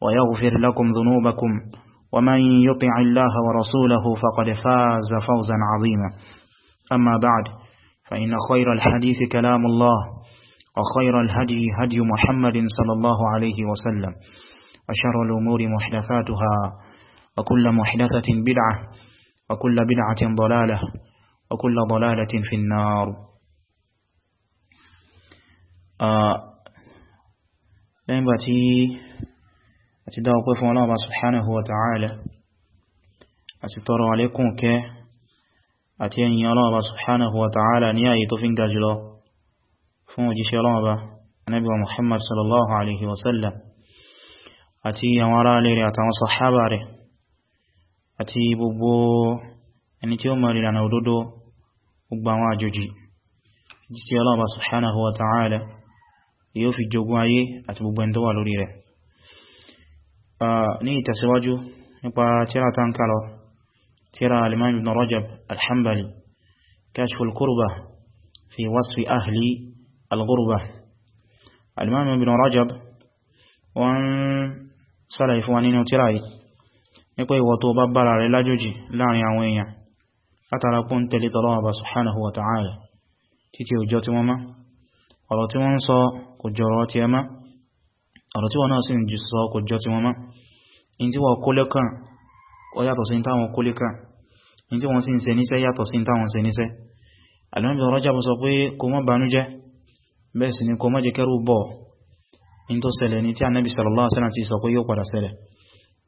ويغفر لكم ذنوبكم ومن يطع الله ورسوله فقد فاز فوزا عظيما أما بعد فإن خير الحديث كلام الله وخير الهدي هدي محمد صلى الله عليه وسلم وشر الأمور محدثاتها وكل محدثة بدعة وكل بدعة ضلالة وكل ضلالة في النار آه àti dá ọpẹ́ fún Ọlọ́run Ọba subhanahu wa ta'ala àti tọrọ àlékún kẹ́ àti ẹ̀yìn Ọlọ́run Ọba subhanahu wa ta'ala ní ààyè tó fi ń ga jùlọ fún òjíṣẹ́ Ọlọ́run Ọba Ànábì wa Muhammad sallallahu alaihi wasallam àti àwọn ará ilé rẹ̀ àtàwọn sàhábà rẹ̀ àti gbogbo ẹni tí ó mọ̀ ìlànà òdodo gbogbo àwọn àjòjì jíṣẹ́ Ọlọ́run subhanahu wa ta'ala yóò fi jogún ayé àti gbogbo ẹni tó wà lórí rẹ̀ ní ìtẹ̀síwájú nípa tíra tánkà lọ tíra alimami ibn rajab alhambali kashful kurba fi wasfi ahli alghurba alimami ibn rajab wọ́n sálàyé fún wa nínú tíra yìí nípa ìwọ̀ tó bá bára rẹ̀ lájòjì láàrin àwọn èèyàn látara kún tẹ̀lé tọ́lọ́wà bá wa ta'ala títí òjò tí wọ́n má ọ̀rọ̀ tí wọ́n sọ kò jọrọ̀ tí ẹ má ọ̀rọ̀ tí wọ́n náà sì ń jù sọ kò jọ ti wọn mọ́ in tí wọ́n kó lẹ́kàn ó yàtọ̀ sí táwọn kó lẹ́kàn in tí wọ́n sì ń ṣe níṣẹ́ yàtọ̀ sí táwọn ṣe níṣẹ́ Al-Imam sọ pé kò má banújẹ́ ni kò má sallallahu alaihi wasallam ti sọ pé yóò padà ṣẹlẹ̀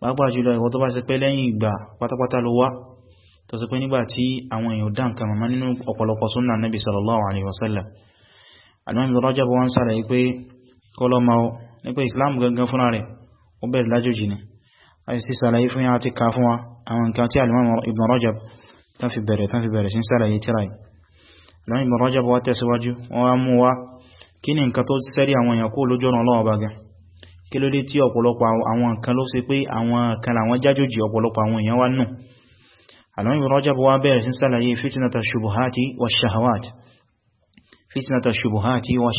pàápàá jùlọ ìwọ tó bá ṣe pé lẹ́yìn ìgbà pátápátá ló wá tó ṣe pé nígbà tí àwọn sallallahu alaihi wasallam Al-Imam Ibn Rajab wọ́n sára nípa islam gangan fúnra rẹ̀ ó bẹ̀rẹ̀ lájòjì ni a sì sàlàyé fún yá ti ká fún wa àwọn nǹkan tí alimam ibn rajab tán fi bẹ̀rẹ̀ tán fi bẹ̀rẹ̀ sí sàlàyé tíra yìí alimam ibn rajab wá tẹ̀síwájú wọ́n wá mú wá kí ni nǹkan tó sẹ́rí àwọn èèyàn kó lójú ọ̀nà ọlọ́wọ́ bagan kí ló dé tí ọ̀pọ̀lọpọ̀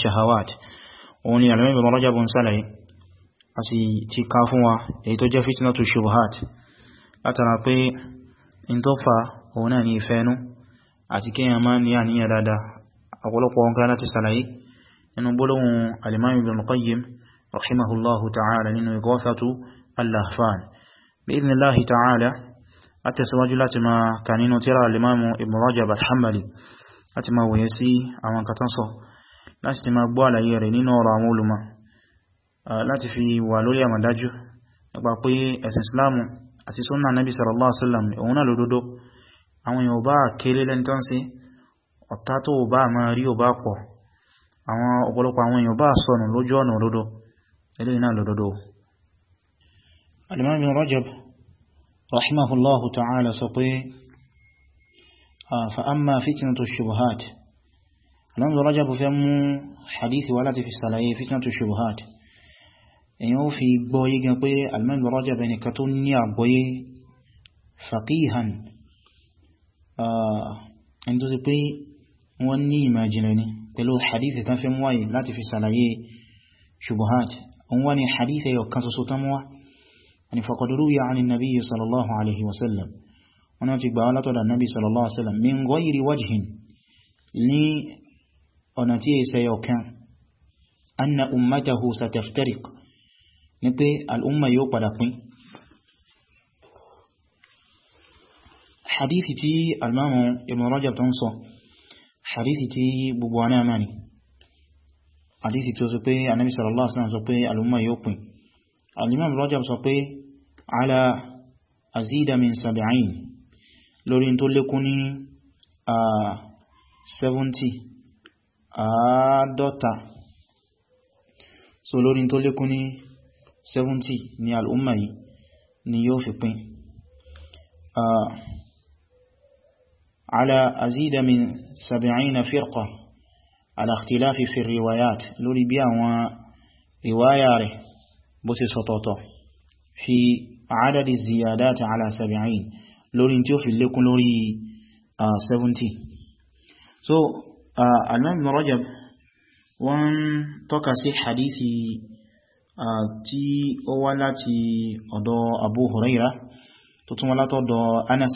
àwọn nǹkan òun ni alamẹ́ ibn Rajab ń sálàyé a sì ti ká fún wa èyí tó jẹ́ fitnatu shubuhat látara pé in tó fa òun náà ni ìfẹ́nú àti kí yàn máa ní àníyàn dáadáa ọ̀pọ̀lọpọ̀ ọ̀gá láti sálàyé nínú gbólóhùn alimami ibn Qayyim rahimahullahu ta'ala nínú Ighathatu al-Lahfan bi-idhni láti máa nínú tírà alimami ibn Rajab al-Hanbali láti ti ma gbọ́ àlàyé rẹ̀ nínú ọ̀rọ̀ àwọn olùmọ̀ láti fi wà lórí àmàdájú nípa pé ẹ̀sìn islamu àti súnnà nabi sallallahu alaihi wasallam òun náà lódodo àwọn èèyàn bá kéré lẹ́ntọ́n sí ọ̀tá tó bá ma rí ò bá pọ̀ àwọn ọ̀pọ̀lọpọ̀ àwọn èèyàn bá sọnù rahimahullahu ta'ala sọ pé fa amma fitnatu shubuhat Imam Rajabu fẹ́ mú hadithi wá láti fi sàlàyé fitnatu shubuhat èyàn ó fi gbọ́yé gan pé Imam Rajabu ẹnìkan tó ní àgbọ́yé faqihan ẹni tó sì pé wọ́n ní ìmọ̀ ìjìnlẹ̀ ni pẹ̀lú hadithi tán fẹ́ mú wáyé láti fi sàlàyé shubuhat wọ́n wá ní hadithi yọ kan soso tán mú wá ni faqad ruwiya 'ani an-nabiyyi sallallahu ni ọ̀nà tí è sẹyọ kan anna ummatahu sataftariq ní pé al'umma yóò padà pín hadithi tí almamu ibn rajab tó ń sọ hadithi tí gbogbo wa náà mani hadithi tí ó sọ pé anabi sallallahu alaihi wasallam sọ pé al'umma yóò pín alimam rajab sọ pé ala azida min sab'in lórí tó lékún ní ah, àádọ́ta so lórí tó lékún ní 70 ní al'umma yìí ni yóò fi pín ala azida min 70 firqa ala ikhtilafi fi riwayat lórí bí àwọn riwaya rẹ̀ bó ṣe sọ̀tọ̀tọ̀ fi adadi ziyadata ala 70 lórí tí ó fi lékún lórí 70 so al-Imam Ibn Rajab wọ́n tọ́ka sí hadithi tí ó wá láti ọ̀dọ̀ Abu Huraira tó tún wá látọ̀dọ̀ Anas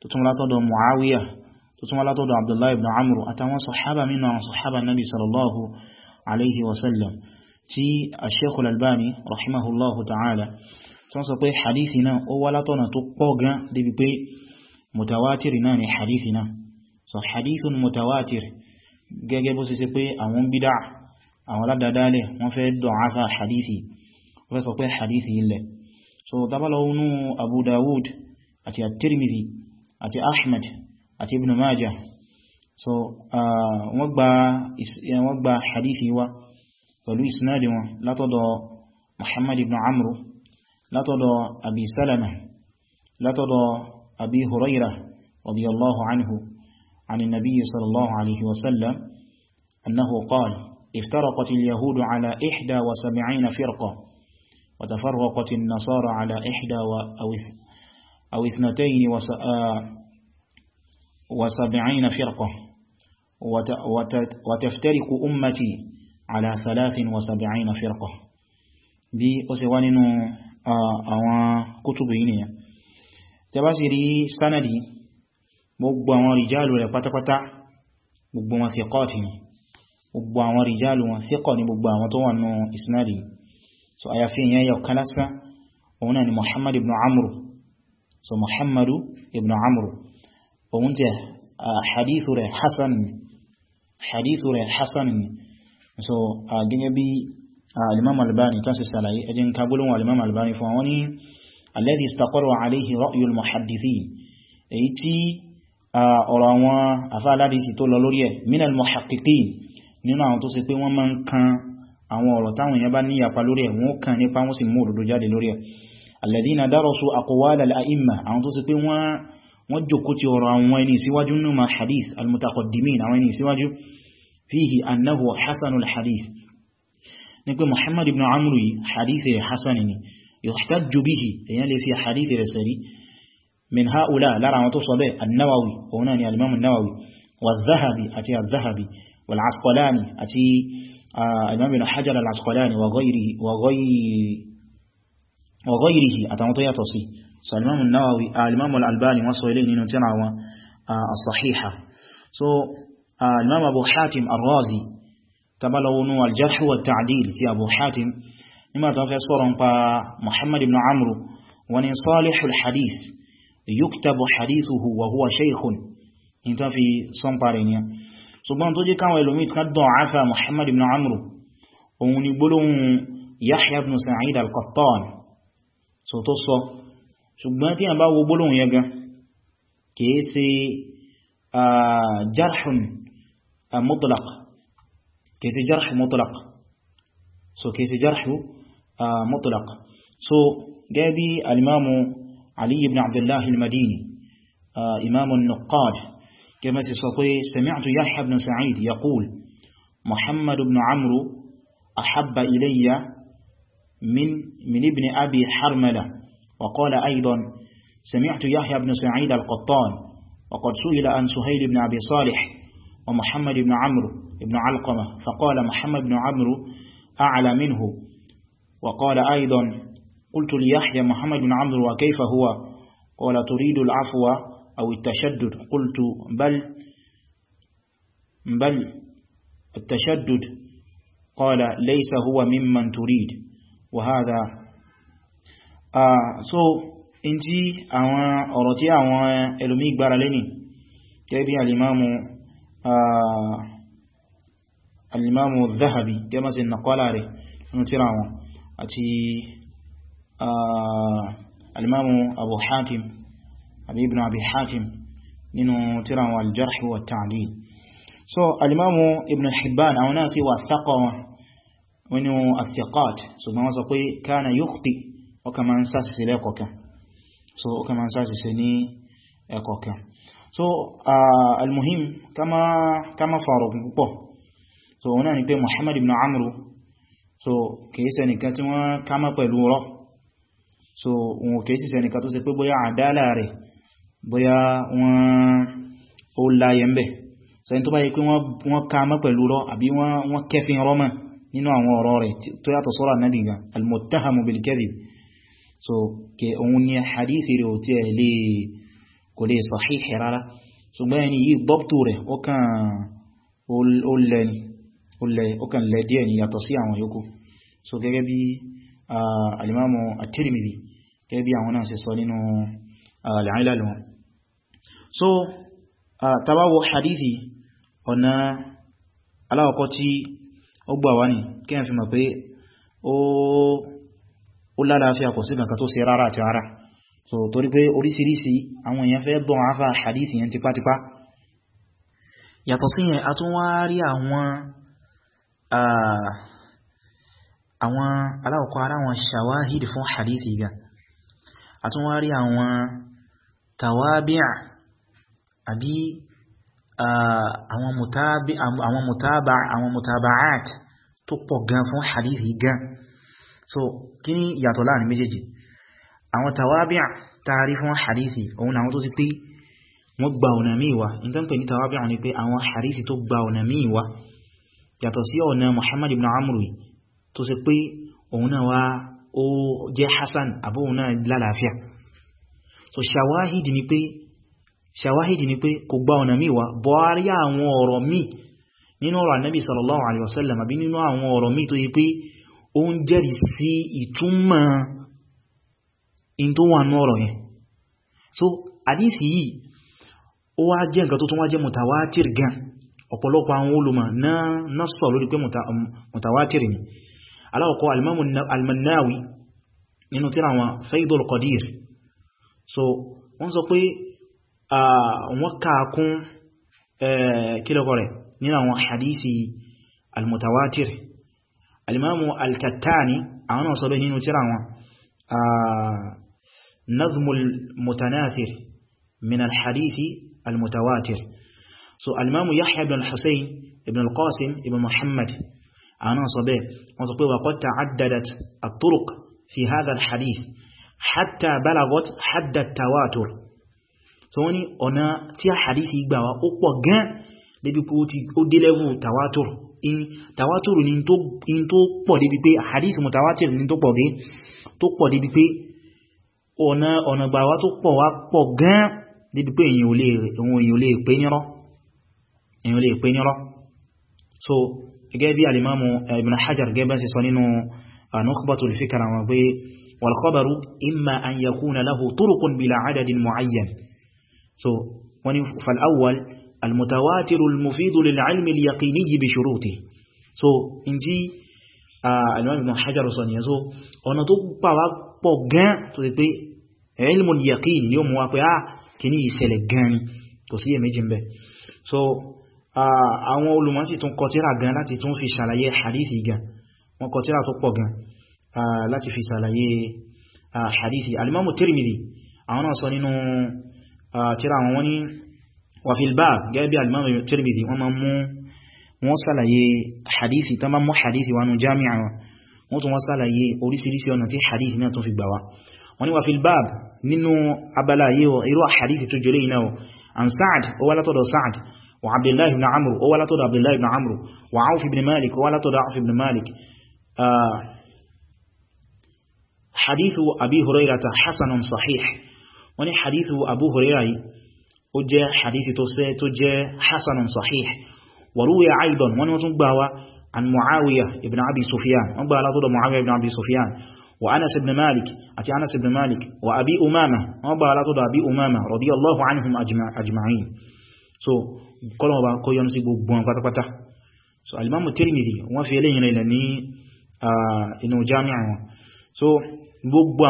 tó tún wá látọ̀dọ̀ Muawiyah tó tún wá látọ̀dọ̀ Abdullah ibn Amr àtàwọn sahaba nínú àwọn sahaba nabi sallallahu alaihi wasallam tí Sheikh al-Albani rahimahullahu ta'ala tó sọ pé hadithi náà ó wá látọ̀nà tó pọ̀ gan débi pé mutawatir náà ni hadithi náà so hadithun mutawatir gẹ́gẹ́ bó ṣe ṣe pé àwọn bídá àwọn aládádálẹ̀ wọ́n fẹ́ dọ̀áfà hadithi wọ́n fẹ́ sọ pé hadithi ilẹ̀ so tabalawunu abu dawud àti at-tirmidhi àti ahmad àti ibn majah so wọ́n gba hadithi wa pẹ̀lú isnadi wọn látọ̀dọ̀ muhammad ibn amru látọ̀dọ̀ abi salama látọ̀dọ̀ abi huraira radiyallahu anhu عن النبي صلى الله عليه وسلم أنه قال افترقت اليهود على إحدى وسبعين فرقة وتفرقت النصارى على إحدى أو, اثنتين آه، وسبعين فرقة وتفترق أمتي على ثلاث وسبعين فرقة bí ó ṣe wá nínú آه، àwọn kútùbù yìí tẹ́bá sì rí sanadi gbogbo àwọn rìjálù rẹ̀ pátápátá gbogbo wọn síkọ́ọ̀tì ni gbogbo àwọn rìjálù wọn síkọ̀ ní gbogbo àwọn tó wà nù isnadi so àyàfi ìyẹn yau kálásá òun náà ni muhammad ibn amru so muhammadu ibn amru òun tẹ hadithu rẹ̀ hasan ni so a gẹ́gẹ́ bí alimam albani kan sì sàlàyé ẹjẹ́ ń alimam albani fún àwọn ni alladhi istaqarra alayhi ra'yul muhaddithin èyí tí Ah, ọ̀rọ̀ àwọn afáàládìsì tó lọ lórí ẹ̀ minal muhaqqiqin nínú àwọn tó ṣe pé wọ́n máa ń kan àwọn ọ̀rọ̀ táwọn èèyàn bá ní ìyapa lórí ẹ̀ wọ́n kan nípa wọ́n sì mú òdodo jáde lórí ẹ̀ alladhina darasu aqwal al àwọn tó ṣe pé من هؤلاء لرى وتصبه النووي هنا الإمام النووي والذهبي أتي الذهبي والعسقلاني أتي الإمام بن حجر العسقلاني وغيره وغيره وغيره أتمطية تصي الإمام النووي الإمام الألباني وصل إليه نينو تنعوى الصحيحة so الإمام أبو حاتم الرازي تبلغنوا الجرح والتعديل تي أبو حاتم لما تنفي أسفر محمد بن عمرو ونصالح الحديث يكتب حديثه وهو شيخ انت في سنبارينيا ṣùgbọ́n tó jẹ́ káwọn ẹlòmí kan dán afẹ́ Muhammad ibn Amru òun ni gbólóhùn Yahya ibn Sa'id al-Qattan so tó sọ ṣùgbọ́n tí a bá wo gbólóhùn yẹ gan kìí sí jarhun mutlaq kìí sí jarhu mutlaq so kìí sí jarhu mutlaq so gẹ́bí alimamu علي بن عبد الله المديني إمام النقاد كما سيصطي سمعت يحيى بن سعيد يقول محمد بن عمرو أحب إلي من, من ابن أبي حرملة وقال أيضا سمعت يحيى بن سعيد القطان وقد سئل عن سهيل بن أبي صالح ومحمد بن عمرو بن علقمة فقال محمد بن عمرو أعلى منه وقال أيضا قلت ليحيى محمد بن عمرو كيف هو ولا تريد العفو أو التشدد قلت بل بل التشدد قال ليس هو ممن تريد وهذا سو آه، انجي اوان اوروتي اوان الومي غبارا ليني كيبي يعني الامام آه، الامام الذهبي كما سنقول عليه نتيرا اتي alimamu abu hatim àbí ibn abi hatim nínú tíra wọn al-jarh wa ta'dil so alimamu ibn hibban àwọn náà sí wà sákọ̀ wọn wani athiqat so gbọ́n wọ́n sọ pé kana yukhti o ka ma n sásìsì lẹ́kọ̀ọ̀kan so o ka ma n sásìsì ní ẹ̀kọ̀ọ̀kan so almuhim kama farogun púpọ̀ so wọn ni pé muhammad ibn amru so kìí ṣẹ́nìkan tí wọ́n kama pẹ̀lú rọ́ so wọn kèé sí sẹ́nìká tó ṣe pé bóyá àdálà rẹ̀ bóyá wọ́n ó láyẹ mẹ́ so ẹni tó bá yẹ pé wọ́n ká mọ́ pẹ̀lú rọ́ àbí wọ́n kẹfin rọ́mọ̀ nínú àwọn ọ̀rọ̀ rẹ̀ tó yàtọ̀ sọ́rọ̀ náà gan al-muttahamu bil-kadhib so ke òun ni hadithi rẹ̀ ò tí ẹ̀ lè kò so gẹ́gẹ́ bí alimamu at-Tirmidhi gẹ́gẹ́ bí àwọn náà ṣe sọ nínú al'ilal wọn so tabawo hadithi ọ̀nà aláwọ̀kọ́ tí ó gbà wá ní kí fi mọ̀ pé ó lálàáfíà kò sí kankan tó ṣe rárá àti rárá so torí pé orísìírísìí àwọn èèyàn fẹ́ dán afá hadithi yẹn tipátipá yàtọ̀ sí yẹn a tún wá rí àwọn àwọn aláwọ̀kọ́ ara wọn shawahid fún hadithi ga a tún wá rí àwọn tawabi'a àbí àwọn mutaba àwọn mutaba'at tó pọ̀ gan fún hadithi gan so kí ni yàtọ̀ láàrin méjèèjì àwọn tawabi'a taari fún hadithi ohun àwọn tó sì pé wọ́n gba ọ̀nà míwa in tó ń pè ní tawabi'a ni pé àwọn hadithi tó gba ọ̀nà míwa yàtọ̀ sí ọ̀nà muhammad ibn amru tó ṣe pé òun náà wá ó jẹ́ hasan àbó òun náà lálàáfíà so ṣàwáhìdì ni pé ṣàwáhìdì ni pé kò gba ọ̀nà míì wá buhari àwọn ọ̀rọ̀ míì nínú ọ̀rọ̀ annabi sallallahu ọ̀pọ̀lọpọ̀ àwọn olùmọ̀ náà sọ lórí pé mutawatir aláwọ̀kọ́ almannawi nínú tíra wọn faidul qadir so wọ́n sọ pé wọ́n kàkún kílọ̀kọ́ rẹ̀ nínú àwọn hadithi almutawatir alimamu alkattani àwọn náà sọ bẹ́ nínú tíra wọn nazmul mutanathir min alhadithi almutawatir so alimamu yahya ibn husayn ibn al-qasim ibn muhammad àwọn náà sọ bẹ́ẹ̀ wọ́n sọ pé wa qad ta'addadat at-turuq fi hadha al-hadith hatta balagot hadda tawatur so wọ́n ní ọ̀nà tí a hadisi gbà wá ó pọ̀ gan débi pé ó dé level tawatur in tawatur ni in tó pọ̀ débi pé hadisi mutawatir ni tó pọ̀ dé tó pọ̀ débi pé ọ̀nà gbà wá tó pọ̀ wá pọ̀ gan débi pé èyàn ò lè pé nírọ́ so gẹ́gẹ́ bí alimamu ibn hajar gẹ́gẹ́ sí sọ nínú uh, nukhbatul fikr wọn pé wal khabaru imma an yakuna lahu turuqun bila adadin mu'ayyan so wani fal awwal al mutawatir al bi shuruti so inji uh, alimamu ibn hajar sọ so ọ̀nà tó pa wá pọ̀ gan tó ti pé ilmul yaqin ni ó mú wá pé ah, so Ah, àwọn olùmọ̀ sì tún kọtíra gan láti tún fi ṣàlàyé hadithi gan wọn kọtíra tó pọ̀ gan ah, láti fi ṣàlàyé ah, hadithi alimamu tirmidhi àwọn náà sọ nínú tíra wọn wọ́n ní wàfilbá gẹ́gẹ́ bí alimamu tirmidhi wọ́n ma mú wọ́n ṣàlàyé hadithi tán bá mú hadithi wánú jami'a wọ́n tún wọ́n ṣàlàyé orísìírísìí ọ̀nà tí hadithi náà tún fi gbà wá wọ́n ní wà fil báb وعبد الله بن عمرو ولا تدع عبد الله بن عمرو وعوف بن مالك ولا تدع عوف بن مالك آه، حديث أبي هريرة حسن صحيح وني حديث أبو هريرة وجاء حديث توسي توجاء حسن صحيح وروي أيضا وني وتنبهوا عن معاوية ابن أبي سفيان أبا لا تدع معاوية ابن أبي سفيان وأنس بن مالك أتي أنس بن مالك وأبي أمامة لا تدع أبي أمامة رضي الله عنهم أجمع أجمعين so kọ́lọ̀wọ́ bá kó yọ́nú sí gbogbo wọn pátápátá so alimamu Tirmidhi wọ́n fi eléyìn rẹ̀ ní inú jami'a wọn so gbogbo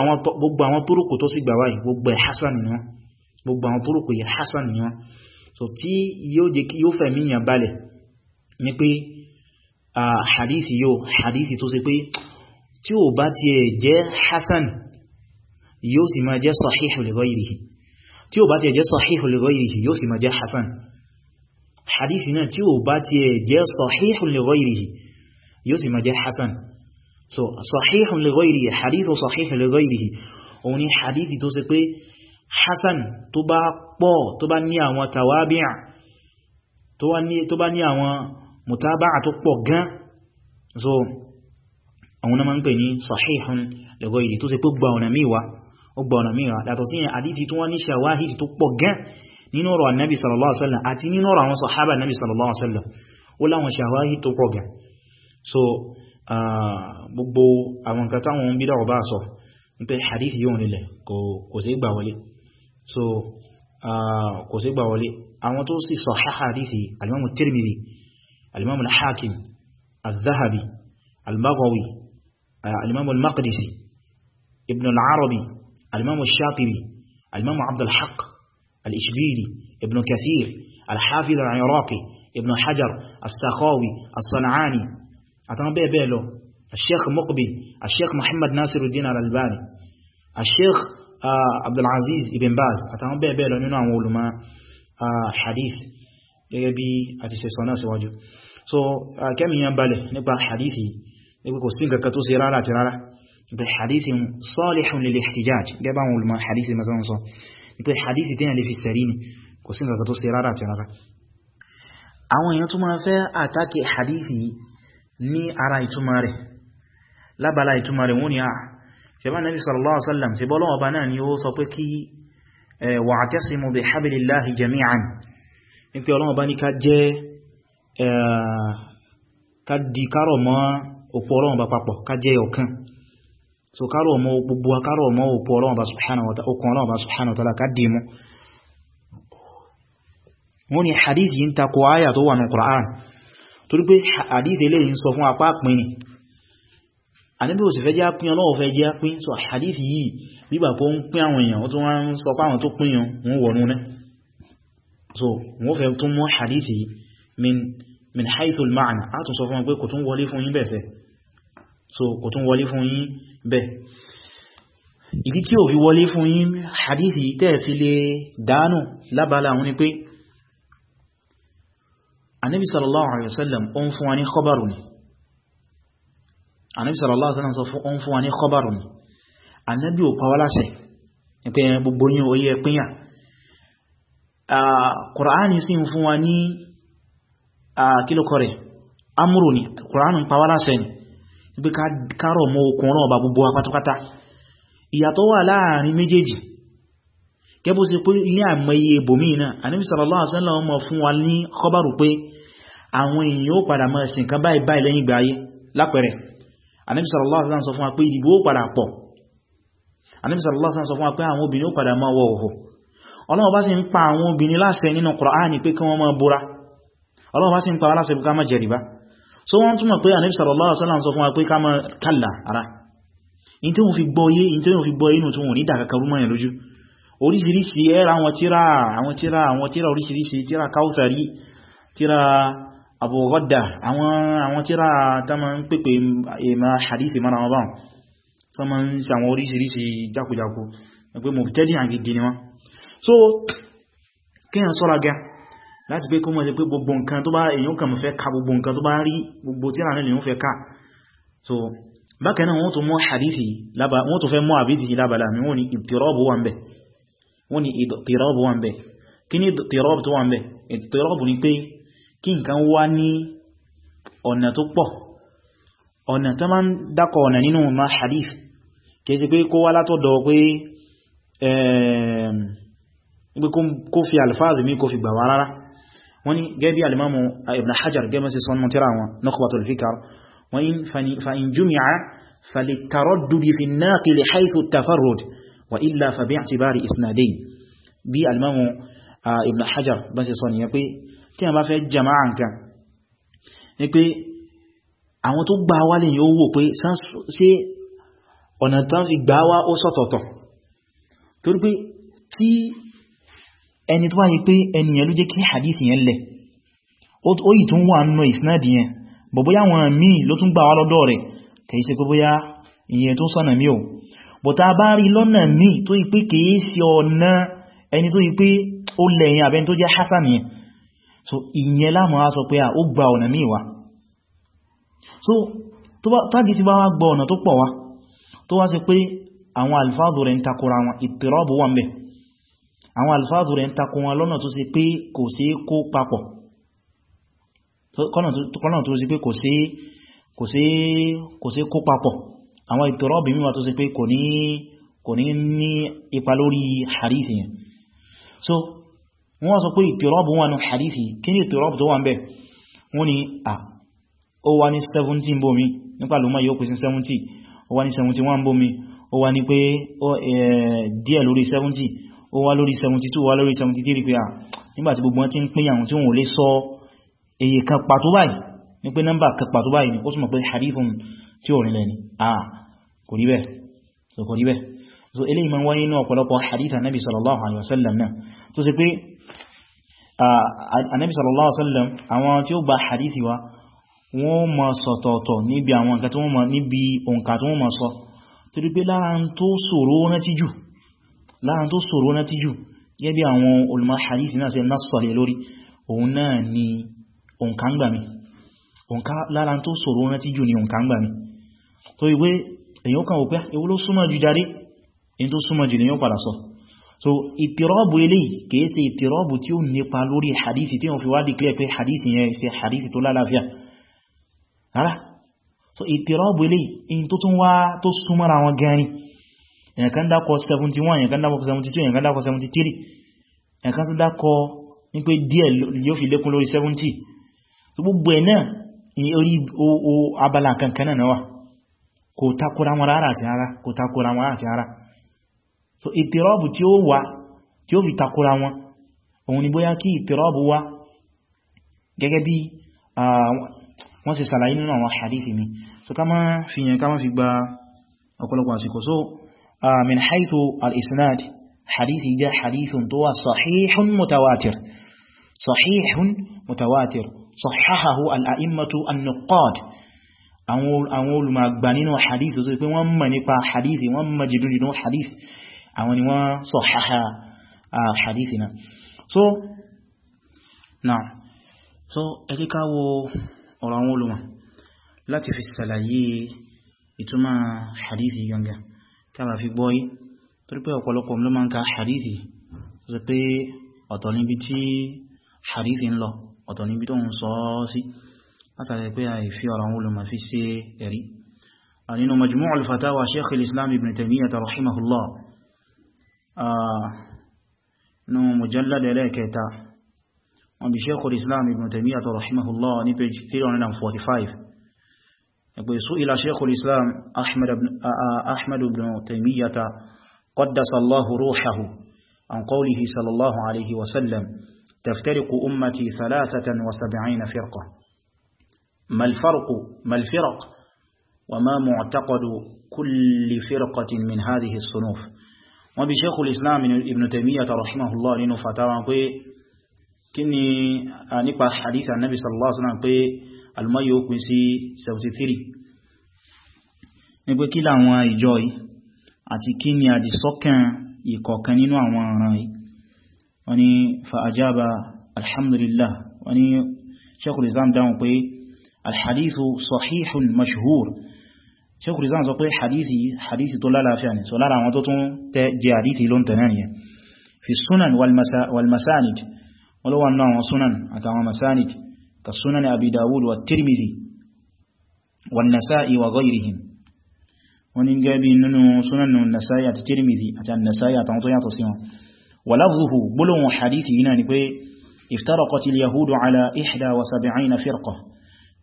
àwọn turuku tó sì gbà wáyìí gbogbo ẹ̀ hasan àwọn turuku yẹ hasan ni wọ́n so tí yóò jẹ́ kí yóò fẹ̀ míyàn balẹ̀ ní pé hadisi yóò hadisi tó ṣe pé tí ó bá ti ẹ̀ jẹ́ hasan yóò sì máa jẹ́ sahihu li ghayrihi tí yóò sì máa jẹ́ hasan hadith náà tí ó bá ti ẹ̀ jẹ́ sahihun li ghayrihi yóò sì máa jẹ́ hasan so sahihun li ghayrihi hadithu sahihun li ghayrihi òun ni hadithi tó ṣe pé hasan tó bá pọ̀ tó bá ní àwọn tawabi' tó bá ní àwọn mutaba'a tó pọ̀ gan so àwọn náà máa ń pè ní sahihun li ghayrihi tó ṣe pé gba ọ̀nà míwa ó gba ọ̀nà míwa látọ̀ sí nínú ọ̀rọ̀ annabi sallallahu ala'uwa àti nínú ọ̀rọ̀ àwọn sahaba annabi sallallahu ala'uwa wasallam ó láwọn ṣàwárí tó pọ̀ gan so gbogbo àwọn nǹkan wọn ń bídá ọba sọ wípé hadith yóò nílẹ̀ kò sí gbà wọlé so kò sí gbà wọlé àwọn tó sì sọ hadith alimamu alimamu al-hakim al-zahabi al الإشبيلي ابن كثير الحافظ العراقي ابن حجر السخاوي الصنعاني الشيخ مقبي الشيخ محمد ناصر الدين الألباني الشيخ عبد العزيز ابن باز حديث بي àti ṣe sọ́nà síwájú so kẹ́mìyàn balẹ̀ nípa hadithi nípa kò sí nǹkan tó ṣe rárá àti rárá bí hadithi salihun lil ihtijaj gẹ́bà àwọn olùmọ̀ hadithi mazan sọ ìpé hadithi tí yàn lè fi sẹ̀rí ni kò sí nǹkan tó ṣe rárá àti rárá àwọn èèyàn tó máa fẹ́ àtàkì hadithi ní ara ìtumọ̀ rẹ̀ lábala ìtumọ̀ rẹ̀ wọ́n ni a ṣẹba nabi sallallahu alaihi wasallam ṣe bọ́lọ́wọ́ bá náà ni ó sọ pé kí wa'tasimu bi hablillahi so karo ọmọ gbogbo akaro ọmọ òpó ọlọ́wọ̀n bá subhanahu wa ta'ala okun ọlọ́wọ̀n bá subhanahu wa ta'ala kàdì mú wọ́n ni hadith yìí ń takò ayà tó wà ní Qur'an torí pé hadith ilé yìí ń sọ fún apá pín ni àníbí ò sì fẹ́ jẹ́ pín ọlọ́wọ̀ fẹ́ jẹ́ pín so hadith yìí bíbà so kò tún wọlé fún yín bẹ́ẹ̀ ìdí tí ò fi wọlé fún yín hadith yìí tẹ́ fi lè dánù lábala àwọn ni pé anábi sallallahu alaihi wasallam ó ń fún wa ní kọbaru ni anábi sallallahu alaihi wasallam ó ń fún wa ní kọbaru ni anábi ò ni pé kárọ̀ mọ́ okùn náà bá gbogbo apátápátá ìyàtọ̀ wà láàrin méjèèjì gẹ́bù sí pé ní àmọ́yé ibòmí náà Ànábì sallallahu alaihi wasallam mọ̀ fún wa ní kọbárù pé àwọn èèyàn ó padà mọ́ ẹ̀sìn kan báyìí báyìí lẹ́yìn ìgbà ayé lápẹẹrẹ Ànábì sallallahu alaihi wasallam sọ fún wa pé ìdìbò ó padà pọ̀ Ànábì sallallahu alaihi wasallam sọ fún wa pé àwọn obìnrin ó padà máa wọ òhò Ọlọ́run bá sì ń pa so wọ́n túnmọ̀ pé ànábì sallallahu alaihi wasallam sọ fún wa pé ká máa kàlà ara in tí wọ́n fi gbọ́yé in tí wọ́n fi gbọ́yé inú tí wọ́n ní ìdàkàkàrú mọ́yàn lójú oríṣiríṣi ẹ́ra àwọn tíra àwọn tíra àwọn tíra oríṣiríṣi tíra káùsàrí tíra àbúrọ́dà àwọn tíra tá ma ń pèpè èmà hadith mara wọn báwọn tó ma ń ṣe àwọn oríṣiríṣi jákujàku pé mọ̀tẹ́dì àgìdì ni wọ́n so kíyàn sọ́ra gan láti pé kó mọ́ sí pé gbogbo nǹkan tó bá èyàn kàn fẹ́ ka gbogbo nǹkan tó bá rí gbogbo tí àwọn èyàn fẹ́ ka so bákan náà wọ́n tó mọ́ hadithi lába wọ́n tó fẹ́ mọ́ àbídìí lábàlá mi wọ́n ni ìtìrọ́bù wà ń bẹ̀ wọ́n ni ìtìrọ́bù wà ń bẹ̀ kí ni ìtìrọ́bù tó wà ń bẹ̀ ìtìrọ́bù ni pé kí nǹkan wá ní ọ̀nà tó pọ̀ ọ̀nà tó máa ń hadith kìí sí pé kó wá látọ̀dọ̀ pé ẹ̀ẹ́ eh, fi alfáàzì mi kó fi gbà rárá wọ́n ní gẹ́bí alimamu ibn hajar gẹ́bẹ́ sí sọ́nà tíra wọn nukhbatul fikar wọ́n in fa'in jumi'a falittaraddubi fi naqili haythu tafarrud wa illa fa bi'tibari isnadayn bí alimamu ibn hajar bẹ́ sí sọ́nà yẹ pé tí a bá fẹ́ jama'a nǹkan ni pé àwọn tó gbà wálé yóò wò pé sí ọ̀nà tán fi gbà wá ó sọ̀tọ̀tọ̀ torí pé tí ẹni tó wáyé pé ẹni yẹn ló jẹ́ kí hadith yẹn lẹ̀ ó yìí tó ń wà nínú ìsinádì yẹn bọ̀bọ̀yá wọn míì ló tún gbà wá lọ́dọ̀ rẹ̀ kìí ṣe pé bóyá ìyẹn tó sọ̀nà mí o bọ̀tá bá rí lọ́nà míì tó yí pé kìí ṣe ọ̀nà ẹni tó yí pé ó lẹ̀yìn àwọn alfáàzù rẹ̀ ń takò wọn lọ́nà tó sì pé kò sí kó papọ̀ kọ́nà tó sì pé kò sí kó papọ̀ àwọn ìtọ̀rọ̀bì mímọ̀ tó sì pé kò ní ní ipa lórí hadithi yẹn so wọ́n sọ pé ìtọ̀rọ̀bù wọn ní hadithi kí ní ìtọ̀rọ̀bù tó wà ń bẹ̀ wọ́n ni à ó wá ní 17 bómi nípa lùmọ́ yóò pèsè 70 ó wá ní 71 bómi ó wá ní pé díẹ̀ lórí 70 ó wá lórí 72 wá lórí 73 pé à nígbàtí gbogbo wọn ti ń pín àwọn tí wọn ò lè sọ èyí kan pàtó báyìí ní pé nọ́mbà kan pàtó báyìí ni ó túnmọ̀ pé hadithun tí ò rinlẹ̀ ni àà kò rí bẹ́ẹ̀ so kò rí bẹ́ẹ̀ so eléyìí máa ń wáyé ní ọ̀pọ̀lọpọ̀ hadith anabi sallallahu alaihi wasallam náà tó ṣe pé anabi láàrín tó sọ̀rọ̀ náà ti jù gẹ́bí àwọn olùmọ̀ hadith náà ṣe násọ̀lẹ̀ lórí òun náà ni òǹkàngbàmí láàrín tó sọ̀rọ̀ náà ti jù ni òǹkàngbàmí tó ìwé èyàn kan wò pé ewu ló súnmọ́ jù darí in tó súnmọ́ jù nìyàn padà sọ so ìtìrọ́bù ilé kìí ṣe ìtìrọ́bù tí ó nípa lórí hadithi tí wọ́n fi in tó tún wá tó súnmọ́ra wọn gan èyàn kan dákọ 71 èyàn kan dákọ 72 èyàn kan dákọ 73 èyàn kan sí dákọ ní pé díẹ̀ yóò fi lékún lórí 70 tó gbogbo ẹ̀ náà orí abala kankan náà wà kò takora wọn rárá àti ara kò takora wọn àti ara so ìtìrọ́bù tí ó wà tí ó fi takora wọn òun ni bóyá kí ìtìrọ́bù wá gẹ́gẹ́ bí wọ́n ṣe sàlàyé nínú àwọn hadith mi so ká má fi yẹn ká má fi gba ọ̀pọ̀lọpọ̀ àsìkò so آه، من حيث الإسناد حديث جاء حديث طوى صحيح متواتر صحيح متواتر صححه الأئمة النقاد أقول أقول ما بنين وحديث زي ما نبى حديث وما جدني نو حديث أقول ما صحح آه، حديثنا so نعم so إذا كاو أقول ما لا تفسر لي إتما حديث ينجا kama fi gbọ́yí torí pé ọ̀pọ̀lọpọ̀ ló máa ń ka hadithi ṣe pé ọ̀tọ̀ níbi tí hadithi ń lọ ọ̀tọ̀ níbi tó ń sọ sí látàrí pé a ìfi ọ̀rọ̀ àwọn olùmọ̀ fi ṣe ẹ̀rí nínú majmu' al-fatawa sheikh al-islam ibn taymiyyah rahimahullah nínú mujallad ẹlẹ́kẹta wọn bí sheikh islam ibn taymiyyah rahimahullah ní page 345 يقول سئل شيخ الإسلام أحمد بن, أحمد بن تيمية قدس الله روحه عن قوله صلى الله عليه وسلم تفترق أمتي ثلاثة وسبعين فرقة ما الفرق ما الفرق وما معتقد كل فرقة من هذه الصنوف وبشيخ الإسلام ابن تيمية رحمه الله لنفتر كني نقع حديث النبي صلى الله عليه وسلم almayi ó pín sí 73 ní pé kí láwọn ìjọ yìí àti kí ni àdìsọ́kàn ìkọ̀ọ̀kan nínú àwọn ọ̀ràn yìí wọ́n ní fa'ajaba alhamdulillah wọ́n ní shekul islam dáhùn pé alhadithu sahihun mashhur shekul islam sọ pé hadithi hadithi tó lálàáfíà ni so lára àwọn tó tún jẹ hadithi ló ń tẹ̀lé ni fi sunan wal masanid wọ́n ló wà sunan àtàwọn masanid كسنن أبي داود والترمذي والنساء وغيرهم ونجابي أنه سنن النسائي الترمذي أتى النسائي أتنطيع تصيحه ولفظه بلو حديث هنا نكوي افترقت اليهود على إحدى وسبعين فرقة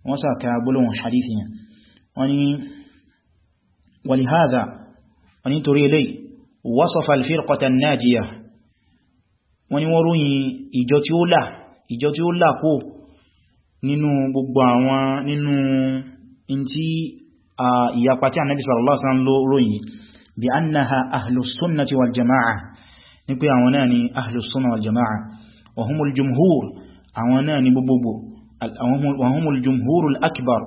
وساكا بلو حديث وني ولهذا وني تري لي وصف الفرقة الناجية وني وروي إجوتيولا إجوتيولا كو nínú gbogbo àwọn nínú tí ìyapa tí Ànábì sallallahu alaihi wasallam ló ròyìn bí annaha ahlus sunnati wal jama'a ní pé àwọn náà ni ahlus sunna wal jama'a wa humul jumhur àwọn náà ni gbogbogbò wa humul jumhurul akbar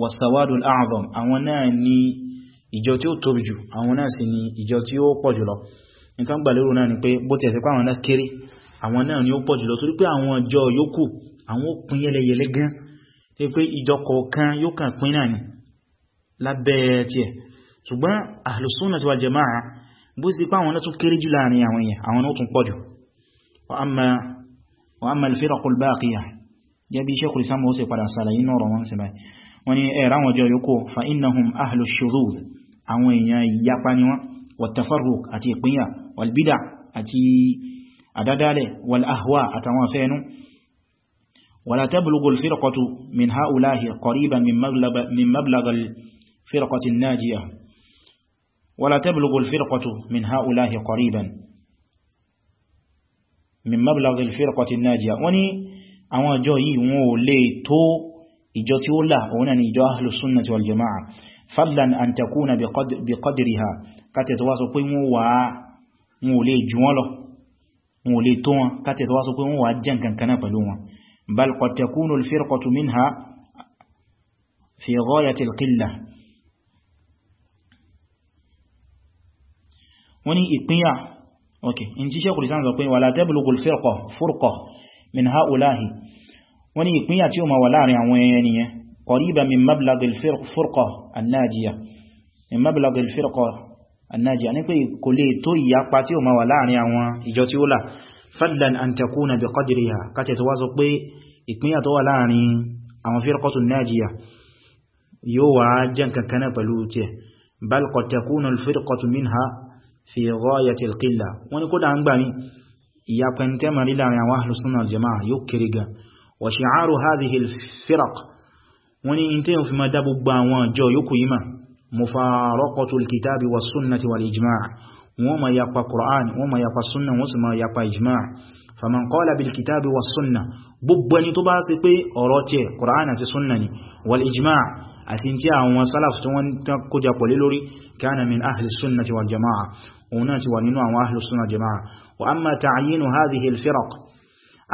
wa sawadul a'zam àwọn náà ni ìjọ tí ó tóbi jù àwọn ó pín yẹlẹyẹlẹ gan tí pé ìjọkọ̀ kan yóò kàn pín náà ni lábẹ́ tí ẹ̀ ṣùgbọ́n àhlùsúnà ti wà jẹmáà bó sì pá àwọn tún kéré jù láàrin àwọn èèyàn àwọn ó tún pọ̀ jù wa amma al-firaqul baqiyah gẹ́bí iṣẹ́ kùrìsá mọ́ sí padà sàlàyé náà àdádálẹ̀ wal-ahwa àtàwọn afẹ́nu ولا تبلغ الفرقة من هؤلاء قريبا من مبلغ, من مبلغ الفرقة الناجية ولا تبلغ الفرقة من هؤلاء قريبا من مبلغ الفرقة الناجية وني àwọn ìjọ yìí wọn ò lè tó ìjọ tí ó là òun náà ni ìjọ ahlùsúnnà wal jama'a fadlan an takuna bi qadriha kàtẹ̀ tó wá sọ pé wọ́n wà wọn ò lè jù wọ́n lọ wọn ò lè tó wọn kàtẹ̀ tó wá sọ pé wọ́n wà jẹ́ nǹkan kanáà pẹ̀lú wọn بل قد تكون الفرقة منها في غاية القلة وني إقيع أوكي إن شيخ الإسلام يقول ولا تبلغ الفرقة فرقة من هؤلاء وني إقيع تيوما ولا رعوانية قريبة من مبلغ الفرقة الناجية من مبلغ الفرقة الناجية يعني كل توي يقبع تيوما ولا رعوان إجو fadlan an takuna bi qadriha kati tó wá sọ pé ìpínyà tó wà láàrin àwọn firqatu najiya yóò wá jẹ́ kankan náà pẹ̀lú tiẹ̀ bal qad takuna al firqatu minha fi ghayati al qilla wọ́n ko da n gba mi iya pente mari láàrin àwọn ahlus sunna al jamaa yóò kéré wa shi'aru hadhihi al firq wọ́n inte ó fi ma da gbogbo àwọn ọjọ́ yòókù yìí ma mufaraqatu al kitabi was sunnati wal ijma' wọ́n ma yapa Qur'an wọ́n ma yapa sunna wọ́n sì ma yapa ijma' faman qala bil kitabi was sunna gbogbo ẹni tó bá ṣe pé ọ̀rọ̀ tiẹ̀ Qur'an àti sunna ni wal ijma' àti tí àwọn salaf tó wọ́n kójá pọ̀ lórí kana min ahli sunnati wal jama'a òun náà ti wà nínú àwọn ahli sunna jama'a wa amma ta'yinu hadhihi al firaq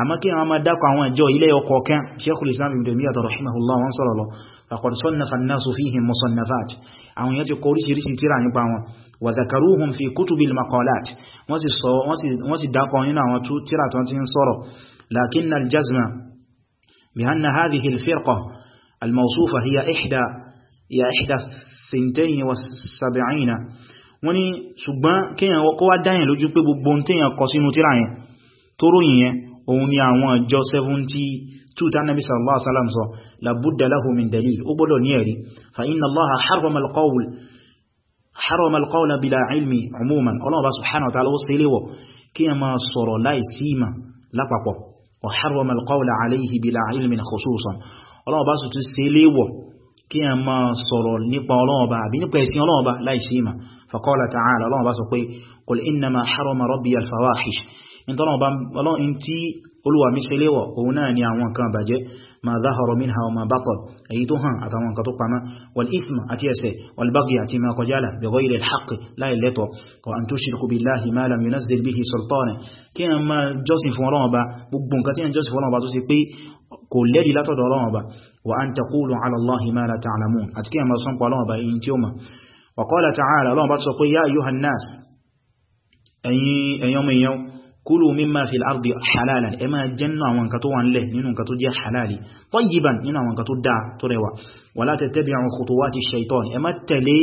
àmọ́ kí àwọn máa dákọ̀ àwọn ìjọ ilé ọkọ̀ kan Sheikhul Islam Ibn Taymiyyah rahimahullah wọn sọ̀rọ̀ lọ faqad sannafa an-nasu fihim musannafat àwọn èèyàn ti kọ oríṣiríṣi tíra nípa wọn wa dhakaruhum fi kutubil maqalat wọ́n sì dákọ̀ nínú àwọn tíra tó ti ń sọ̀rọ̀ lakinna al-jazma bi anna hadhihi al-firqa òun ni àwọn ọjọ́ 72 tán nàbí sallallahu alaihi wasallam sọ labudda lahu min dalil ó gbọ́dọ̀ ní ẹ̀rí fa inna allaha harrama alqawl harrama alqawla bila ilmi umuman ọlọ́run bá subhanahu wa ta'ala ó sílé wọ kí a máa sọ̀rọ̀ láì síma lápapọ̀ wa harrama alqawla alayhi bila ilmin khususan ọlọ́run bá sì tún sílé wọ kí a in tí olúwa mi ṣe léwọ̀ òun náà ni àwọn kan bàjẹ́ ma zahara minha wa ma batal èyí tó hàn àtàwọn kan tó pamọ́ wal isma àti ẹ̀ṣẹ̀ wal baghi àti ma kọjálà bi ghayri al-haqq láì lẹ́tọ̀ wa an tushriku billahi ma lam yunzil bihi sultana kí a máa jọ́sìn fún Ọlọ́run ba gbogbo nǹkan tí a jọ́sìn fún Ọlọ́run ba tó ṣe ẹ̀yọ́mọ̀ èèyàn kulu mimma fil ardi halalan ẹ máa jẹ nínú àwọn nǹkan tó wà nílẹ̀ nínú nǹkan tó jẹ́ halali tayyiban nínú àwọn nǹkan tó dáa tó rẹwà wala tattabi'u khutuwati shaitan ẹ má tẹ̀lé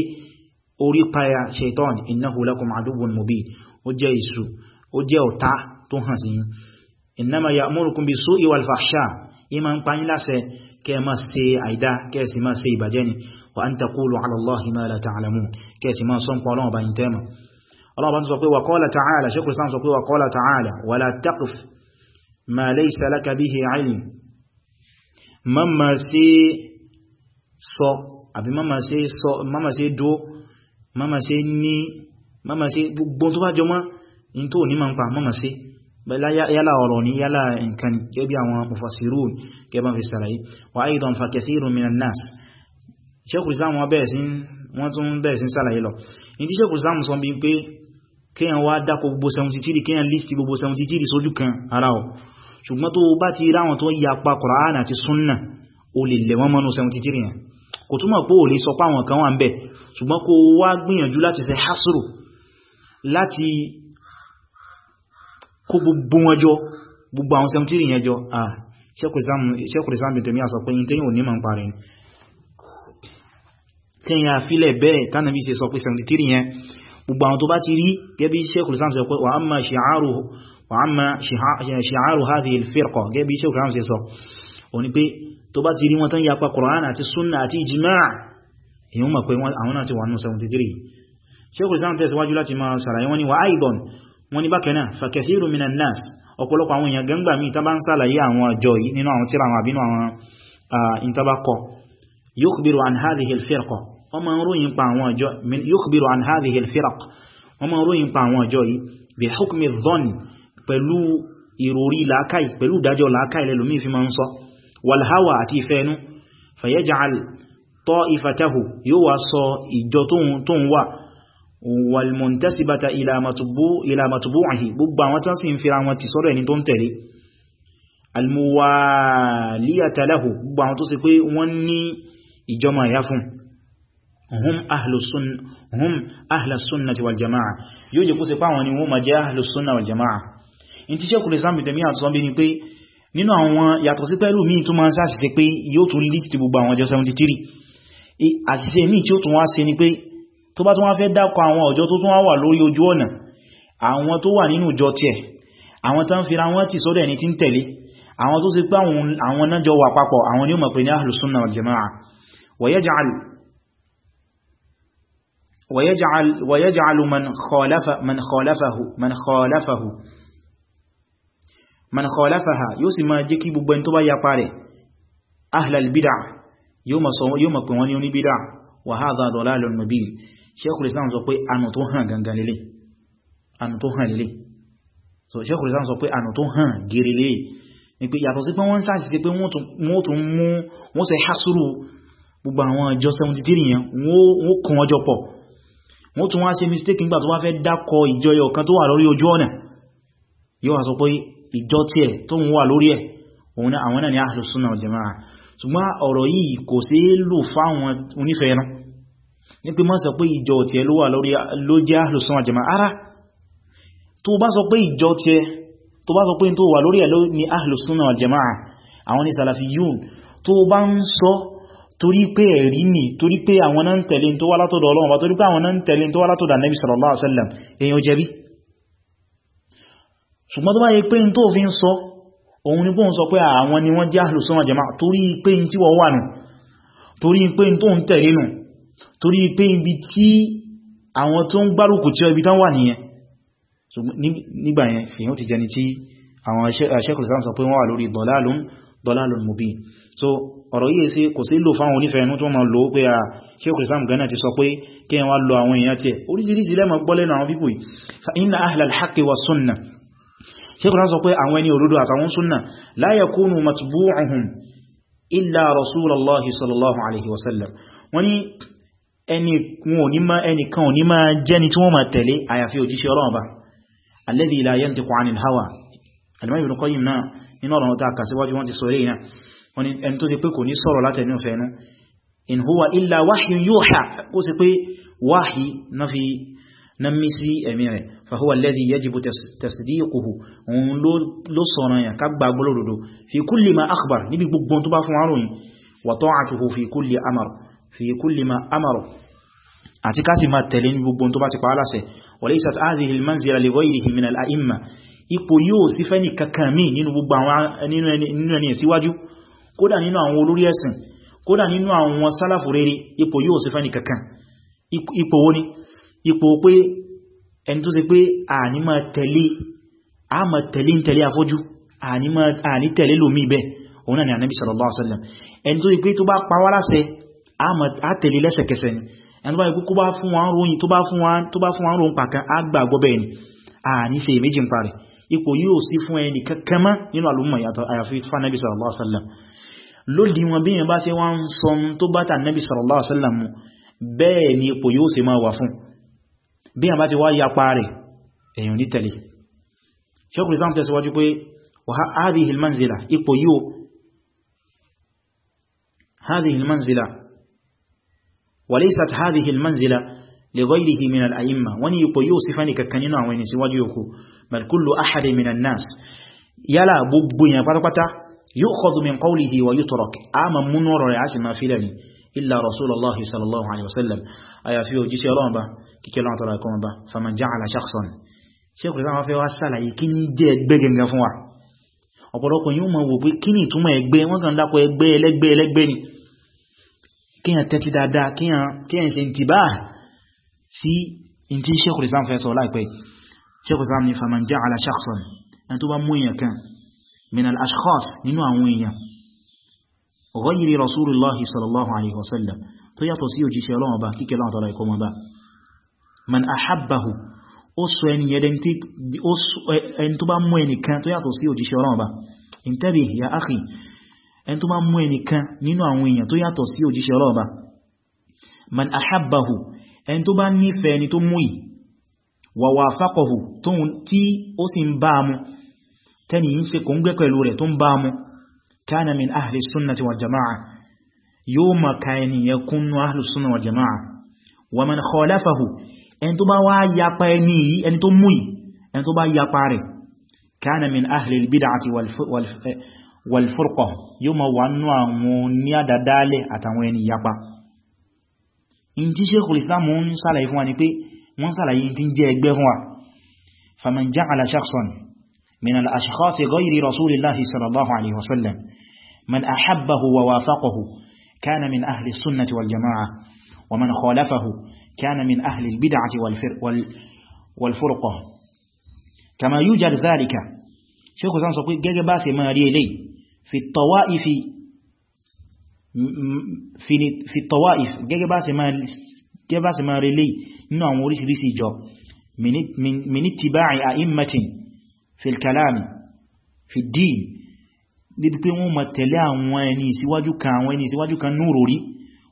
orí paya shaitan innahu lakum aduwwun mubin ó jẹ́ isu ó jẹ́ ọ̀tá tó hàn sí yín innama ya'murukum bis-su'i wal-fahsha ima ń pàyín láṣẹ kẹ́ má ṣe àìdá kẹ́ sì má ṣe ìbàjẹ́ ni wa an taqulu ala Allahi ọlọ́ọ̀bá sọ pé wàkọ́lá ta'ala ṣekú sáà sọ pé wàkọ́lá ta'ala wàlá taqf ma laysa laka bihi ilm mọ́mà sí sọ àbí mọ́mà sí sọ mọ́mà sí dó mọ́mà sí ní mọ́mà sí gbogbo tó bá jọ mọ́ in tó ní ma ń pa mọ́mà sí yálà ọ̀rọ̀ ní yálà nǹkan gẹ́bí àwọn mufassirun gẹ́bá fi sàlàyé wa aidan fa kathirun minan nas ṣekú sáà wọ́n tún sí sàlàyé lọ in tí ṣekú sáà sọ bí pé kíyàn wá dákò gbogbo 73 kíyàn lístì gbogbo 73 sójú kan ara ọ̀ ṣùgbọ́n tó bá ti ráwọn tó yapa Kùránì àti súnnà o lè lẹ̀wọ́n mọ́nú 73 yẹn kò túnmọ̀ pé o lè sọ páwọn kan wà ń bẹ̀ ṣùgbọ́n kó wá gbìyànjú láti fẹ́ hásùrù láti kó gbogbo wọn jọ gbogbo àwọn 73 yẹn jọ à Sheikhul Islam tèmi àsọ pé yín tẹ́yìn ò ní mọ̀ ń parí ni kíyàn àfilẹ̀ bẹ́ẹ̀ tánàbí ṣe sọ gbogbo àwọn tó bá ti rí gẹ́bí Sheikhul Islam sọ pé wa amma shi'aruhu wa amma shi'aru hadhihi al-firqa gẹ́bí Sheikhul Islam sọ ó ní pé tó bá ti rí wọn tán yapa Qur'an àti sunna àti ijma' èyàn mọ̀ pé àwọn náà ti wà nù 73 Sheikhul Islam tẹ̀síwájú láti máa sàlàyé wọn ni wa aidan wọn ni bákanáà fa kathiru minan nas wọ́n ma ń ròyìn pa àwọn ọjọ́ yukhbiru an hadhihi al-firaq wọ́n ma ń ròyìn pa àwọn ọjọ́ yìí bi hukmi dhon pẹ̀lú ìròrí làákàí pẹ̀lú ìdájọ́ làákàí lẹ́lòmí fi ma ń sọ walhawa àti ìfẹ́nu fayaj'al ta'ifatahu yóò wá sọ ìjọ tó ń ìjọmọ̀ ìyá fún hum ahlus sunnati wal jama'a yóò jẹ́ kó ṣe pàwọn ni wọ́n ma jẹ́ ahlus sunna wal jama'a in ti ṣekùnlẹ̀ sáàmì tẹ̀mí àtúsọ́ bí ni pé nínú àwọn yàtọ̀ sí pẹ̀lú míì tó máa sáàsì ti pé yóò tún list gbogbo àwọn ọjọ́ 73 àṣìṣe míì tí ó tún wá ṣe ni pé tó bá tún wá fẹ́ dákọ àwọn ọjọ́ tó tún wá wà lórí ojú ọ̀nà àwọn tó wà nínú ìjọ tiẹ̀ àwọn tán fira wọn ti sọ́dọ̀ ẹni tí ń tẹ̀lé àwọn tó sì pé àwọn náà jọ wà papọ̀ àwọn ni ó mọ̀ pé ní ahlus sunna wal ويجعل, ويجعل من, خالف من خالفه من خالفه من خالفها يسمى جكي بوبن تو با يا اهل البدع يوم سو يوم كون ني بدع وهذا ضلال مبين شيخ الاسلام سو بي انو تو هان غانغان لele انو تو هان lele so شيخ الاسلام سو بي انو تو هان gere lele ní pé yàtọ̀ sí pé wọ́n sa si pé wọ́n tún wọ́n tún mú wọ́n ṣe hasuru gbogbo àwọn ọjọ́ 73 yẹn wọ́n wọ́n ọjọ́ pọ̀ wọ́n tún wá ṣe mistake nígbà tó wá fẹ́ dákọ ìjọyọ̀ kan tó wà lórí ojú ọ̀nà yóò wá sọ pé ìjọ tí ẹ̀ tó ń wà lórí ẹ̀ òun náà àwọn náà ni ahlu sunna wal jamaa ṣùgbọ́n ọ̀rọ̀ yìí kò sí ara tó bá sọ pé ìjọ tí ẹ tó bá sọ ni ahlu sunna wal jamaa àwọn ni salafiyun tó bá torí pé ẹ̀rí ni torí pé àwọn náà ń tẹ̀lé tó wá látọ̀dọ̀ Ọlọ́run bá torí pé àwọn náà ń tẹ̀lé tó wá látọ̀dọ̀ Ànábì sallallahu alaihi wasallam èyàn jẹ́rí ṣùgbọ́n tó bá yẹ pé tó fi ń sọ òun ni bóhun sọ pé àwọn ni wọ́n jẹ́ ahlus sunnah jama'a torí pé ń tí wọ́n wà so ọ̀rọ̀ yìí sí kò sí lò fáwọn onífẹ̀ẹ́nú tó ma lò ó pé a ah, Sheikh Islam Gana ti sọ pé kí wọ́n lò àwọn èèyàn tí oríṣiríṣi lẹ́mọ̀ gbọ́lẹ̀ náà pípò yìí fa inna ahlal haqqi wa sunna Sheikh Islam sọ pé àwọn ẹni òdodo àtàwọn sunna la yakunu matbu'uhum illa rasulallahi sallallahu alaihi wasallam wani ẹnìkan ò ní máa jẹ́ni tí wọ́n máa tẹ̀lé àyàfi òjíṣẹ́ Ọlọ́run ba alladhi la yantiqu anil hawa ti sọ ilé náà wọ́n ẹni tó ti pé kò ní sọ̀rọ̀ látẹ̀nú fẹ́nu in huwa illa wahyun yuha kó sì pé wahyi na fi na mí sí ẹ̀mí rẹ̀ fa huwa alladhi yajibu tasdiquhu òun ló sọ̀rọ̀ yà ká gbà gbọ́lódodo fi kulli ma akhbar níbi gbogbo tó bá fún aróyìn wa ta'atuhu fi kulli amar fi kulli ma amaro àti ká sì máa tẹ̀lé ní gbogbo tó bá ti pàá láṣẹ wa laysat hadhihi al-manzila li ghayrihi min al-a'imma ipò yóò sí fẹ́ ní kankan mí nínú gbogbo àwọn ẹni síwájú kódà nínú àwọn olórí ẹ̀sìn kódà nínú àwọn sálàfù rere ipò yóò sí fẹ́ni kankan ipò wo ni ipò pé ẹni tó ṣe pé àní máa tẹ̀lé a máa tẹ̀lé ń tẹ̀lé afọ́jú àní tẹ̀lé lómi ibẹ̀ òun náà ni ànábì sallallahu alaihi wasallam ẹni tó ṣe pé tó bá pa wá láṣẹ a tẹ̀lé lẹ́sẹ̀kẹsẹ̀ ni ẹni tó bá ikú bá fún wọn ròyìn tó bá fún ni àní ṣe méjì ń parẹ̀ ipò yóò sí fún ẹni kankan mọ́ nínú àlùmọ̀ àyàfi fún ànábì sallallahu lódí wọn bí yẹn bá ṣe wá ń sọ tó bá tà nẹ́bí sallallahu alaihi wasallam bẹ́ẹ̀ ni ipò yóò ṣe máa wà fún bí yẹn bá ti wá yapa rẹ̀ èyàn ní tẹ̀lé ṣẹ́kùnrin sáà tẹ̀síwájú yálà gbogbo yẹn pátápátá يؤخذ من قوله ويترك اما منور يعسى ما في لني الا رسول الله صلى الله عليه وسلم ايا في وجيسي الله با كيكي الله تعالى كون با فمن جعل شخصا شيخ الاسلام في واسالا يكني جẹ ẹgbẹ́ gangan fún wa ọ̀pọ̀lọpọ̀ yín mọ̀ wò pé kíni ìtumọ̀ ẹgbẹ́ wọ́n kàn dákọ ẹgbẹ́ ẹlẹ́gbẹ́ ẹlẹ́gbẹ́ ni kíyàn tẹ́tí dáadáa kíyàn ṣe ìtìbá sí in tí Sheikhul Islam fẹ́ sọ láìpẹ́ Sheikhul Islam ni faman ja'ala shakhsan ẹni tó bá mú èèyàn kan min al-ashkhas nínú àwọn èèyàn ghayri rasulullahi sallallahu alaihi wasallam tó yàtọ̀ sí òjíṣẹ́ Ọlọ́run ba kíkẹ́ láwọn tọ́lá ikọ́ mọ́ ba man ahabbahu ó sọ ẹni yẹ ẹni tó bá mú ẹnìkan tó yàtọ̀ sí òjíṣẹ́ Ọlọ́run ba intabi ya akhi ẹni tó bá mú ẹnìkan nínú àwọn èèyàn tó yàtọ̀ sí òjíṣẹ́ Ọlọ́run ba man ahabbahu ẹni tó bá nífẹ̀ẹ́ ẹni tó mú yìí wa wafaqahu tóhun tí ó sì ń bá mú tẹ́ni yí ń ṣe kòǹgbẹ́ pẹ̀lú rẹ̀ tó ń bá mú kana min ahli sunnati wal jama'a yóò ma ka ẹniyàn kúnnú ahli sunnati wal jama'a wa man khalafahu ẹni tó bá wá yapa ẹni yìí ẹni tó mú yìí ẹni tó bá yapa rẹ̀ kana min ahli bid'ati eh, wal furqa من الأشخاص غير رسول الله صلى الله عليه وسلم من أحبه ووافقه كان من أهل السنة والجماعة ومن خالفه كان من أهل البدعة والفرقة كما يوجد ذلك شيخ سانسوكي جاجة باسي ما لي في الطوائف في في الطوائف gẹ́gẹ́ bá ṣe máa gẹ́gẹ́ bá ṣe máa relé nínú àwọn oríṣiríṣi من من min itiba'i a'immatin fil kalam fi din níbi pé wọ́n ma tẹ̀lé àwọn ẹni ìsíwájú kan àwọn ẹni ìsíwájú kan núrò rí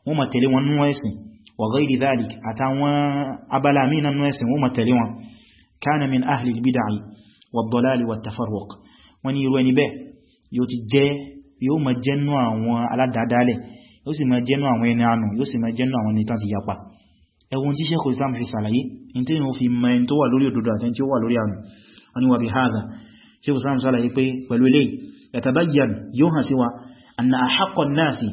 wọ́n ma tẹ̀lé wọn nú ẹ̀sìn wa ghayri dhalik àtàwọn abala míì nú ẹ̀sìn wọ́n ma tẹ̀lé wọn kana min ahli bid'ah wa dalal wa tafarruq wọ́n ní irú ẹni bẹ́ẹ̀ yóò ti jẹ́ yóò ma jẹ́nú àwọn aládàádálẹ̀ yóò sì ma jẹ́nú àwọn ẹni wani wa bi hadha ṣe kò sáàmù sálàyé pé pẹ̀lú ilé yatabayyan yóò hàn sí wa anna ahaqqan nasi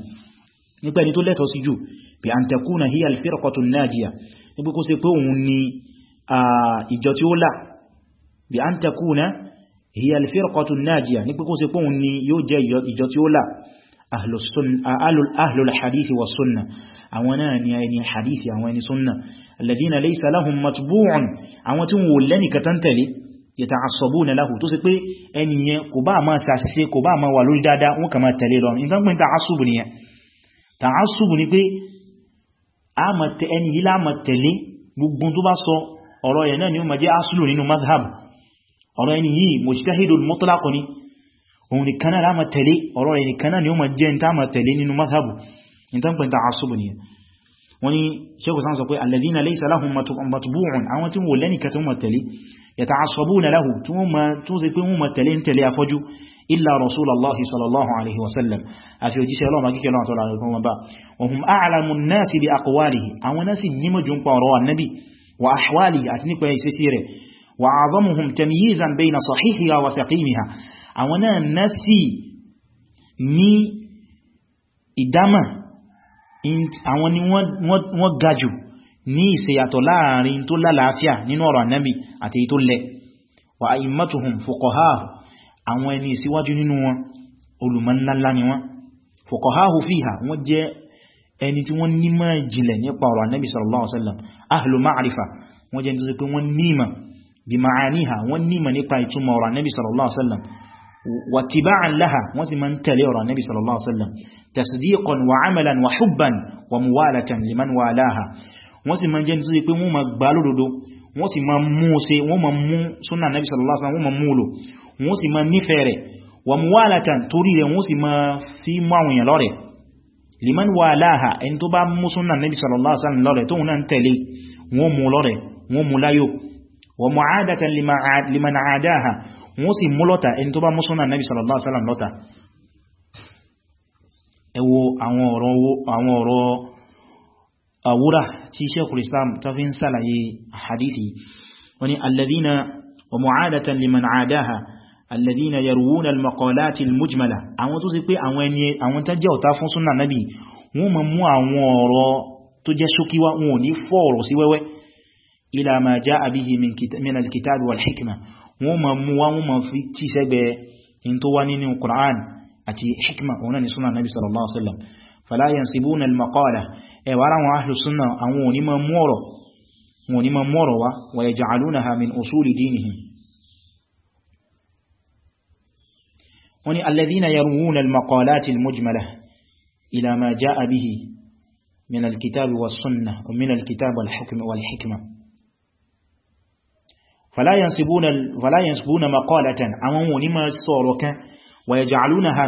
nípa ẹni tó lẹ́tọ̀ sí jù bí an takuna hiya alfirqatu najiya nípa kó ṣe pé òun ni ìjọ tí ó là bí an takuna hiya alfirqatu najiya nípa kó ṣe pé òun ni yóò jẹ́ ìjọ tí ó là àwọn náà ni ẹni hadithi àwọn ẹni sunna alladhina laysa lahum matbu'un àwọn tí wọ́n lẹ́nìkàtán tẹ̀lé yẹtàṣọ́bùn lahu tó sì pé ẹniyàn kò bá máa ṣàṣìṣe kò bá máa wà lórí dáadáa wọn kàmà tẹ̀lé lọ ní sánpín tàṣùbù ni yẹn tàṣùbù ni pé ẹni yìí láàmà tẹ̀lé gbogbo tó bá sọ ọ̀rọ̀ yẹn náà ni ó ma jẹ́ asùlù nínú mazhab يتعصبون له توزي كون ما تلين تلي افوجو الا رسول الله صلى الله عليه وسلم افي وجيسه الله ماكي كلام تو الله با وهم اعلم الناس باقواله او ناس نيما جون قورو النبي واحواله اتني كو يسيره واعظمهم تمييزا بين صحيحها وسقيمها او ناس ni idama àwọn ni wọ́n gajù ní ìṣeyàtọ̀ láàrin tó lálàáfíà nínú ọ̀rọ̀ ànábì àti èyí tó lẹ wà a'immatuhum fuqahahu àwọn ẹni ìsíwájú nínú wọn olùmọ̀nlá ni wọ́n fuqahahu fiha wọ́n jẹ́ ẹni tí wọ́n nímọ̀ jìnlẹ̀ nípa ọ̀rọ̀ ànábì sallallahu alaihi wasallam ahlu ma'rifa wọ́n jẹ́ nítorí pé wọ́n nímọ̀ bí ma'aniha wọ́n nímọ̀ nípa ìtumọ̀ ọ̀rọ̀ ànábì sallallahu alaihi wasallam wa tiba'an laha wọ́n sì máa jẹ́ ní tó sì pé wọ́n máa gbà lódodo wọ́n sì máa mú ṣe wọ́n máa mú súnà nabi sallallahu alaihi wasallam wọ́n máa mú lò wọ́n sì máa nífẹ̀ẹ́ rẹ̀ wa muwalatan torí rẹ̀ wọ́n sì máa fi mú àwọn èèyàn lọ́rẹ̀ liman walaha ẹni tó bá mú súnà nabi sallallahu alaihi wasallam lọ́rẹ̀ náà tẹ̀lé wọ́n àwúrà tí Shaykhul Islam tó fi ń sàlàyé hadithi wani alladhina wa mu'adatan liman adaha alladhina yarwuna al-maqalati al-mujmala àwọn tó sì pé àwọn ẹni àwọn tó jẹ́ ọ̀tá fún súnnà nábì wọ́n ma mú àwọn ọ̀rọ̀ tó jẹ́ ṣókíwá wọn ò ní fọ́ ọ̀rọ̀ sí wẹ́wẹ́ ila ma jaa bihi min al-kitabi wal hikma wọ́n ma mú wá wọ́n ma fi tí sẹ́gbẹ̀ẹ́ in tó wá nínú Qur'an àti hikma òun ni súnnà nábì sallallahu alaihi wasallam fala yansibuna al-maqala ẹwà ara wọn ahlu sunna àwọn onímọ̀ mọ́rọ̀ mú ọ̀rọ̀ wọn ni ma mú ọ̀rọ̀ wá wa yaj'alunaha min usuli dinihim wọ́n ni alladhina yarwuna al-maqalati al-mujmalah ila ma ja'a bihi min al wa sunnah wa min al-kitabi wal hikma fala yansibuna fala yansibuna maqalatan àwọn òní kan wa yaj'alunaha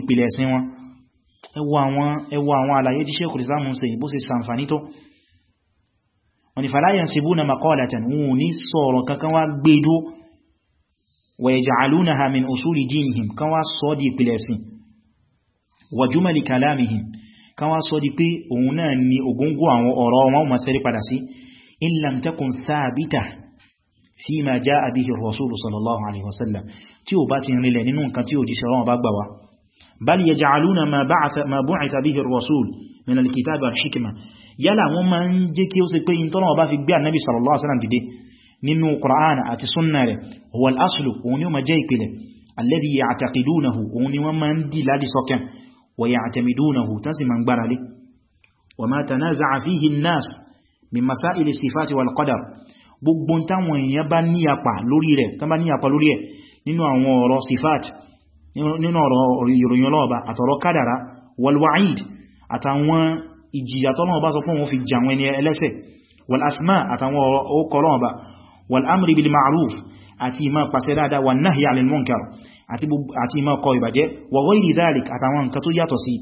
ìpìlẹ̀ ẹwọ àwọn àlàyé tí Sheikhul Islam ń ṣe bó ṣe sàǹfàní tó wọ́n ni fala yansibuna maqalatan wọ́n ní sọ̀rọ̀ kankan wá gbédó wa yaj'alunaha min usuli dinihim kan wá sọ di ìpìlẹ̀ sí wa jumali kalamihim kan wá sọ di pé òun náà بل يجعلون ما بعث ما بعث به الرسول من الكتاب والحكمه yálà wọ́n máa ń jẹ́ kí ó ṣe pé in tọ́nà ọba fi gbé ànábì sallallahu alaihi wasallam dìde nínú Qur'an àti súnnà rẹ̀ huwa al-aslu òun ni ó ma jẹ́ ìpìlẹ̀ alladhi ya'taqidunahu òun ni wọ́n máa ń dì láti sọ́kàn wa ya'tamidunahu tán sì máa wa ma tanaza'a fihi an-nas min masail as-sifat wal-qadar gbogbo táwọn èèyàn bá níyapa lórí rẹ̀ tán bá níyapa lórí ẹ̀ nínú àwọn ọ̀rọ̀ sifat nínú ọ̀rọ̀ ìròyìn ọlọ́ọ̀bá àtọ̀rọ̀ kádàrá walwa'id àtàwọn ìjìyà tọ́lọ́ọ̀bá sọ fún wọn fi jàwọn ẹni ẹlẹ́sẹ̀ walasma àtàwọn ọkọ̀ ọlọ́ọ̀bá walamri bil ma'ruf àti ìmá pàṣẹ dáadáa wà náà yà lẹ́nu mọ́nkàr àti ìmá kọ ìbàjẹ́ wa ghayri dhalik àtàwọn nǹkan tó yàtọ̀ sí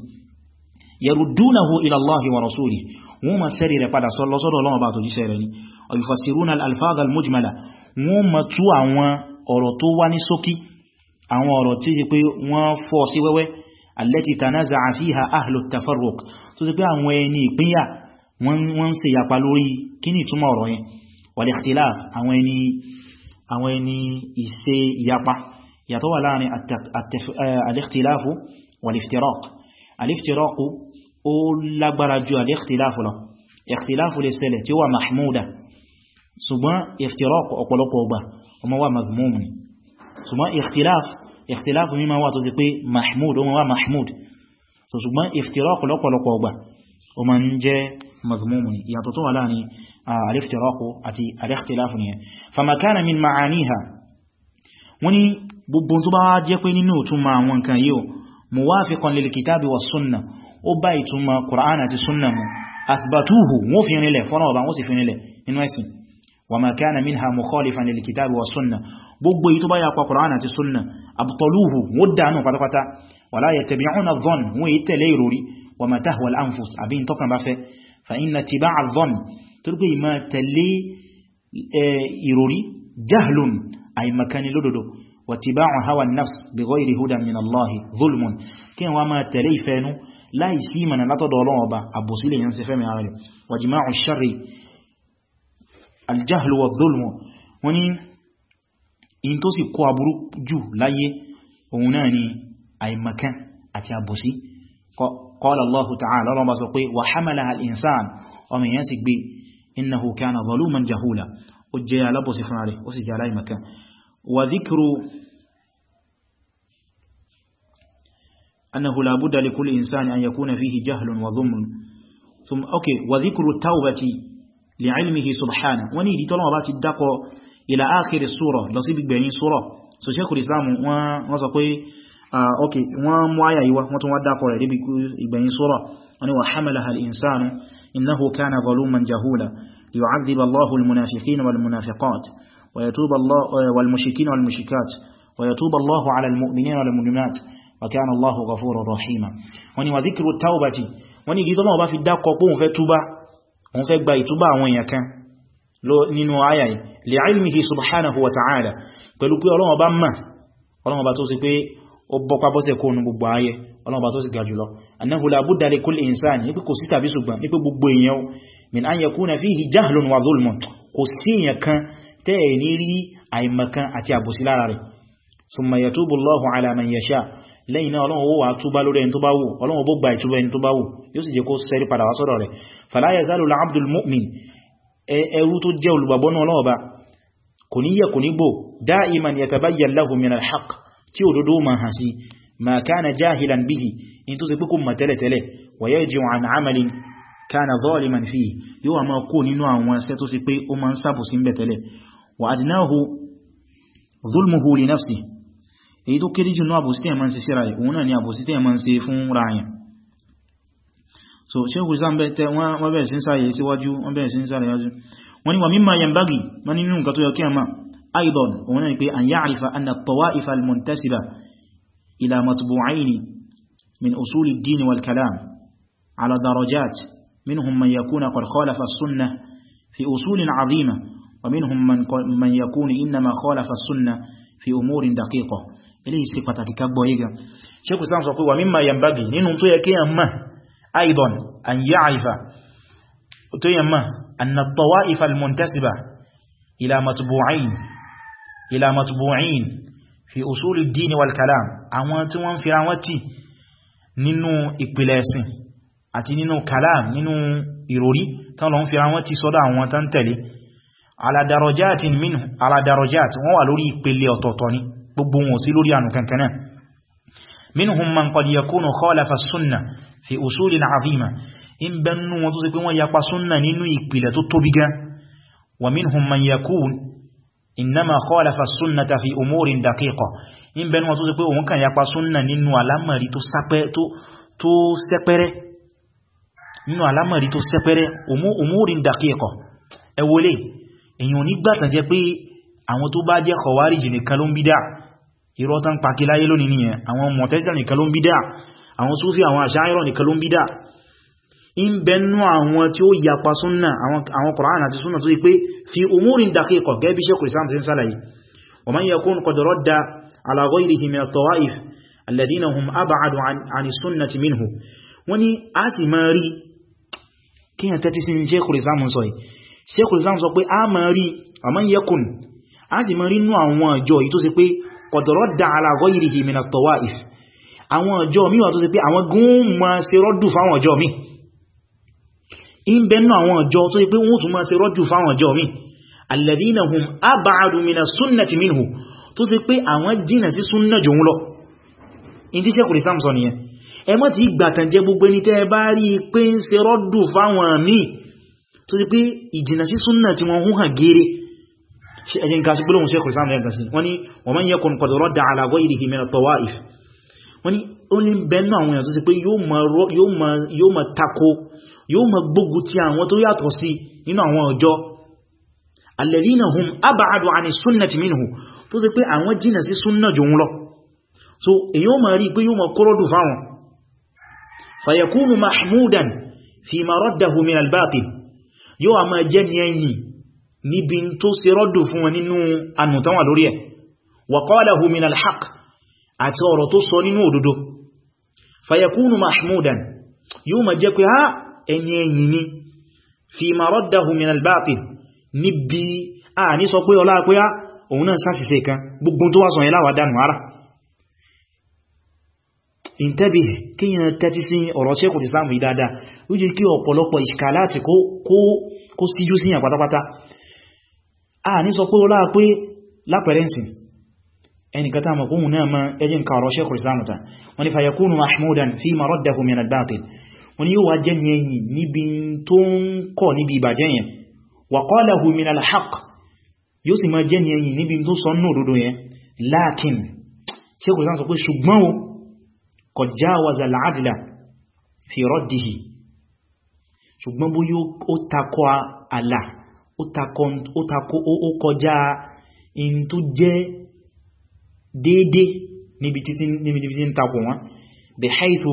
yarudunahu ila Allahi wa rasuli wọ́n ma sẹ́rì rẹ̀ padà sọ́lọ́sọ́dọ̀ Ọlọ́run bá tó jíṣẹ́ rẹ̀ ni ọ̀yùfàsirúnà alfáàdà almujmala wọ́n ma tú àwọn ọ̀rọ̀ tó wá ní ṣókí àwọn ọ̀rọ̀ tí ṣe pé wọ́n fọ́ sí wẹ́wẹ́ allati tanaza'a fiha ahlu tafarruq tó ṣe pé àwọn ẹni ìpínyà wọ́n ṣe yapa lórí kíni túmọ̀ ọ̀rọ̀ yẹn wal ikhtilaf àwọn ẹni àwọn ẹni ìṣe ìyapa yàtọ̀ wà láàrin eh, al-ikhtilafu wal-iftiraq ṣùgbọ́n ikhtilaf ikhtilaf mi ma wà tó sì pé mahmud o ma wà mahmud so ṣùgbọ́n iftiraq lọ́pọ̀lọpọ̀ ọgbà o ma ń jẹ́ mazmumu ni ìyàtọ̀ tó wà láàrin al-iftiraq àti al-ikhtilaf ni famakana min ma'aniha wani gbogbo tó bá wá jẹ́ pé nínú ìtumọ̀ àwọn nǹkan yíò muwafiqan وما كان منها مخالفا للكتاب والسنة gbogbo èyí tó bá yapa Qur'an àti sunna abtoluhu wọ́n dánù pátápátá wala yattabi'una adh-dhann wọ́n yí tẹ̀lé ìròrí wa ma tahwa al-anfus àbí tọ́kàn bá fẹ́ fa inna ittiba'a adh-dhann torípé ìmá tẹ̀lé ìròrí jahlun àìmakani lódodo wa ittiba'u hawa an-nafs bighayri hudan min Allahi zulmun kí wọ́n máa tẹ̀lé ìfẹ́nu الجهل والظلم wọ́n ni in tó sì kó aburú jù láyé òun náà ni àìmọ̀kan àti àbòsí qala Allahu ta'ala lọ́nà bá sọ pé wa hamalaha al-insan ọmọ èèyàn sì gbé innahu kana zaluman jahula ó jẹ́ alábòsí fún rẹ̀ ó sì jẹ́ aláìmọ̀kan wa dhikru أنه لا بد لكل إنسان أن يكون فيه جهل وظلم ثم أوكي وذكر التوبة لعلمه سبحانه وني دي تولون با تي داكو الى اخر السوره لو سي بيغبين سوره سو شيخ الاسلام وان وان سو بي اوكي وان مو ايا يوا وان تو وان داكو ري بي بيغبين سوره ان وحملها الانسان انه كان ظلوما جهولا ليعذب الله المنافقين والمنافقات ويتوب الله والمشركين والمشركات ويتوب الله على المؤمنين والمؤمنات وكان الله غفورا رحيما وني وذكر التوبه وني دي تولون با في داكو بون فẹ́ òun fẹ́ gba ìtúbà àwọn èèyàn kan nínú àyà yìí li ilmihi subhanahu wa ta'ala pẹ̀lú pé Ọlọ́run bá mọ̀ Ọlọ́run bá tó sì pé ó bọ́pá bọ́sẹ̀ kó nu gbogbo ayé Ọlọ́run bá tó sì ga jùlọ annahu la budda li kò sí tàbí ṣùgbọ́n ní gbogbo èèyàn min an yakuna lẹ́yìn náà ọlọ́run ó wà túbá lórí ẹni tó bá wù ọlọ́run ó gba ìtúbá ẹni tó bá wù yóò sì jẹ́ kó sẹ́rí padà wá sọ́dọ̀ rẹ̀ fala yazalu al-abdul mu'min ẹrú tó jẹ́ olùgbàgbọ́ náà èyí tó kéré jù ní àbòsí tí ẹ̀mọ́ ń ṣe síra ẹ̀ òun náà ni àbòsí tí ẹ̀mọ́ ń ṣe fún ráyàn so sheikh islam tẹ́ wọ́n bẹ̀rẹ̀ sí ń sáyẹ̀ síwájú wọ́n bẹ̀rẹ̀ sí ń sáyẹ̀ yájú wọ́n ni wà mímọ̀ yambagi wọ́n nínú nǹkan tó yọ kí a máa aidan òun ni pé an ya'rifa anna tawaif al-muntasiba ila matbu'ayn min usul ad-din wal kalam ala darajat minhum man yakuna qad khalafa as-sunnah fi usul 'azima wa minhum man yakuna inma khalafa as-sunnah fi umurin daqiqah ilé ìsẹ́ pàtàkì kagbọ́ yíga ṣekù sáà sọ pé wà mímọ̀ yambagi nínú tó yẹ kíyàn mọ̀ aidan an yá àìfà tó yẹ mọ̀ anna tawaifa al-muntasiba ila matbu'in ila matbu'in fi usul ad-din wal kalam àwọn tí wọ́n fi ránwọ́ tí nínú ìpìlẹ̀ ẹ̀sìn àti nínú kalam nínú ìròrí tán lọ wọ́n wà lórí ìpele ọ̀tọ̀ọ̀tọ̀ ni gbogbo wọn sí lórí ànù kankan náà minhum man qad yakunu khalafa as-sunnah fi usulin 'azima in bẹnu wọn tó sì pé wọ́n yapa súnnà nínú ìpìlẹ̀ tó tóbi gan wa minhum man yakun innama khalafa as-sunnata fi umurin daqiqa in bẹnu wọn tó sì pé òun kan yapa súnnà nínú alámọ̀rí tó sẹ́pẹ́rẹ́ nínú alámọ̀rí tó sẹ́pẹ́rẹ́ umurin daqiqa ẹwọlé èyàn nígbàtàn jẹ́ pé àwọn tó bá jẹ́ khawarij nìkan ló ń bídá irọ́ tán pàkí láyé lónìí nìyẹn àwọn mọ̀tẹ́sílà nìkan ló ń bídá àwọn súfí àwọn àṣáyírọ̀ nìkan ló ń bídá in bẹnu àwọn tí ó yapa súnnà àwọn Qur'an àti súnnà tó yí pé fi umurin daqiqa gẹ́bí ṣe kùrìsàn tí ń sálàyé wa man yakun qad radda ala ghayrihi min at-tawa'if alladhina hum ab'adu an sunnati minhu wọ́n ni a sì máa rí nú àwọn àjọ yìí tó ṣe pé qad radda ala ghayrihi min at-tawa'if àwọn ọjọ́ mi wà tó ṣe pé àwọn gún ma ṣe rọ́dù fáwọn ọjọ́ mi in bẹnu àwọn ọjọ́ tó ṣe pé wọ́n tún ma ṣe rọ́dù fáwọn ọjọ́ mi alladhina hum ab'adu min as-sunnati minhu tó ṣe pé àwọn jìnà sí súnnà jòun lọ in ti sẹ́kùrì samson nìyẹn ẹ mọ́ ti gbàtànjẹ gbogbo ní tẹ́ bá rí pé ń ṣe rọ́dù fáwọn míì tó ṣe pé ìjìnà sí súnnà tí wọ́n hùn hàn gẹ́rẹ́ ẹjẹ́ nǹkan sí gbọ́lọ̀wọ̀n Shaykhul Islam lẹ́gbẹ̀ sí wọ́n ni wa man yakun qad radda ala ghayrihi min at-tawa'if wọ́n ni ó ní bẹ́ẹ̀nù àwọn èèyàn tó sì pé yóò ma tako yóò ma gbógun ti àwọn tó yàtọ̀ sí nínú àwọn ọjọ́ alladhina hum ab'adu 'ani sunnati minhu tó sì pé àwọn jìnà sí súnnà jù ń lọ so èyí ó ma rí pé yóò ma kọ́rọ̀dù fáwọn fayakunu mahmudan fi ma raddahu min al-batil yóò a ma jẹ́ ní ẹ̀yìn níbi tó ṣe rọ́dù fún wọn nínú anùtánwà lórí ẹ̀ wa qalahu min al-haq àti ọ̀rọ̀ tó sọ nínú òdodo fayakunu mahmudan yóò ma jẹ́ pé ha ẹ̀yìn ẹ̀yìn ni fi ma raddahu min al-batil níbi a ní sọ pé ọlá pé á òun náà sáṣìṣẹ́ kan gbogbo kí yẹn tẹ́tí sí ọ̀rọ̀ ṣẹ́kù ti sáàmù ìdáadáa ó jẹ́ kí ọ̀pọ̀lọpọ̀ ìṣkàláàtì kó síjú síyàn pátápátá a ní sọ pé ó láà pé lápẹrẹnsì ẹnìkan tá mọ̀ kóhùn náà ma ẹjìn kààrọ̀ ṣe kìrìsìtánùta wọ́n ni fayakunu mahmudan fi maraddahu min al-batil wọ́n ni yíò wá jẹ́ yẹn níbi tó ń kọ́ níbi ìbàjẹ́ yẹn wa qalahu min ó takó ó kọjá in tó jẹ́ déédé níbi títí ń takò wọn bí haithu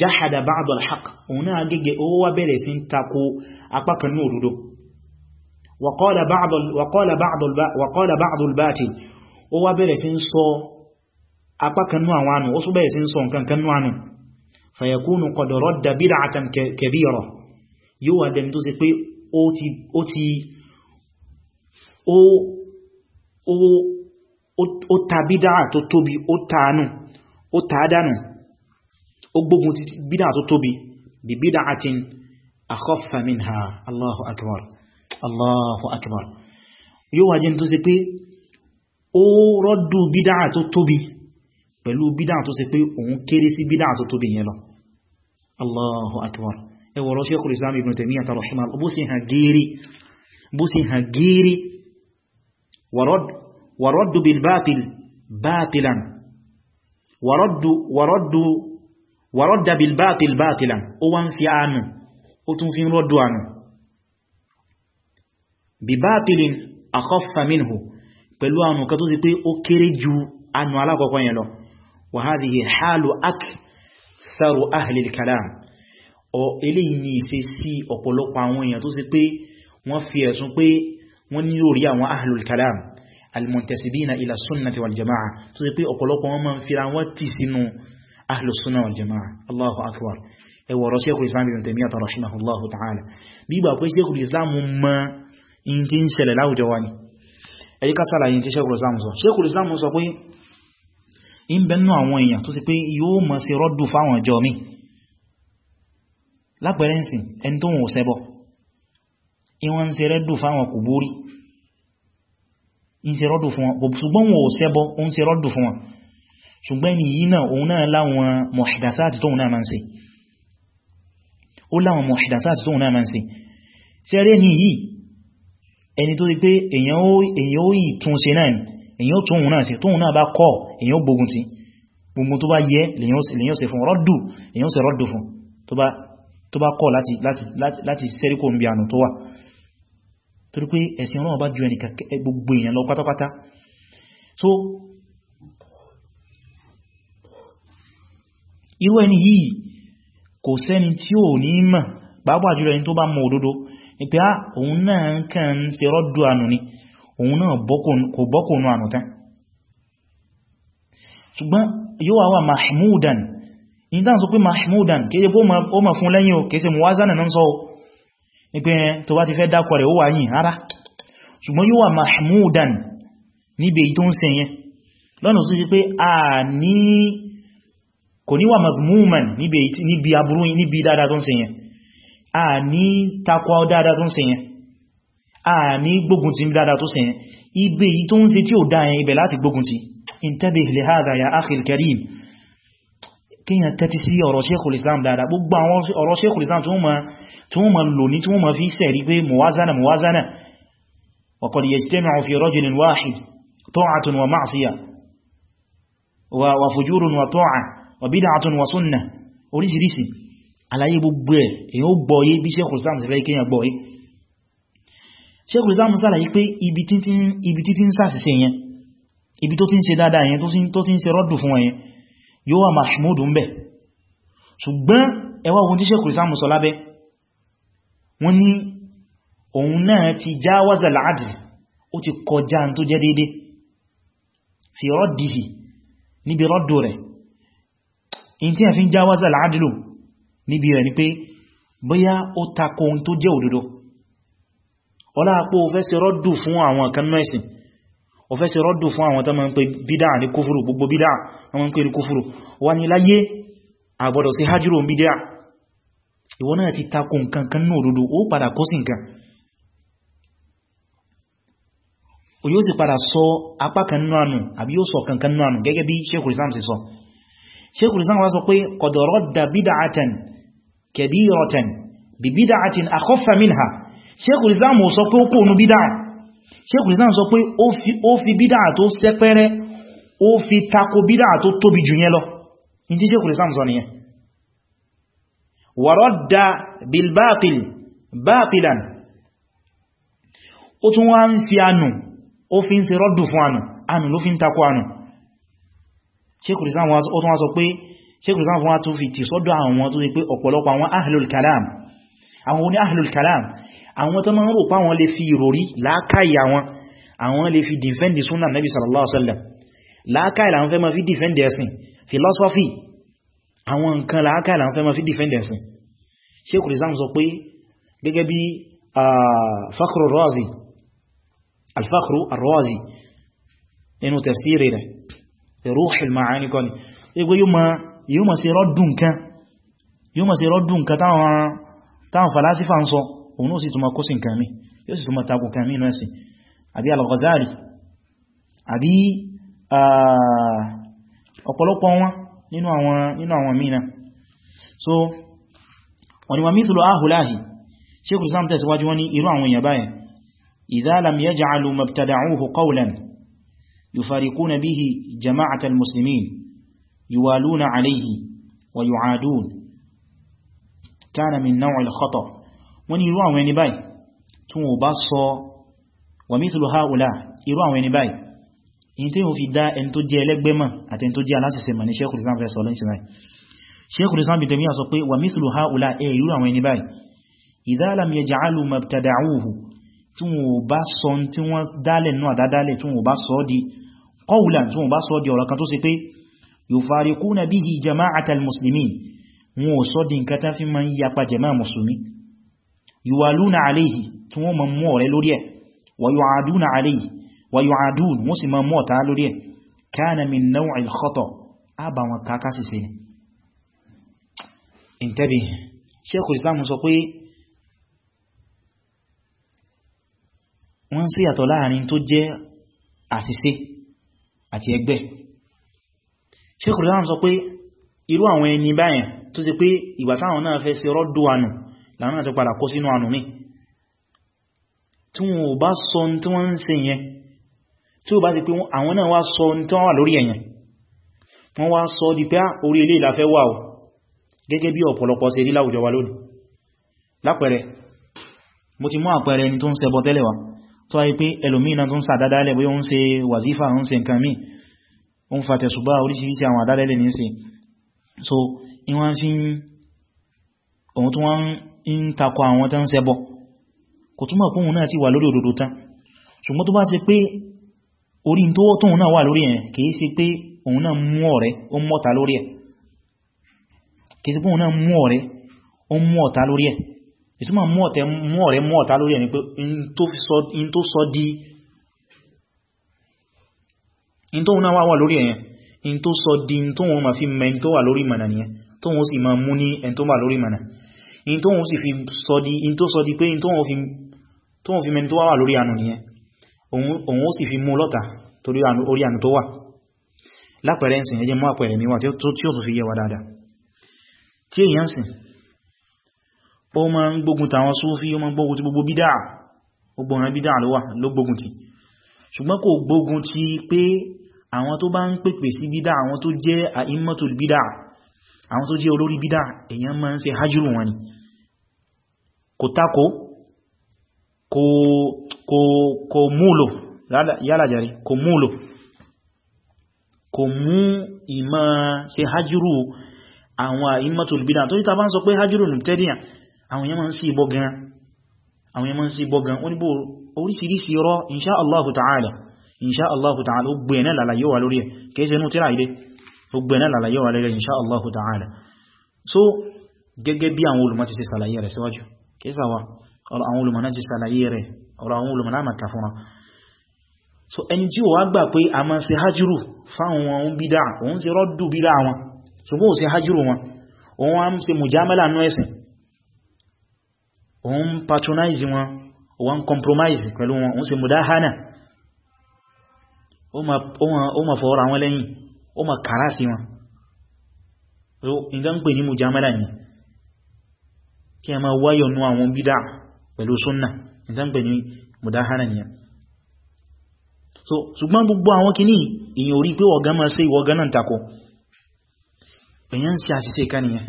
jáhàdà ba'd al-haq òun náà gẹ́gẹ́ ó wá bẹ̀rẹ̀ sí ń takò apákan ní òdodo wa qala ba'd wa qala ba'd al-batil ó wá bẹ̀rẹ̀ sí ń sọ apákan ní àwọn ànù ó sì bẹ̀rẹ̀ sí ń sọ nǹkan ní ànù yóò wà dẹni tó sì pé ó ti ó ta bídáà tó tóbi ó tàánù ó tàádánù ó gbógun ti bídáà tó tóbi bí bídáà ti akhaffa minha Allahu akbar Allahu akbar yóò wà jẹ́ tó ṣe pé ó rọ́dù bídáà tó tóbi pẹ̀lú bídáà tó ṣe pé òun kéré sí bídáà tó tóbi yẹn lọ Allahu akbar ẹwọ̀rọ̀ Shaykhul Islam Ibn Taymiyyah rahimahullah bó ورد ورد بالباطل باطلا ورد ورد ورد بالباطل باطلا وان في عنه وتنفي في رد عنه بباطل أخف منه pẹ̀lú àwọn nǹkan tó sì pé ó kéré ju anù alákọ̀ọ́kọ́ yẹn lọ wà há zìí hálù ak sáàrù ahìlì kalam ọ eléyìí ni ìṣe sí ọ̀pọ̀lọpọ̀ àwọn èèyàn tó sì pé wọ́n fi ẹ̀sùn pé wọ́n ní lórí àwọn ahlul kalam almuntasibina ila sunnati wal jama'a tó ṣe pé ọ̀pọ̀lọpọ̀ wọn máa ń fira wọn tì sínú ahlus sunna wal jama'a allahu akbar ẹwọ̀rọ̀ Sheikhul Islam ibn Taymiyyah rahimahullahu ta'ala bí gbà pé Sheikhul Islam mọ in ti ń ṣẹlẹ̀ láwùjọ wa ni ẹ̀yí kásàlà yìí tí Sheikhul Islam sọ ìwọ́n ń ṣe rẹ́dù fáwọn kò bórí ń ṣe rọ́dù fún wọn ṣùgbọ́n wọn ò ṣẹbọ ó ń rọ́dù fún wọn ṣùgbọ́n ni yìí náà òun náà láwọn mọ̀hìdásátì tóun náà máa ń ṣe ó láwọn mọ̀hìdásátì tóun náà máa ń ṣe ṣẹ́rẹ́ ni yìí ẹni tó ti pé èyàn ó yìí tún ṣe náà ni èyàn ó tóun náà ṣe tóun náà bá kọ́ èyàn ó gbógun ti gbogbo tó bá yẹ lèyàn tó wà torí pé ẹ̀sìn ọlọ́run bá ju ẹnìkan gbogbo èèyàn lọ pátápátá so irú ẹni yìí kò sẹ́ni tí ò ní mọ̀ pàápàá jùlọ ẹni tó bá mọ̀ òdodo ni pé á ah, òun náà ń kàn ń ṣe rọ́dù ànù ni òun náà kò bọ́kùnù ànù tán ṣùgbọ́n yóò wà mahmudan ní tán pé mahmudan kéje bó ma fún lẹ́yìn ò kése muwazana náà sọ́wọ́ ní pé tó bá ti fẹ́ dákọ̀ rẹ̀ ó wà yìn rárá ṣùgbọ́n yóò wà mahmudan níbi èyí tó ń ṣe yẹn lọ́nà tó ṣe pé a ní kò ní wà mazmuman níbi aburú níbi dáadáa tó ń ṣe yẹn a ní takwa dáadáa tó ń ṣe yẹn a ní gbógun dáadáa tó ṣe yẹn ibi èyí tó ń ṣe tí ò dáa yẹn ibẹ̀ láti gbógun kíyàn tẹ́tí sí ọ̀rọ̀ Sheikhul Islam dáadáa gbogbo àwọn ọ̀rọ̀ Sheikhul Islam tí wọ́n ma lò ní tí wọ́n ma fi sẹ̀rí pé muwazana muwazana wa qad yajtami'u fi rajulin wahid ta'atun wa ma'siyah wa fujurun wa ta'a wa bid'atun wa sunnah oríṣiríṣi àlàyé gbogbo ẹ̀ èyàn ó gbọ́yé bí Sheikhul Islam ṣe fẹ́ kíyàn yóò wà mahmud ń bẹ̀ ṣùgbọ́n ẹwà ohun tí ṣe kùrìsáàmù sọ lábẹ́ wọ́n ní òun náà ti já wázà láàdì ó ti kọjá tó jẹ́ dédé fi rọ́dìhì níbi rọ́dù rẹ̀ in tí a fi ń já wázà láàdì lò níbi rẹ̀ ni pé bóyá ó takò ohun tó jẹ́ òdodo ọlá àpò fẹ́ sí rọ́dù fún àwọn kan náà ó fẹ́ ṣe rọ́dù fún àwọn tó máa ń pè bídá ní kúfúrù gbogbo bídá wọ́n máa ń pè ní kúfúrù wà ní láyé àgbọ́dọ̀ sí hajjúrò bídá ìwọ náà ti takò nǹkan kan ní òdodo ó padà kó sí nǹkan o yóò sì padà sọ apá kan nínú ànù àbí yóò sọ kankan nínú ànù gẹ́gẹ́ bí Sheikhul Islam ṣe sọ Sheikhul Islam wá sọ pé qad radda bid'atan kabiratan bi bid'atin akhaffa minha Sheikh Islam sọ pé ó fi bídá tó sẹ́pẹ́rẹ́ ó fi tako bídá tó tóbi jù yẹn lọ in tí Sheikh Islam sọ nìyẹn wàrọ́dá bilbátil bátilan ó tún wá ń fi anù ó fi ń ṣe rọ́dù fún anù anù ló fi ń tako anù Sheikh Islam ó tún wá sọ pé Sheikh Islam fún wá tó fi tì sọ́dọ̀ àwọn tó ṣe àwọn oní ahlul kalam àwọn tó máa ń rò pa àwọn lè fi ìròrí láákàyè àwọn àwọn lè fi dìfẹ́ndì súnà nabi sallallahu alaihi wasallam láákàyè làwọn fẹ́ máa fi dìfẹ́ndì ẹ̀sìn philosophy àwọn nǹkan láákàyè làwọn fẹ́ máa fi dìfẹ́ndì ẹ̀sìn Sheikhul Islam sọ pé gẹ́gẹ́ bí Fakhru Razi al-Fakhru ar-Razi nínú tafsiri rẹ̀ Ruhul Ma'ani kọ́ni ẹgbẹ́ yóò máa sí rọ́dùn kan táwọn táwọn falasífà ń sọ òun ó sì túnmọ̀ kó sí nǹkan mi yóò sì túnmọ̀ tako nǹkan mi náà sí àbí al-Ghazali àbí ọ̀pọ̀lọpọ̀ wọn nínú àwọn nínú àwọn mìíràn so wọ́n ni wà mithlu ahùláhì Shaykh al-Islam tẹ̀síwájú wọ́n ni irú àwọn èèyàn báyẹn idha lam yaj'alu mabtada'uhu qawlan yufariquna bihi jama'atal muslimin yuwaluna alayhi wa yu'adun kana min naw'il khata wọ́n ní irú àwọn ẹni báyìí tún wọ́n bá sọ wa mithlu haula irú àwọn ẹni báyìí in tí wọ́n fi dá ẹni tó jẹ́ ẹlẹ́gbẹ́ mọ̀ àti ẹni tó jẹ́ aláṣẹṣẹ mọ̀ ní Sheikhul Islam fẹ́ sọ lẹ́yìn sinai Sheikhul Islam bìtẹ̀mí sọ pé wa mithlu haula ẹ irú wọn ò sọ́ di nǹkan tán fi ma ń yapa jẹ̀má musulmi yuwaluna alayhi tí wọ́n ma mú ọ̀rẹ́ lórí ẹ̀ wa yu'aduna alayhi wa yu'adun wọ́n sì ma mú ọ̀tá lórí ẹ̀ kana min naw'il khata a bá wọn kaka sì sí àti ẹgbẹ́ sheikh islam sọ pé irú àwọn ẹni báyẹn tó ṣe pé ìgbà táwọn náà fẹ́ ṣe rọ́dù ànù láwọn náà ti padà kó sínú ànù mi tí wọn ò bá sọ tí wọ́n ń ṣe yẹn tí ó bá ti pé àwọn náà wá sọ tí wọ́n wà lórí ẹ̀yẹn wọ́n wá sọ di pé ah, orí ilé ìlàfẹ́ wà ò gẹ́gẹ́ bí ọ̀pọ̀lọpọ̀ ṣe rí láwùjọ wa lónìí lápẹẹrẹ mo ti mú àpẹẹrẹ ẹni tó ń ṣẹbọ tẹ́lẹ̀ wa tó wáyé pé ẹlòmínà tó ń sàdádálẹ̀ bóyá ó ń ṣe wàzífà ó ń ṣe nǹkan míì ó ń fa tẹ̀sùbá oríṣiríṣi so ìwọ́n fi ohun tó wọ́n ń takọ àwọn tán ṣẹbọ kò túnmọ̀ fún òun náà ti wà lórí òdodo tán ṣùgbọ́n tó bá ṣe pé orí tó tóun náà wà lórí ẹ̀ kìí ṣe pé òun náà mú ọ̀rẹ́ ó mú ọ̀tá lórí ẹ̀ kìí ṣe pé òun náà mú ọ̀rẹ́ ó mú lórí ẹ̀ ìtumọ̀ mú ọ̀rẹ́ mú ọ̀tá lórí ẹ̀ ni pé in tó sọ di in tó wà lórí ẹ̀ in tó sọ di in tó ma fi mẹ́ in tó wà lórí ìmọ̀nà nìyẹn tó wọ́n sì máa mú ní ẹn tó bà lórí mẹ́nà in tó wọ́n sì fi sọ́dí in tó sọ́dí pé in tó wọ́n fi mẹ́ni tó wà lórí ànù nìyẹn òun ó sì fi mú lọ́ta torí orí ànù tó wà lápẹẹrẹ ń sìn ẹjẹ mọ́ àpẹẹrẹ mi wà tí ó tó fi yé wa dáadáa tí èyàn sìn ó máa ń gbógun tàwọn Súfí ó máa ń àwọn tó bá ń pèpè sí bídá àwọn tó jẹ́ àìmọ́tò bídá àwọn tó jẹ́ olórí bídá èyàn máa ń ṣe hajjúrù wọn ni kò tako kò múlò yálàjàrí kò múlò kò mú ìmọ̀ ṣe hajjúrù àwọn àìmọ̀tòlù bídá tó títà bá ń sọ pé hajjúrù nù tẹ́díyà àwọn èyàn máa ń sí ìbọ gan àwọn èyàn máa ń sí ìbọ gan oníbò orísìírísìí rọ ta'ala inṣáàlláhù ta'ala ó gbẹ̀ẹ́nà e lálàyé wà lórí ẹ̀ kẹ́ẹ̀ṣẹ́ nú gbogbo ẹ̀nà lálàyé wà lẹ́rẹ̀ insha Allah ta'ala so gẹ́gẹ́ bí àwọn olùmọ̀ ti ṣe sàlàyé rẹ̀ síwájú kéṣàwà àwọn olùmọ̀ náà ti sàlàyé rẹ̀ ọ̀rọ̀ àwọn olùmọ̀ so ẹni tí ó wá gbà pé a máa ṣe hajjúrù fáwọn ohun bídá òun ṣe rọ́dù bídá wọn ṣùgbọ́n ò ṣe hajjúrù wọn òun wá ń ṣe mùjámẹ́lá nú ẹ̀sìn òun patronize wọn òun compromise pẹ̀lú wọn òun ṣe mùdáhánà ó ma fọ́ra wọn lẹ́yìn ó ma kàrá sí wọn so nǹkan pè ní mujamala ni kí a ma wáyọ̀ nú àwọn bídá pẹ̀lú súnnà nǹkan pè ní mudahana ni so ṣùgbọ́n gbogbo àwọn kìíní èyàn orí pé ọ̀gá ma ṣe ìwọ̀gá náà takò èyàn sí àṣìṣe kániyàn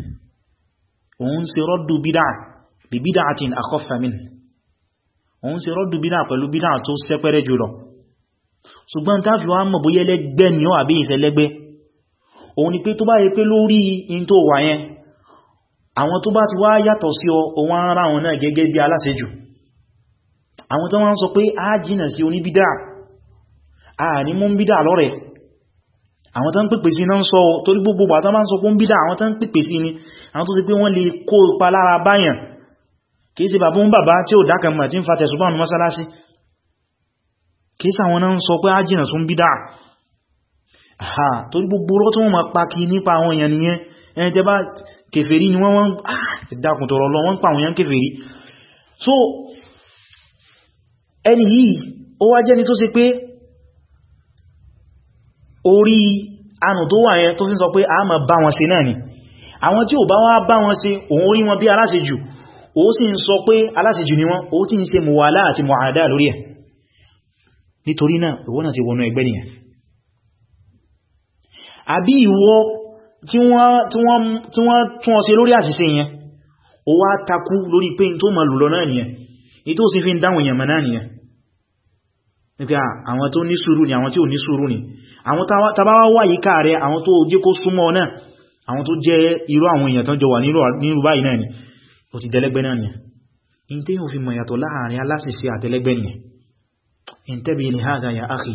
òun ṣe rọ́dù bídá bí bídá àti àkọ́fàmín òun ṣe rọ́dù bídá pẹ̀lú bídá tó sẹ́pẹ́rẹ́ jùlọ ṣùgbọ́n táfi wá mọ̀ bóyẹ́lẹ́gbẹ́ ni ó àbí ìṣẹ́lẹ́gbẹ́ òun ni pé tó bá yẹ pé lórí in tó wà yẹn àwọn tó bá ti wá yàtọ̀ sí ọ òun ara wọn náà gẹ́gẹ́ bí aláṣejù àwọn tó wọ́n sọ pé a jìnà sí oníbídà a ní mú bídà lọ́rẹ̀ àwọn tó ń pèpè sí náà sọ torí gbogbo bàtà sí ni àwọn tó sì pé wọ́n lè kó ipa lára báyàn kìí ṣe bàbá ń bàbá tí ó dákan mọ̀ tí ń fa tẹ̀sùbánu mọ́sálásí kìí sàwọn náà ń sọ pé a sún bídà ha tó gbogbo ọ̀rọ̀ tó wọ́n ma pa kí nípa àwọn èèyàn nìyẹn ẹni tẹ́ bá kèfèrí ni wọ́n wọ́n dákùn tọrọ lọ wọ́n pa àwọn èèyàn kèfèrí so ẹni yìí ó wá jẹ́ni tó ṣe pé orí anù tó wà yẹn tó fi sọ pé a ma bá wọn ṣe náà ni àwọn tí ò bá wá bá wọn ṣe òun orí wọn bí aláṣejù ó sì ń sọ pé aláṣejù ni wọ́n ó ti ń ṣe mọ̀wàlá àti mọ̀hàdá lórí ẹ̀ nítorí náà ìwọ́n náà ti wọnú ẹgbẹ́ nìyẹn àbí ìwọ tí wọ́n tún ọ ṣe lórí àṣìṣe yẹn ó wá takú lórí pé tó ma lùlọ náà nìyẹn ní tó sì fi ń dáwọn èèyàn mọ̀ náà nìyẹn nípa àwọn tó ní sùúrù ni àwọn tí ò ní sùúrù ni àwọn tàbáwá wà yí káàrẹ àwọn tó jẹ́ kó súnmọ́ náà àwọn tó jẹ́ irú àwọn èèyàn tán jọ wà nírú báyìí náà ni ó ti dẹlẹ́gbẹ́ náà nìyẹn in tí yóò fi mọ̀ yàtọ̀ láàrin aláṣìṣe àtẹlẹ́gbẹ́ nìyẹn in tẹ́bi ilẹ̀ hádà ya áhì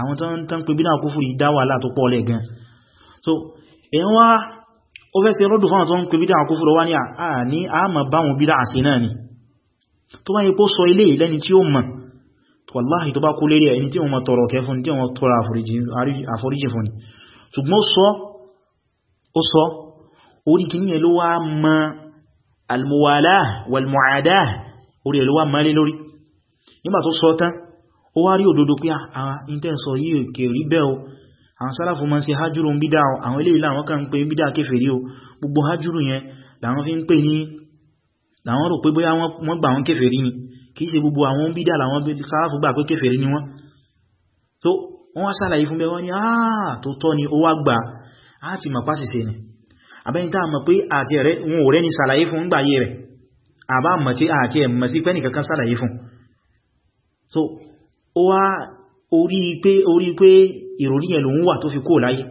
àwọn tán tán pé bí náà kúfùrù yìí dá wàhálà tó pọ̀ lẹ̀ so èyàn wá ó fẹ́ ṣe rọ́dù fáwọn tó ń pè bí dáwọn kúfùrù wá ní à ní àmà báwọn bí dáa sí náà ni tó wáyé pó sọ ilé ìlẹ́ni tí ó mọ̀ wàláhì tó bá kú lérí ẹni tí wọ́n tọrọ kẹ fún tí wọ́n tọrọ àforíjì fún ni ṣùgbọ́n lé nígbà tó sọ tán ó wá rí òdodo pé ah, àwọn intẹ́sọ yìí kè rí o àwọn sálàfù ma ń ṣe hajjúrù ń bídá o àwọn eléyìí láwọn kan ń pè bídá kéfèrí o gbogbo hajjúrù yẹn làwọn fi ń pè ní làwọn rò pé bóyá wọ́n gbà wọn kéfèrí ni kìí ṣe gbogbo àwọn bídá làwọn sálàfù gbà pé kéfèrí ni wọ́n tó wọ́n wá sálàyé fún bẹ́ẹ̀ wọ́n ni àà ah, tó tọ́ ni ó wá gbà á ti mọ̀ pásìsẹ ni àbẹ́ni tá a mọ̀ pé àti ẹ̀rẹ́ wọn ò rẹ́ni sàlàyé fún gbàyé rẹ̀ àbá mọ̀ tí àti ẹ̀mọ̀ sí pẹ́nìkankan sàlàyé fún so ó wá orí pé orí pé ìròrí ẹ̀ lòun wà tó fi kó láyé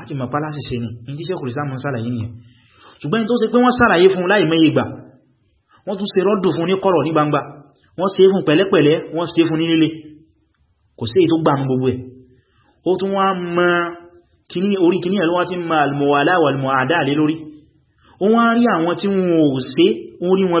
àti mọ̀ pálásì se ni in tí sẹ́kùrì sáàmù sàlàyé ni ṣùgbọ́n tó ṣe pé wọ́n sàlàyé fún láì mẹ́yẹ ìgbà wọ́n tún ṣe rọ́dù fún ní kọ̀rọ̀ ní gbangba wọ́n ṣe fún pẹ̀lẹ́pẹ̀lẹ́ wọ́n ṣe fún nílé kò sí èyí gbà gbogbo ẹ̀ ma almọ̀wàlá wàlmọ̀ àdáàlé lórí ó wá rí àwọn tí wọn ò ṣe ó rí wọn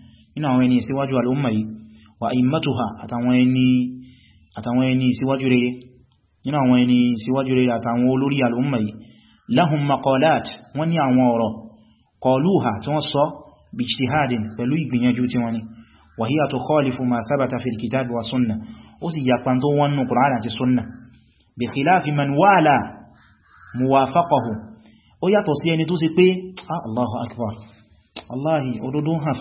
nínú àwọn ẹni ìsíwájú al'umma yìí wa a'immatuha àtàwọn ẹni ìsíwájú rere nínú àwọn ẹni ìsíwájú rere àtàwọn olórí al'umma yìí lahum maqalat wọ́n ní àwọn ọ̀rọ̀ qaluha tí wọ́n sọ bi pẹ̀lú ìgbìyànjú tí wọ́n ni wa tó wọ́n nù ah, akbar wallahi òdodo hàn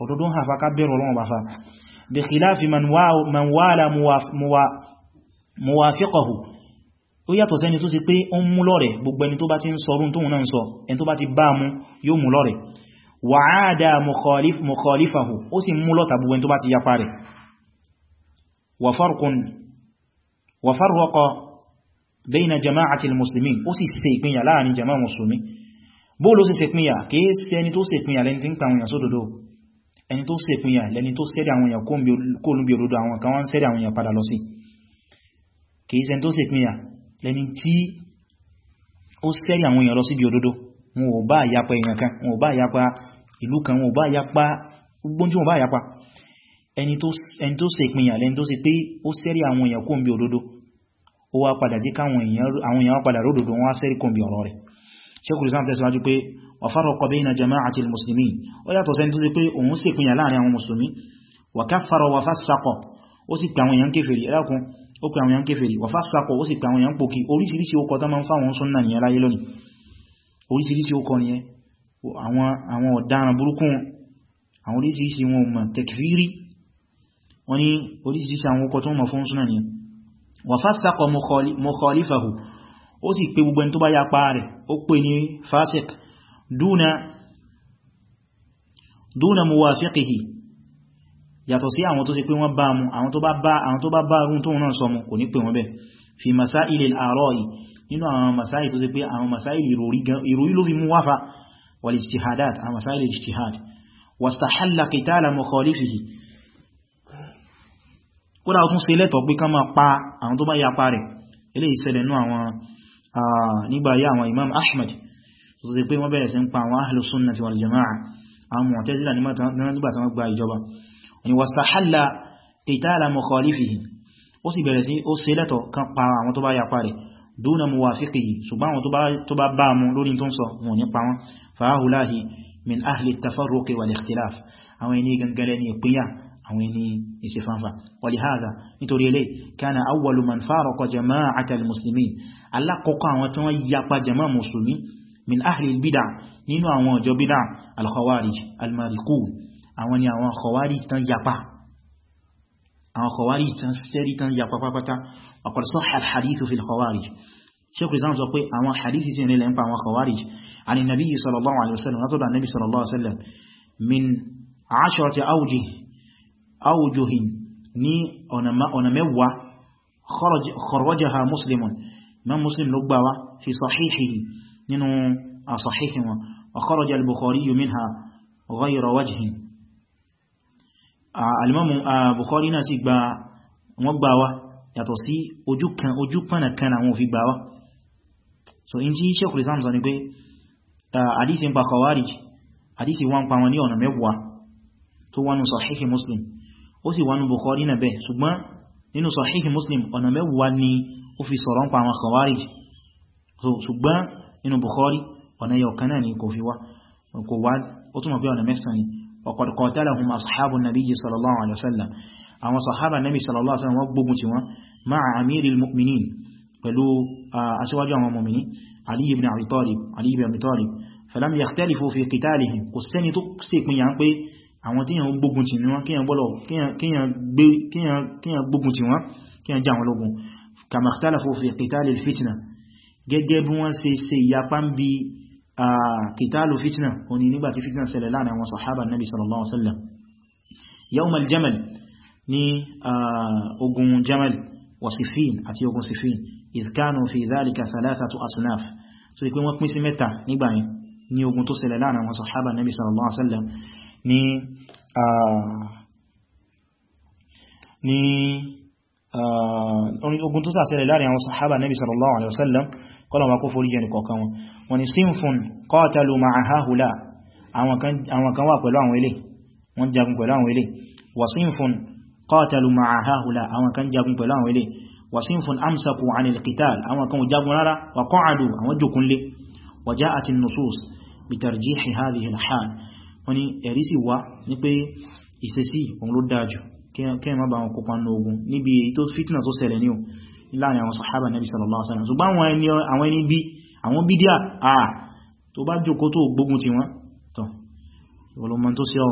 òdodo hàn fa ká bẹ̀rù Ọlọ́run bá fa bí kìláàfi man wàhálà muwafiqahu ó yàtọ̀ sẹ́ni tó sì pé ó ń mú lọ́rẹ̀ gbogbo ẹni tó bá ti ń sọ rún tóun náà ń sọ ẹni tó bá ti bá mú yóò mú lọ́rẹ̀ wa aada mukhalifahu ó sì mú lọ́ta gbogbo ẹni tó bá ti ẹni tó ṣe pínyà lẹni tó sẹ́rẹ̀ àwọn èèyàn kó lú bí olódó àwọn kan wọ́n sẹ́rẹ̀ àwọn èèyàn padà lọ sí kìí ṣẹni tó ṣe pínyà lẹni tí ó sẹ́rẹ̀ àwọn èèyàn lọ sí bí olódó wọn ò bá yapa èèyàn kan wọn ò bá yapa ìlú kan wọn ò bá yapa gbójú wọn bá yapa ẹni tó ṣe pínyà lẹni tó ṣe pé ó sẹ́rẹ̀ àwọn èèyàn kó bí olódó ó wá padà jẹ́ káwọn وفرق بين جماعة المسلمين ويا تو سنتو pé òun ṣe pínyà láàrin àwọn mùsùlùmí وكفر وفسق ó sì pè àwọn èyàn kèfèrí erakun ó pè àwọn èyàn kèfèrí وفسق ó sì pè àwọn èyàn pòkì oríṣiríṣi ó kọ tán ma ń fáwọn sunna ní aláyé lónìí oríṣiríṣi ó kọ ní àwọn àwọn ọ̀daràn burúkú àwọn oríṣiríṣi wọn mọ̀ tẹ̀kìrírí wọ́n ní oríṣiríṣi àwọn ọkọ̀ tó mọ̀ fún súnà ní وفسق مخالفه ó sì pé gbogbo ẹni tó bá yapa rẹ̀ ó pè ní fásik دون دون موافقه yàtọ̀ sí àwọn tó ṣe pé wọ́n bá mú àwọn tó bá bá àwọn tó bá bá rún tó náà sọmọ kò ní pè wọ́n bẹ́ fi masáìlì àárọ̀ì nínú àwọn masáìlì tó ṣe pé àwọn masáìlì ìròrí ló fi mú wáfà wàlì jihadad àwọn masáìlì jihad wàstàhálà kìtàlà mọ̀kọ̀lífìhì kódà ó tún ṣe lẹ́tọ̀ pé tó ti pé wọ́n bẹ̀rẹ̀ sí ń pa àwọn ahlu sunnati wal jama'a àwọn mu'tazila nígbà tí wọ́n gba ìjọba ni wastahalla qitala mukhalifihi ó sì bẹ̀rẹ̀ sí ó ṣe lẹ́tọ̀ kan pa àwọn tó bá yapa rẹ̀ dúnà muwafiqihi ṣùgbọ́n àwọn tó bá bá mú lórí tó ń sọ wọn ní pa wọn fa'ahulahi min ahli tafarruqi wal ikhtilaf ẹni gangare ni ìpínyà àwọn ẹni ìsìfánfà walihada nítorí ilé kana awwalu man faraqa jama'atal muslimin alákọ̀ọ́kọ́ àwọn tí wọ́n yapa jama'a musulmi min ahli al-bid'ah nínú àwọn ọjọ́ bid'ah al-khawarij al-marikun àwọn ni àwọn khawarij tán yapa àwọn khawarij tán sẹ́rí tán yapa pápátá waqad sahha al-hadith fi al-khawarij sheikh rizal sọ pé àwọn hadith sí nílẹ̀ ń pa àwọn khawarij ani nabi sallallahu alaihi wasallam látọ̀dọ̀ nabi sallallahu alaihi wasallam min asharati awjuh awjuhin ní ọ̀nà mẹ́wàá kharajaha muslimun man muslim ló gbà wá fi sahihihi nínú àṣàhíhì wọn ọkọ̀rọ̀jẹ́ al-bukhari minha ghayra wajhin ah, alimamu ah, bukhari náà sì gba wọ́n gbà wá yàtọ̀ sí ojú kan ojú pọ̀nà gbà wá so in jí Shaykhul Islam sọ ni pé àdísì ah, ń pa khawarij àdísì wọ́n pa wọn ní ọ̀nà mẹ́wàá tó wọnú sahihi muslim ó sì wọnú bukhari náà bẹ́ẹ̀ ṣùgbọ́n so ṣùgbọ́n nínú Bukhari ọ̀nà yọ kan náà ni kò fi wá kò wá ó túnmọ̀ pé ọ̀nà mẹ́sàn ni ọ̀kọ̀dọ̀kọ̀ tálàhùn ashabu nabiyyi sallallahu alaihi wasallam àwọn sahaba nabi sallallahu alaihi wasallam wọ́n gbógun ti wọn ma'a amiril mu'minin pẹ̀lú aṣíwájú àwọn mọ̀mìní Ali ibn Abi Talib Ali ibn Abi Talib falam yakhtalifu fi qitalihim kò sẹ́ni tó sì pín yà ń pé kama ikhtalafu fi qitali al gẹ́gẹ́ bí wọ́n ṣe ṣe ìyapa ń bi kìtàlù fitna òní nígbàtí fitna ṣẹlẹ̀ láàrin àwọn sọ̀hábà nabi sallallahu alaihi wasallam yawmal jamal ní ogun jamal wa sifin àti ogun sifin idkanu fi dhalika thalathatu asnaf so ipe wọ́n pín sí mẹ́ta nígbà yẹn ní ogun tó ṣẹlẹ̀ láàrin àwọn Ah, ogun tó sàṣẹlẹ̀ láàrin àwọn sahaba nabi sallallahu alaihi wasallam kọ́lọ̀ wa kó forí jẹ́ nìkọ̀ọ̀kan wọn wọ́n ni sinfun qatalu ma'aha hula àwọn kan wà pẹ̀lú àwọn ilé wọ́n jagun pẹ̀lú àwọn ilé wa sinfun qatalu ma'aha hula àwọn kan jagun pẹ̀lú àwọn ilé wa sinfun amsaku anil qital àwọn kan jagun rárá wa qa'adu àwọn òun ló dájú kí ma bá wọn kópa ní ogun níbi èyí tó fitna tó ṣẹlẹ̀ ní o láàrin àwọn sàhábà nabi sallallahu alaihi wasallam so bá àwọn ẹni bí àwọn bídíà à tó bá jòkó tó gbógun ti wọn tọ́ ìwọ̀lọ́mọ̀ tó sí ọ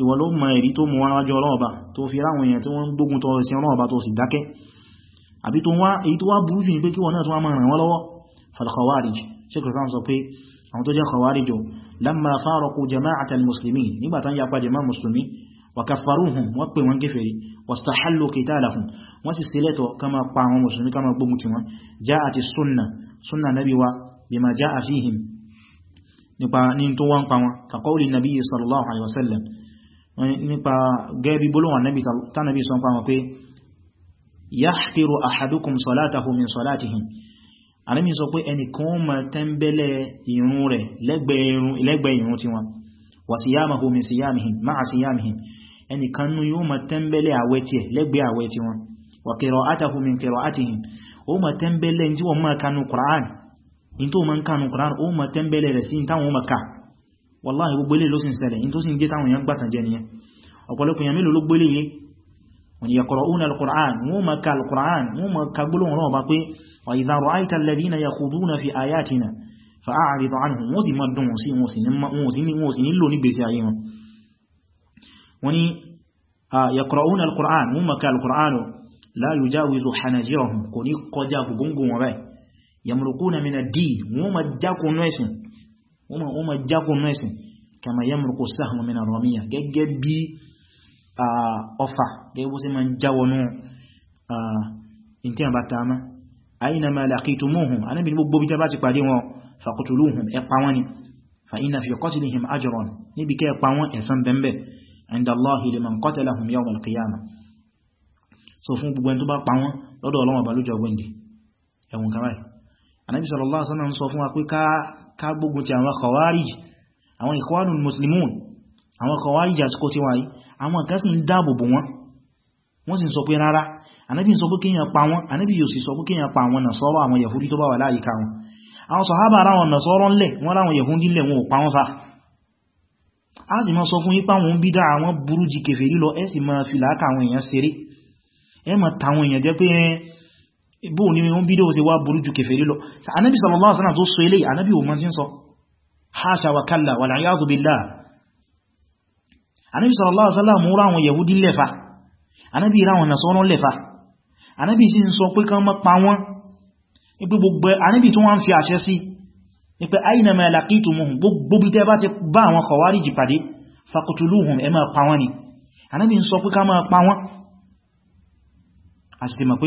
ìwọ̀lọ́mọ̀ èrí tó mú wájú ọlọ́ọ̀bá tó fi ráwọn èèyàn tí wọ́n ń gbógun tọ́ sí ọlọ́ọ̀bá tó sì dákẹ́ àbí tó wá èyí tó wá burú jù ní pé kí wọ́n náà tó wàkàfàrúhùn wọ́n pè wọ́n kéfèrí wàstàhálò kìtàlàhùn wọ́n sì sí lẹ́tọ̀ kama pa àwọn mùsùlùmí kama gbógun ti wọn já àti súnnà súnnà nabi wa bí ma já a fíhìm nípa ní tó wọ́n pa wọn kàkọ́wùlì nabi sallallahu wa siyamahu min siyamihim ma'a siyamihim ẹnìkan nú yóò máa tẹ́ńbẹ́lẹ̀ àwẹ̀ tiẹ̀ lẹ́gbẹ̀ẹ́ àwẹ̀ tiwọn wa qira'atuhu min qira'atihim ó máa tẹ́ńbẹ́lẹ̀ tí wọ́n máa kanu Qur'an in tó máa kanu Qur'an ó máa tẹ́ńbẹ́lẹ̀ rẹ̀ sí in táwọn máa ka wallahi gbogbo ilé ló sì ń ṣẹlẹ̀ in tó sì ń jẹ́ táwọn yẹn gbàtàn jẹ nìyẹn ọ̀pọ̀lọpọ̀ yẹn mélòó ló gbélé yé wọ́n yaqra'una al-Qur'an wọ́n máa ka al-Qur'an wọ́n máa ka gbólóhùn náà bá pé wa idha ra'ayta alladhina yakhuduna fi ayatina fa'a'rid anhum wọ́n sì máa dùn sí wọn sì nílò nígbèsí ayé wọn wọ́n ni ah, yaqra'una al-Qur'an wọ́n maka al-Qur'an la yujawizu hanajirahum kò ní kọjá gbogbo wọn báyìí yamruquna min ad-din wọ́n ma jákun nẹ́sìn wọ́n ma jákun nẹ́sìn kama yamruqu sahmu min ar gẹ́gẹ́ bí ah, ọfà gẹ́gẹ́ bó sí ah, ni fa inna fi qatlihim ajran níbi kẹ́ pa wọ́n bẹ̀m̀bẹ̀ عند الله لمن قتلهم يوم القيامة so fún gbogbo ẹni tó bá pa wọ́n lọ́dọ̀ Ọlọ́run bá lọ́jọ́ gbende ẹ̀wọ̀n kan báyìí Ànábì sallallahu alaihi wasallam sọ fún wa pé ká ká gbógun ti àwọn khawarij àwọn ikhwanul muslimun àwọn khawarij àsìkò tí wà yìí àwọn kan sì ń dáàbò bò wọ́n wọ́n sì ń sọ pé rárá Ànábì sọ pé kéèyàn pa wọ́n Ànábì yóò sì sọ pé kéèyàn pa àwọn Nasara àwọn Yahudi tó bá wà láyìíká wọn àwọn sàhábà ara wọn Nasara ńlẹ̀ wọ́n ra àwọn Yahudi ńlẹ̀ wọn ò pa wọ́n fa a sì máa sọ fún yípa wọn bídá àwọn burú jì kèfèrí lọ ẹ sì máa fìlàkà àwọn èèyàn ṣeré ẹ máa tàwọn èèyàn jẹ́ pé eh, bó ní wọn bídá ó sì wá burú jù kèfèrí lọ anábì sallallahu alaihi wasallam tó sọ eléyìí anábì ò mọ́ sí sọ hasha wa kalla wal a'yadu billah anábì sallallahu alaihi wasallam ní pé aina ma laqitumuhum gbogbo bí tẹ́ bá ti bá àwọn khawariji pàdé faqtuluhum ẹ máa pa wọ́n ni Ànábì ń sọ pé ká máa pa wọ́n a sì ti mọ̀ pé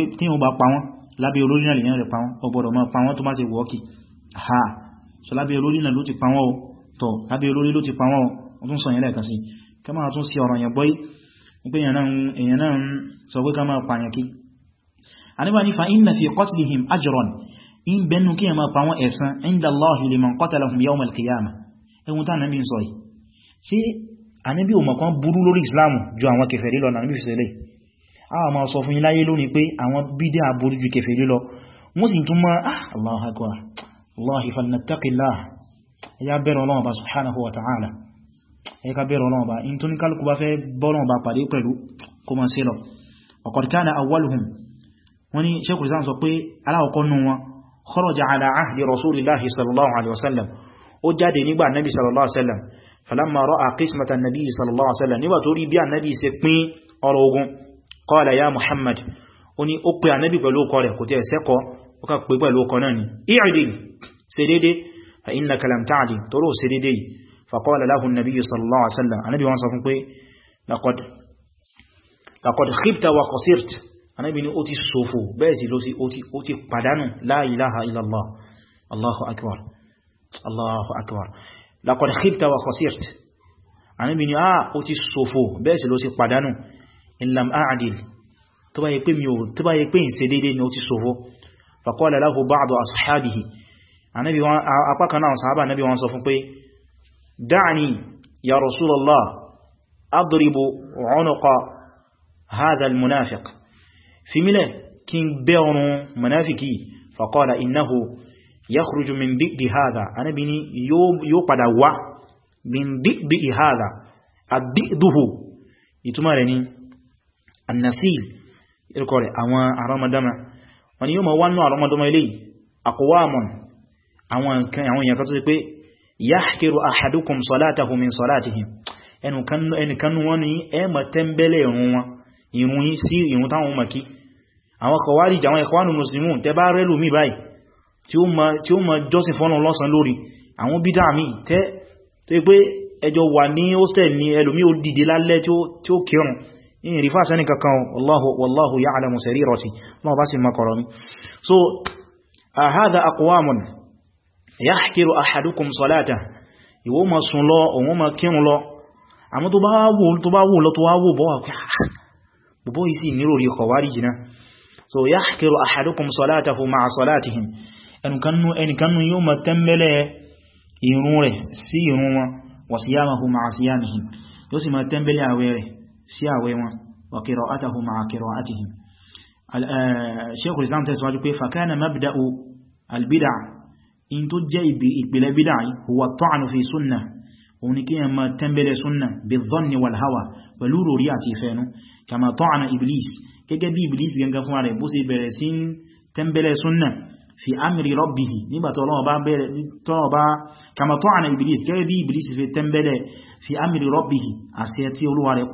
pa wọ́n lábẹ́ olórí náà lèyàn pa wọ́n ọgbọ̀dọ̀ máa pa wọ́n tó má ṣe wọ́ọ̀kì ha so lábẹ́ olórí náà ti pa wọ́n o tọ̀ lábẹ́ olórí ló ti pa wọ́n o tún sọ yẹn lẹ́ẹ̀kan sí ká máa tún sí ọ̀rọ̀ yẹn bọ́yí wípé èèyàn náà sọ pé ká máa pa yẹn kí a nígbà fa inna fi qatlihim ajran in bẹnu kí ẹ máa pa wọn ẹ̀san inda Allahi liman qatalahum yawm al-qiyamah ẹwùn tánà bí n sọ yìí sí àníbí o mọ̀kan burú lórí islamu ju àwọn kèfèrí lọ náà bí fi sẹ́lẹ̀ a máa sọ fún yín lónìí pé àwọn bídẹ́ àbúrú ju kèfèrí lọ wọ́n sì tún máa ah, Allahu wọ́n ni Shaykhul sọ pé aláwọ̀kọ́ nù wọn kharaja ala ahdi rasulillahi sallallahu alaihi wasallam ó jáde nígbà nabi sallallahu alaihi wasallam falamma ra'a qismata nabi sallallahu alaihi wasallam nígbà tó rí bí annabi ṣe pín ọrọ̀ ogun qala ya muhammad ó ní ó pè annabi pẹ̀lú ọkọ rẹ̀ kò tiẹ̀ sẹ́kọ̀ọ́ ó kà pé pẹ̀lú ọkọ náà ni i'dil ṣe dédé fa innaka lam ta'dil toro ṣe dédé fa anábi ni ó ti sòfò bẹ́ẹ̀ sí ló sí ó ti pàdánù la ilaha illallah allahu akbar allahu akbar laqad khibta wa khasirt anábi ni ah ó ti sòfò bẹ́ẹ̀ sí ló sí pàdánù in lam a'dil tó bá yẹ pé mi ò tó bá yẹ pé ìṣe dédé ni ó ti sòfò faqala lahu ba'du ashabihi fímílẹ̀ kí n bẹ́ ọrùn mọ̀náfikì faqala innahu yakhruju min diqdi hadha anábi ni yóò padà wá min diqdi hadha àdíduhu ìtumọ̀ rẹ̀ ni annasil irkọ̀ rẹ̀ àwọn àrọmọdọ́mà wọn ni yóò ma wá náà àrọmọdọ́mà ilé aqwamun àwọn èèyàn kan tó ti pé yahkiru ahadukum salatahu min àwọn kọwàríjà àwọn ikhwanu muslimun tẹ bá rẹ́lù mi báyìí tí ó ma jọ́sìn fọ́nà lọ́sàn lórí àwọn bídá mi tẹ́ tó pé ẹjọ wà ní hostel ni ẹlòmí ó dìde lálẹ́ tí ó kírùn in rí fásẹ́ ní kankan wallahu wallahu ya'lamu sarirati náà bá sì makọrọ so hadha aqwamun yahkiru ahadukum salata ìwọ ma sun lọ òun ma kírùn lọ àmọ́ tó bá wò lọ tó wá wò bọ́ wà so yahkiru ahadukum salatahu ma'a salatihim ẹnukanu ẹnikanu yóò ma tẹ́mbẹ̀lẹ̀ ìrun rẹ̀ sí ìrun wọn wa siyamahu ma'a siyamihim yóò sì ma tẹ́mbẹ̀lẹ̀ àwẹ̀ rẹ̀ sí àwẹ̀ wọn wa qira'atahu ma'a qira'atihim eh, sheikhul islam tẹ́síwájú pé fakana mabda'u albid'a in tó jẹ́ ìpìlẹ̀ bid'a huwa ta'anu fi sunna òun ni kí yẹn ma tẹ́mbẹ̀lẹ̀ sunna bi dhanni wal hawa pẹ̀lú rori àti ìfẹ́nu kama ta'ana iblis gẹ́gẹ́ bí iblis gangan fún ààrẹ bó ṣe bẹ̀rẹ̀ sí tẹ́m̀bẹ̀lẹ̀ súnnà fi amri rabbihi nígbàtí ọlọ́wọ́ bá bẹ̀rẹ̀ tọ́wọ́ bá kàmàtọ́ àna iblis gẹ́gẹ́ bí iblis fi tẹ́m̀bẹ̀lẹ̀ fi amri rabbihi àṣẹ tí olúwa rẹ̀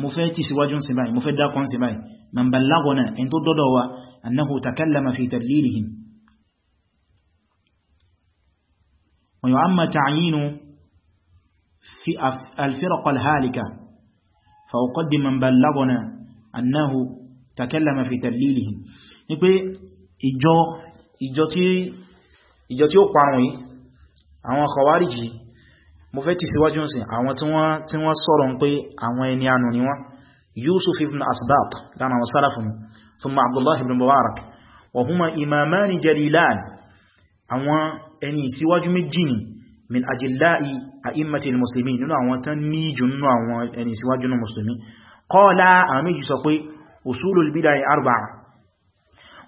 mo fẹ́ ti síwájú se báyìí mo fẹ́ dákọ́ se báyìí man ballagona in tó dọ́dọ̀ wa annahu takallama fi tadlilihim wa yu'amma ta'yinu fi al-firq al-halika fa uqaddim man ballagona annahu takallama fi tadlilihim ní pé ìjọ ìjọ tí ìjọ tí ó parun yìí àwọn khawariji mo fẹ́ ti síwájú ń sin àwọn tí wọ́n sọ̀rọ̀ ń pé àwọn ẹni anù ni wọ́n yusuf ibn asbat lánà wọn sára fún thumma abdullahi ibn mubarak wa huma imamani jalilan àwọn ẹni síwájú méjì ni min ajilla'i a'immati al-muslimin nínú àwọn tán ní jù nínú àwọn ẹni síwájú nínú musulmi qala àwọn méjì sọ pé usulul bid'ah arba'a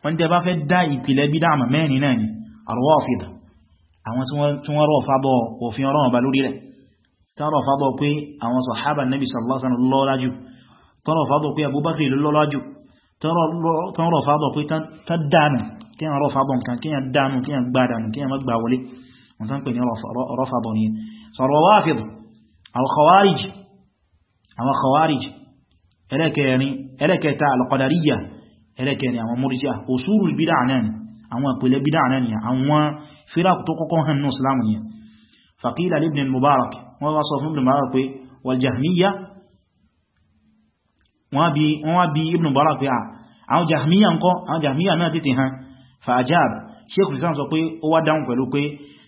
wọ́n tẹ bá fẹ́ dá ìpìlẹ̀ bídá mẹ́rin náà ni arwafida àwọn tí wọ́n rọ̀ fábọ̀ òfin ọlọ́run ba lórí rẹ̀ tọ́rọ̀ fábọ̀ pé àwọn sọ̀hábà nẹ́bí sallallahu alaihi wasallam lọ́lájú tọ́rọ̀ fábọ̀ pé Abubakar lọ́lájú tọ́rọ̀ fábọ̀ pé tán dánù kí yàn rọ̀ fábọ̀ nǹkan kí yàn dánù kí yàn gbá dánù kí yàn má gbà wọlé wọ́n tán pè ní rọ̀ fábọ̀ ní sọ̀rọ̀ wáfid al-khawarij àwọn khawarij ẹlẹ́kẹrin ẹlẹ́kẹta àwọn firaq tó kọ́kọ́ hàn ní islam yẹn faqila ibn al-mubarak wọ́n wá sọ fún ibn mubarak pé wal jahmiya wọ́n wá bí ibn mubarak pé àwọn jahmiya ńkọ́ àwọn jahmiya náà tètè hàn fa'ajab sheikh islam sọ pé ó wá dáhùn pẹ̀lú pé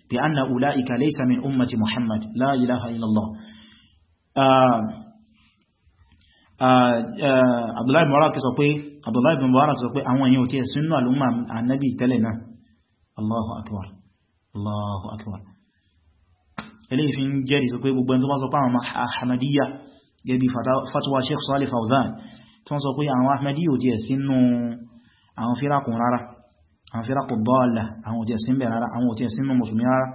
bi anna ulaika laysa min ummati muhammad la ilaha illallah Abdullahi Mubarak sọ Allahu akbar Allahu akbar eléyìí fi ń jẹ́rì sí pé gbogbo ẹni tó wọ́n sọ pé àwọn ahmadiyya gẹ́bí fatwa sheikh Salih Fawzan tó wọ́n sọ pé àwọn ahmadiyya ò jẹ́ sínú àwọn fírakùn rárá àwọn fírakùn dọ́ọ̀lá àwọn ò jẹ́ sí bẹ̀ rárá àwọn ò jẹ́ sínú mùsùlùmí rárá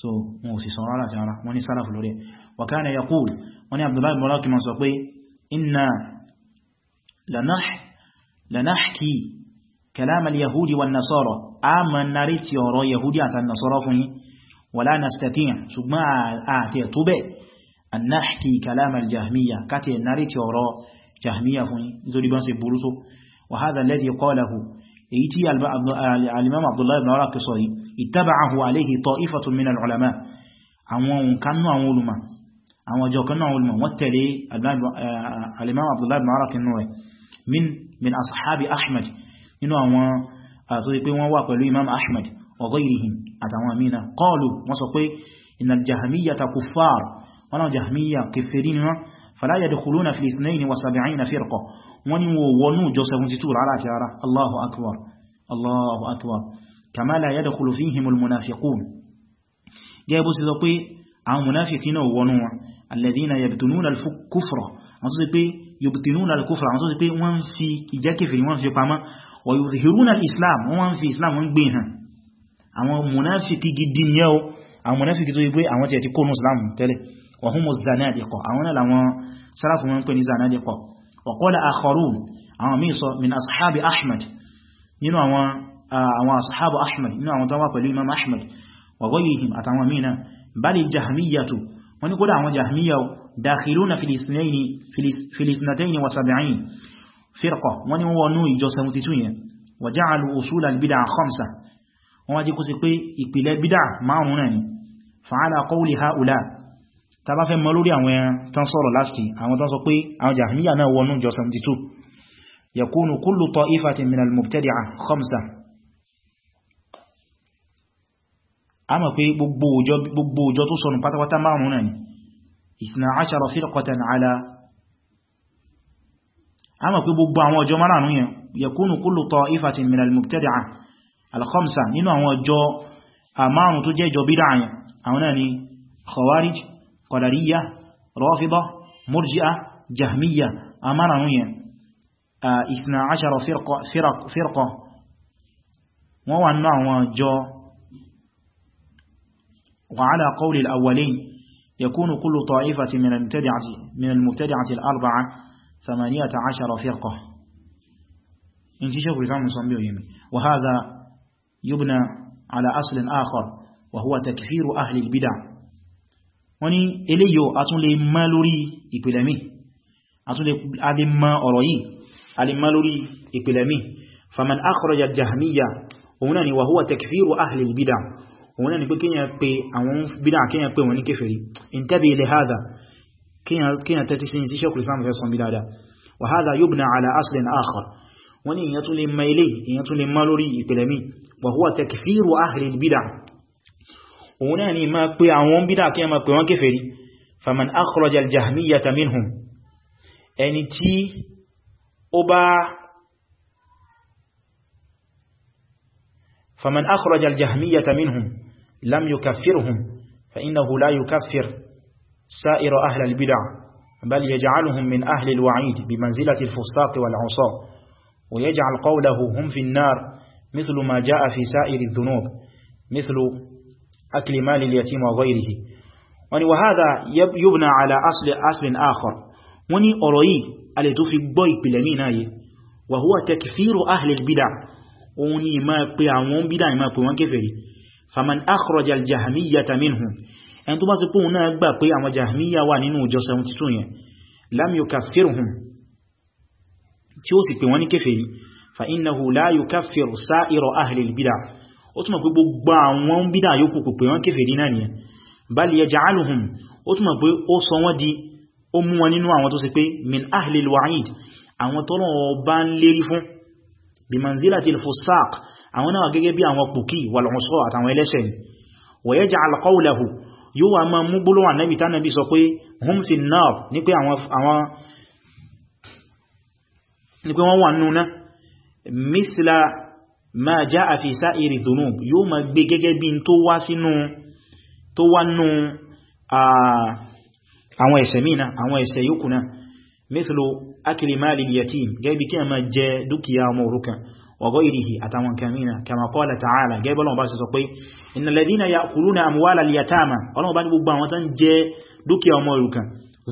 so wọn ò sì sọ rárá ti rárá wọ́n ní sálàfù lórí wa kana yaqul wọ́n ní Abdullahi ibn Mulakim sọ pé inna lanahki كلام اليهود والنصارى اما نريت يرى يهودي عن النصارى فني ولا نستطيع شبما اعتي توبه ان نحكي كلام الجهميه كاتي نريت يرى جهميه فني ذولي بان سيبروتو وهذا الذي قاله ايتي الامام عبد الله بن عراق الصري اتبعه عليه طائفه من العلماء àwọn كانوا àwọn olùmọ̀ àwọn ọjọ́ kanú àwọn olùmọ̀ wọ́n tẹ̀lé alimam abdullahi ibn arakin من min min ashabi nínú àwọn àtò pé wọ́n wà pẹ̀lú imam ahmad wa ghayrihim àtàwọn amina qalu wọ́n sọ pé innal jahmiyyata kuffar wọ́n náà jahmiyya kèfèrí ni wọ́n fala yadkhuluna fil ithnayn wa sab'ina firqa wọ́n ni wọ́n wọ́nú jọ 72 rárá àti rárá allahu akbar allahu akbar kama la yadkhulu fihimul munafiqun gẹ́gẹ́ àwọn tó sì pé wọ́n fi ìjẹ́kẹfẹ̀ wọ́n fi pamọ́ ويظهرون الإسلام wọ́n fi Islam wọ́n gbé e hàn àwọn munafiki gidi ni yẹ́ o àwọn munafiki tó yí pé àwọn tẹ̀ ti kónú Islam tẹ́lẹ̀ wa humu zanadiqa àwọn náà làwọn sáráfù wọ́n ní firqa wọ́n ni wọ́n wọnú ìjọ 72 yẹn wa ja'alu usul al-bid'a khamsa wọ́n wá jí kó sí pé ìpìlẹ̀ bídà márùn-ún náà ni fa'ala qawli ha'ula ta bá fẹ́ mọ́ lórí àwọn tán sọ̀rọ̀ láti àwọn tán sọ pé àwọn jahmiya náà wọnú ìjọ 72 yakunu kullu ta'ifatin a mọ̀ pé gbogbo àwọn ọjọ́ márùn-ún yẹn yakunu kullu ta'ifatin min al-mubtadi'a al-khamsa nínú àwọn ọjọ́ márùn-ún tó jẹ́ ìjọ bídà yẹn àwọn náà ni khawarij qadariyya rafida murji'a jahmiyya a márùn-ún yẹn ithna ashara firqa wọ́n wà nínú àwọn ọjọ́ wa ala qawli al-awwalin yakunu kullu ta'ifatin min al-mubtadi'ati al-arba'a ثمانية عشر فرقة إن شيخ الإسلام صنبيه يمي وهذا يبنى على أصل آخر وهو تكفير أهل البدع وني إليو أتون لي مالوري إبلامي أتون لي ما أروي مالوري إبلامي فمن أخرج الجهمية هنا وهو تكفير أهل البدع هنا نقول كي يبي بدع كي يبي وني كفري انتبه لهذا كين تتسين زي شكل سام فيسون بلادا وهذا يبنى على أصل آخر ونين يطول ميلي يطول مالوري يبلمي وهو تكفير أهل البدع وناني ما قوي عوان بدع كي ما كفري فمن أخرج الجهمية منهم أني تي أبا فمن أخرج الجهمية منهم لم يكفرهم فإنه لا يكفر سائر أهل البدع بل يجعلهم من أهل الوعيد بمنزلة الفساق والعصاء ويجعل قوله هم في النار مثل ما جاء في سائر الذنوب مثل أكل مال اليتيم وغيره وهذا يبنى على أصل, أصل آخر وني أرأي ألي توفي بوي بلنين وهو تكفير أهل البدع وني ما يقيعون بدع ما يقيعون كفري فمن أخرج الجهمية منهم ẹni tó bá ṣe póhun náà gbà pé àwọn jahmiya wà nínú ìjọ 72 yẹn lam yukaffiruhum tí ó sì pè wọ́n ní kèfèrí fa innahu la yukaffiru sa'ira ahli al-bid'ah ó túnmọ̀ pé gbogbo àwọn bídà yóò kò pè wọ́n kèfèrí náà nìyẹn bal yaj'aluhum ó túnmọ̀ pé ó sọ gẹ́gẹ́ bí àwọn pòkí wal-usra àtàwọn ẹlẹ́ṣẹ̀ ni wa yaj'al qawlahu yóò wà máa mú gbólówà nẹ́bì tánàbí sọ pé hum fi náà ní pé àwọn ní pé wọ́n wà núna mísìlá ma já àfisá ìrì dhunub yóò máa gbé gẹ́gẹ́ bí tó wá sínú tó wá nú àwọn ẹ̀ṣẹ̀ mìíràn àwọn ẹ̀ṣẹ̀ yókù náà mísìlú akili mali yatim gẹ́gẹ́ bí kí a máa jẹ dúkìá ọmọ òrukàn وغيره أتوان كمينا كما قال تعالى جايب الله باسي سوقي إن الذين يأكلون أموال اليتامى الله باني ببا وطن جي دوكي أموالك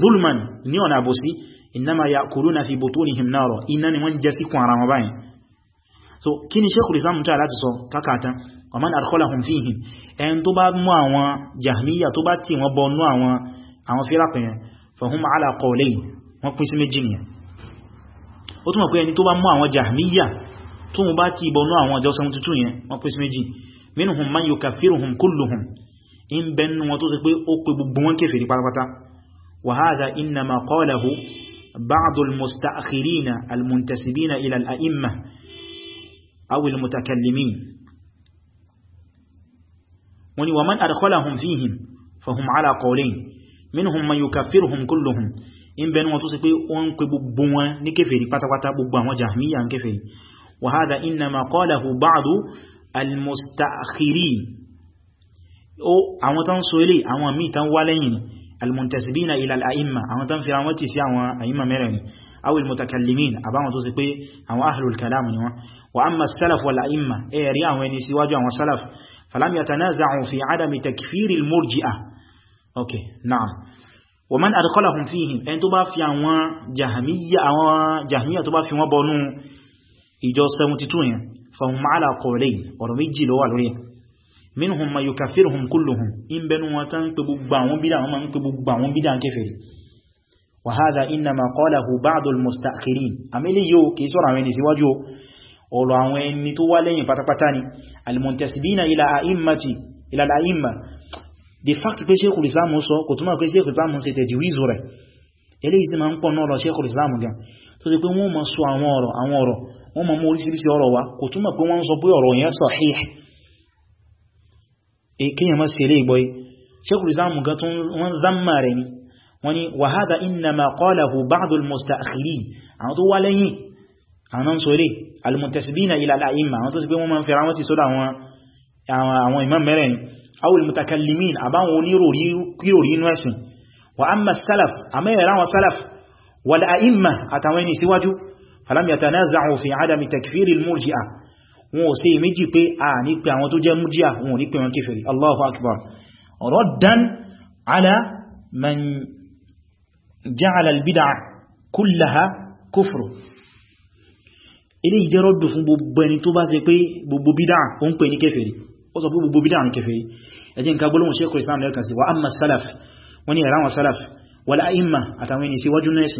ظلما نيون أبوسي إنما يأكلون في بطونهم نارا إنني من جسيكم رمضان so kíni Sheikhul Islam ta láti sọ kakata waman adkhalahum fihim en tó bá mú àwọn jahmiya tó bá ti wọ́n bonu àwọn àwọn firaq yẹn fahum ala qawlayn wọ́n pín sí méjì ni ó tún mọ̀ pé ẹni tó bá mú àwọn jahmiya tó mú bá ti ìbọnú àwọn ọjọ́ 72 yẹn wọ́n pèsè méjì minhum man yukaffiruhum kulluhum in bẹnu wọn tó sì pé ó pè gbogbo wọn kèfèrí pátápátá wa hadha innama qalahu ba'du al-musta'khirina al-muntasibina ila al-a'imma aw al-mutakallimin wani wa man adkhalahum fihim fahum ala qawlayn in bẹnu wọn tó sì pé ó pè gbogbo wọn ní kèfèrí pátápátá gbogbo àwọn jahmiya ń kèfèrí وهذا إنما قاله بعض المستأخرين او àwọn tán sọ ilé àwọn míì tán wá lẹ́yìn almuntasibina ila al'aimma àwọn tán fi àwọn tí sí àwọn àìmà mẹ́rẹ̀ ni awil mutakallimin àbáwọn tó sì pé àwọn ahlul kalam ni wọ́n wa amma salaf wal a'imma ẹ rí àwọn ẹni síwájú àwọn salaf falam yatanaza'u fi adami takfiri almurji'a okay na'am wa man adqalahum fihi en tó bá fi àwọn jahmiyya àwọn jahmiyya tó bá fi wọ́n bọnú ìjọ 72 yẹn fahum ala qawlayn ọ̀rọ̀ méjì ló wà lórí minhum man yukaffiruhum kulluhum in benu wọn tán pé gbogbo àwọn bídà wọn ma ń pé gbogbo àwọn bídà ń kèfèrí wa hadha innama qalahu ba'du al-musta'khirin amílì yóò kìí sọ́rọ̀ àwọn ẹni síwájú ọ̀rọ̀ the fact pé Sheikhul Islam sọ kò túnmọ̀ pé Sheikhul Islam ṣe tẹ̀jìwízù rẹ̀ eléyìí sì ma ń pọ̀ náà lọ Sheikhul Islam gan tó ṣe pé wọ́n máa sọ àwọn ọ̀rọ̀ àwọn ọ̀rọ̀ wọ́n máa mú oríṣiríṣi ọ̀rọ̀ wá kò túmọ̀ pé wọ́n sọ pé ọ̀rọ̀ yẹn sahih e kíyàn má ṣe lè gbọ́ yìí ṣekùrù ìsáàmù gan tún wọ́n zánmà rẹ̀ ni wọ́n ni wa hadha innama qalahu ba'du al-musta'khirin àwọn tó wá lẹ́yìn àwọn sọ lè al-muntasibina ila wa amma salaf àmẹ́rẹ̀ àwọn salaf والأئمة أتوين سواجو فلم يتنازعوا في عدم تكفير المرجئة وسي ميجي بي آني بي عمو تجي مرجئة وني بي كفري الله أكبر ردا على من جعل البدع كلها كفر إلي جرد فببني تباسي بي ببدع ونبني كفري وصبوا ببدع كفري أجين كابلون شيخ الإسلام لكن وأما السلف وني أرام السلف والأئمة أتويني سواج الناس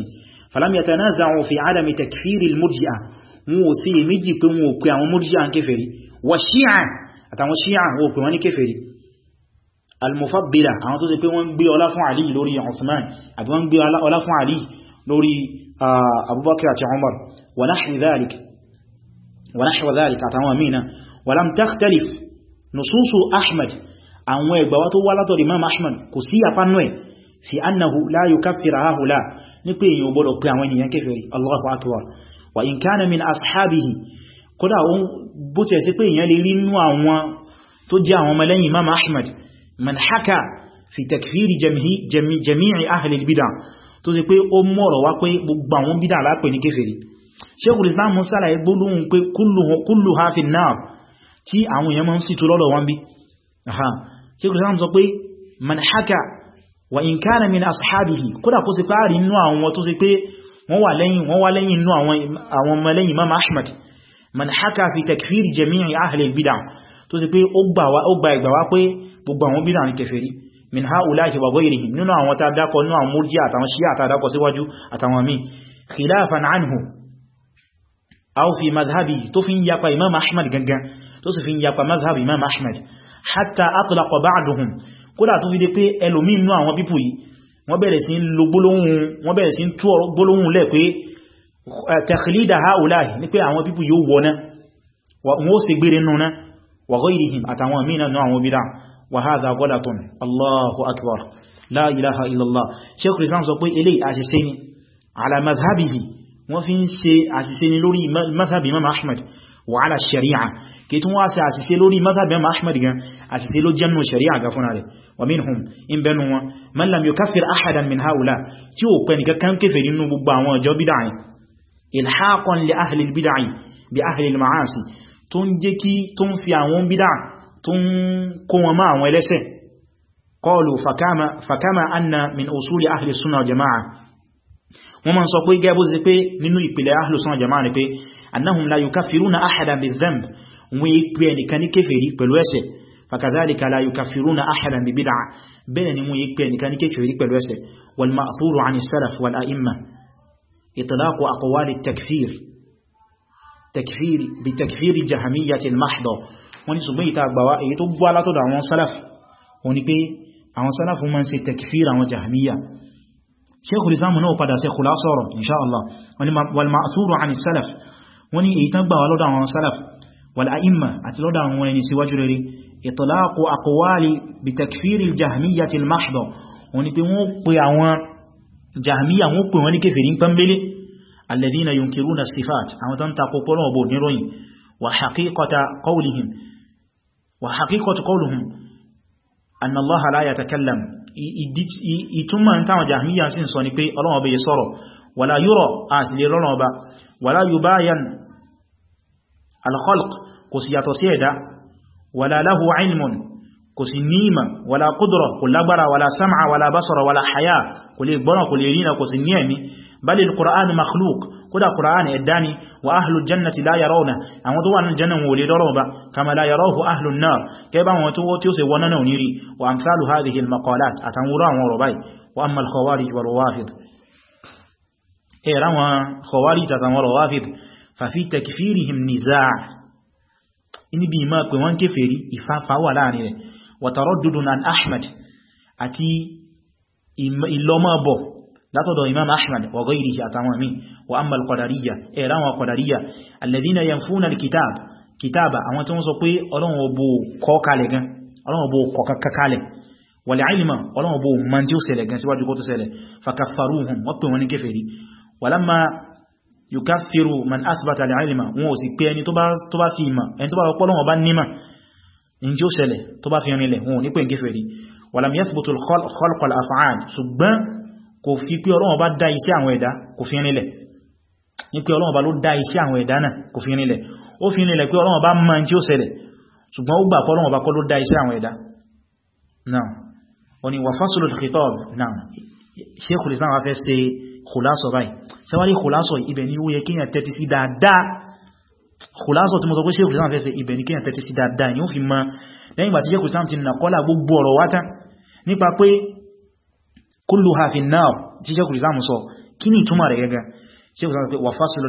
فلم يتنازعوا في عدم تكفير المرجئة مو سي مجي كمو كيام مرجئا كفري والشيعة أتوى الشيعة هو كمان كفري المفضلة أنا توسي كيوان بي أولا علي لوري عثمان أبوان بي أولا علي لوري آه، أبو بكر عمر ونحو ذلك ونحو ذلك أتوى مينا ولم تختلف نصوص أحمد أنوي بواتو ولا إمام أحمد كسي أفنوي fi annahu la yukaffiru haula ní pé èyàn gbọ́dọ̀ pé àwọn ènìyàn kèfèrí Allahu akbar wa in kana min ashabihi kódà ó bó tẹ̀ sí pé èyàn lè rí nú àwọn tó jẹ́ àwọn ọmọlẹ́yìn Imam Ahmad man haka fi takfiri jami'i ahli al-bid'ah tó sì pé ó mọ̀rọ̀ wá pé gbogbo àwọn bídà lápẹ̀ ní kèfèrí Sheikhul Islam mọ́sára ìgbólóhun pé kulluha fi an-nar tí àwọn èèyàn mọ́ sí tó lọ́lọ́ wọn bí Sheikhul Islam sọ pé man haka wa in kana min ashabihi kódà kó sí fáàrí inú àwọn tó sí pé wọ́n wà lẹ́yìn wọ́n wà lẹ́yìn inú àwọn ọmọ lẹ́yìn imam ahmad man haka fi takfiri jami'i ahli al-bid'ah tó sì pé ó gba ìgbà wá pé gbogbo àwọn bid'ah ní kèfèrí min ha'ula'i wa ghayrihim nínú àwọn tá dákọ̀ nínú àwọn murji àtàwọn shia àtàdákọ̀ síwájú àtàwọn míì khilafan anhu aw fi madhhabi tó fi ń yapa imam ahmad gangan tó sì fi ń yapa madhhab imam ahmad hatta atlaqa ba'duhum kódà tó fi dé pé ẹlòmí inú àwọn pípù yìí wọ́n bẹ̀rẹ̀ sí lo gbólóhùn wọ́n bẹ̀rẹ̀ sí tú gbólóhùn lẹ̀ pé tẹ̀kìlídà haúláì ní pé àwọn pípù yóò wọ́ná wọ́n ó sì gbére núná wàhó ìrìhìn àtàwọn mìíràn náà àwọn bídá wàhádà gọ́dàtún Allahu akbar la ilaha illallah Sheikh Islam sọ pé eléyìí àṣìṣe ni ala madhhabihi wa ala shari'a kí tún wá sí àṣìṣe lórí mazhabin ahmad gan àṣìṣe ló jẹ́nu shari'a ga fúnra rẹ̀ wa minhum in bẹnu wọn man lam yukaffir ahadan min haula tí ó pẹ́ nìkan kan kéfèrí nínú gbogbo àwọn ọjọ́ bídáyìn ilhaqan li ahli al-bid'ah bi ahli al-ma'asi tó ń jẹ́ kí tó ń fi àwọn bídá wọ́n ma ń sọ pé gẹ́bó pé nínú ìpìlẹ̀ ahli jama'a ni pé أنهم لا يكفرون أحدا بالذنب ويكبين يعني كان كفري بالوسي فكذلك لا يكفرون أحدا ببدع بين يعني ويكبين يعني كان كفري بالوسي والمأثور عن السلف والأئمة إطلاق أقوال التكفير تكفير بتكفير الجهمية المحضة wọ́n ní ṣùgbọ́n ìta àgbàwá èyí tó gbọ́ látọ̀dọ̀ àwọn sálàfù wọ́n ní pé àwọn sálàfù ma ń ṣe tẹ̀kfíra àwọn jahmiya Sheikhul Islam náà wọ́n ní èyí tán gbà wá lọ́dọ̀ àwọn salaf wal a'imma àti lọ́dọ̀ àwọn ẹni síwájú rere itlaqu aqwali bi takfiril jahmiyyati al mahdha wọ́n ní pé wọ́n pè àwọn jahmiyya wọ́n pè wọ́n ní kèfèrí ń pẹ́mbélé alladhina yunkiruna sifat àwọn tán wàlá yúrọ̀ àsìlè rọ́nà ọba wàlá yubayan alkhalq kò sì yàtọ̀ sí ẹ̀dá wàlá lahu ilmun kò sì níma wàlá kúdùrọ̀ kò lágbára wàlá sam'a wàlá basara wàlá haya kò lè gbọ́nà kò lè rínà kò sì ní ẹ̀mí balil qur'an makhluk kódà qur'an ẹ̀dá ni wa ahlu jannati la yarawna àwọn tó wà ní jannan wò lè dọ́rọ̀ ba kama la wa amma al khawarij wal rawafid ẹ̀rá wọn kọwàrí ìtàtàwọn rọwáfíd fàfí tẹkfírihim nìzáà níbi ìmá pè wọ́n kéfèrí ìfáfà wà láàrin rẹ̀ wàtàrọ̀ dúdún an ahmad àti ìlọ́mọ́bọ̀ látọ̀dọ̀ imam ahmad wa ghayrihi àtàwọn mi wa amma al-qadariyya ẹ̀rá wọn qadariyya alladhina yanfuna al-kitab kitaba àwọn tí wọ́n sọ pé ọlọ́run ọbọ̀ kọ́ kalẹ̀ gan ọlọ́run ó ṣẹlẹ̀ gan síwájú kó tó ṣẹlẹ̀ fakaffaruhum wọ́n pè wọ́n ní kéfèrí walamma yukathiru man asbata al-ilma wọn ò sì pé ẹni tó bá fi ìmọ̀ ẹni tó bá ọpọlọ́ wọn bá nímọ̀ in jí ó ṣẹlẹ̀ tó bá fi rinlẹ̀ wọn ò ní pé ń kéfèrí walam yathbutu khalqu al-af'al ṣùgbọ́n kò fi pé Ọlọ́run bá dá iṣẹ́ àwọn ẹ̀dá kò fi rinlẹ̀ ní pé Ọlọ́run bá ló dá iṣẹ́ kòlásọ̀ báyìí sẹ́wárí kòlásọ̀ ibẹ̀ ni ó yẹ kíyàn tẹ́tí sí dáadáa kòlásọ̀ tí mo sọ pé ṣéèkù sáà fẹ́sẹ̀ ibẹ̀ ni kíyàn tẹ́tí sí dáadáa ni ó fi ma lẹ́yìn ìgbà tí ṣéèkù sáà ti nàkọ́lá gbogbo ọ̀rọ̀ wátá nípa pé kullu hafin náà tí ṣéèkù sáà sọ kí ni ìtumọ̀ rẹ̀ gẹ́gẹ́ ṣéèkù sáà pé wà fásilò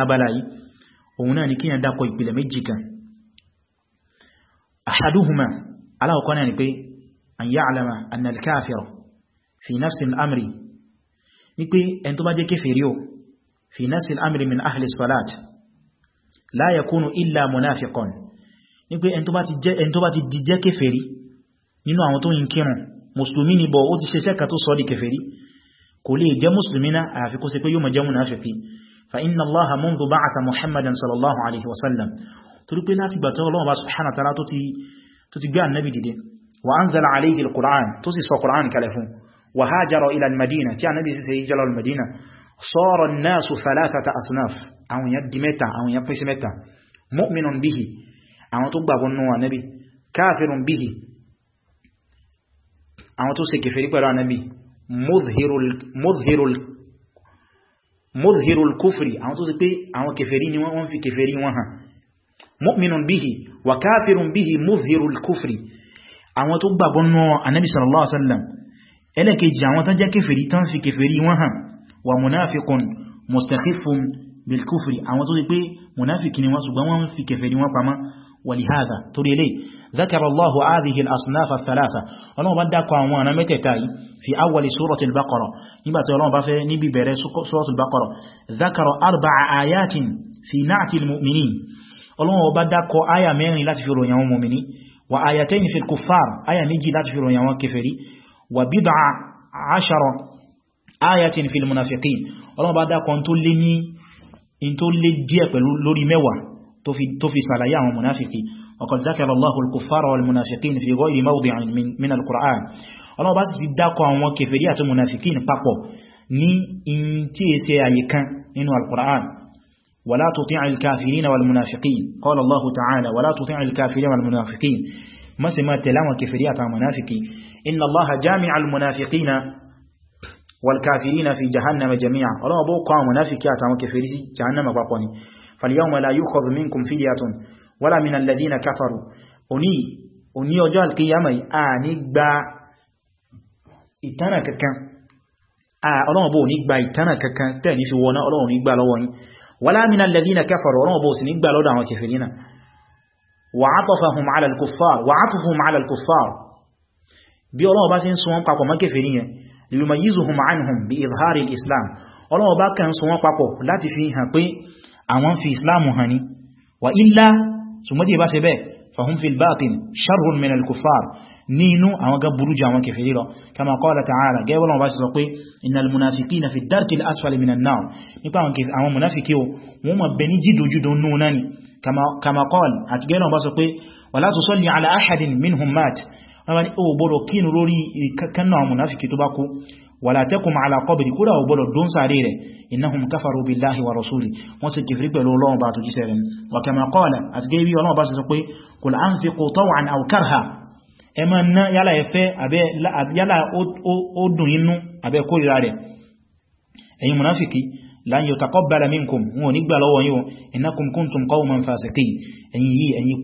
abala yìí òun náà ni kíyàn dákọ ìpìlẹ̀ méjì kan ahaduhuma aláwọ̀kọ́ náà ni pé an ya'lama anna al-kafira fi nafsi al-amri ni pé ẹn tó bá jẹ́ kèfèrí o fi nafsi al-amri min ahli salat la yakunu illa munafiqan ni pé ẹn tó bá ti di jẹ́ kèfèrí nínú àwọn tó yin kírun mùsùlùmí ni bọ̀ ó ti ṣe sẹ́ka tó sọ di kèfèrí kò lè jẹ́ mùsùlùmí náà àyàfi pé yóò mọ̀ jẹ́ munafiki فإن الله منذ بعث محمدا صلى الله عليه وسلم تلقي لا تبتغ الله سبحانه وتعالى تتقى تت النبي دي, دي وأنزل عليه القرآن تسيس القرآن كالفون وهاجر إلى المدينة تيا نبي سيجل المدينة صار الناس ثلاثة أصناف أو يد متى أو يقس متى مؤمن به أو تبقى بنوى نبي كافر به أو تسيك فريق نبي مظهر, مظهر mọ́dhírul kúfrí àwọn tó sì pé àwọn kèfèrí ni wọ́n fi kèfèrí wọn hàn mu'minun bihi wa kafirun bihi mọ́dhírul kúfrí àwọn tó gbàgbọ́ nú anábi sallallahu alaihi wasallam ẹlẹ́kejì àwọn tán jẹ́ kèfèrí tán fi kèfèrí wọn hàn wa munafiqun mustakhifun ولهذا تري لي ذكر الله هذه الأصناف الثلاثة الله بدك وانا متتاي في أول سورة البقرة لما تقولون بفي نبي بري سورة البقرة ذكر أربع آيات في نعت المؤمنين الله بدك آية من لا تفيرو يوم المؤمنين وآيتين في الكفار آية نجي لا تفيرو يوم كفري. وبضع عشر آية في المنافقين الله بدك أن تلني أن تلني جيه لوري ميوه tó fi sàlàyé àwọn وقد ذكر الله الكفار والمنافقين في غير موضع من, من القرآن الله بس sì ti dákọ àwọn kèfèrí àti munafikin papọ̀ ní in tí ولا تطيع الكافرين والمنافقين قال الله تعالى ولا تطيع الكافرين والمنافقين ما سمى تلاوة كفرية منافقين إن الله جامع المنافقين والكافرين في جهنم جميعا الله بوقع منافقية وكفرية جهنم بقوني فاليوم لا يخذ منكم فدية ولا من الذين كفروا أني أني أجاء القيامة آني با إتانا ككا ọlọ́run bó ní gba ìtànà kankan tẹ́ẹ̀ ní fi wọná ọlọ́run ní gba lọ́wọ́ yín wala min alladhina kafaru ọlọ́run bó sì ní gba lọ́dọ̀ àwọn kèfèrí náà wa atafahum ala al-kuffar wa atafahum ala al-kuffar bí ọlọ́run bá sì ń so wọ́n papọ̀ mọ́ kèfèrí yẹn limayyizuhum anhum bi izhari al-islam ọlọ́run bá kàn so wọ́n papọ̀ láti fi hàn pé àwọn fi islamu hàn ní wà illa ṣùgbọ́n tí bá ṣe bẹ́ẹ̀ fahum fil batin sharrun min al-kuffar nínú àwọn ga burú jẹ́ àwọn kèfèrí lọ kama qala ta'ala gẹ́wọ́n wọn bá ṣe sọ pé innal munafiqina fi darkil asfali minan nar nípa àwọn munafiki o wọ́n ma bẹ ní jídojudo núna ni kama qala àti gẹ́wọ́n bá sọ wàlá tẹ́kùn àlà kọbìrì kúrò ọgbọ́dọ̀ dún sáré rẹ̀ innahum kafaru billahi wa rasuli wọ́n sì kìfìrí pẹ̀lú ọlọ́run bá tó jíṣẹ́ rẹ̀ wa kama qala àti gẹ́bí ọlọ́run bá sọ pé qul anfiqu taw'an aw karha ẹ ma ná yálà ẹfẹ́ yálà ó dùn inú abẹ́ kórìíra rẹ̀ ẹ̀yin munafiki lan yutaqabbala minkum wọn ní gbà lọ́wọ́ yín innakum kuntum qauman fasiqin ẹ̀yin yìí ẹ̀yin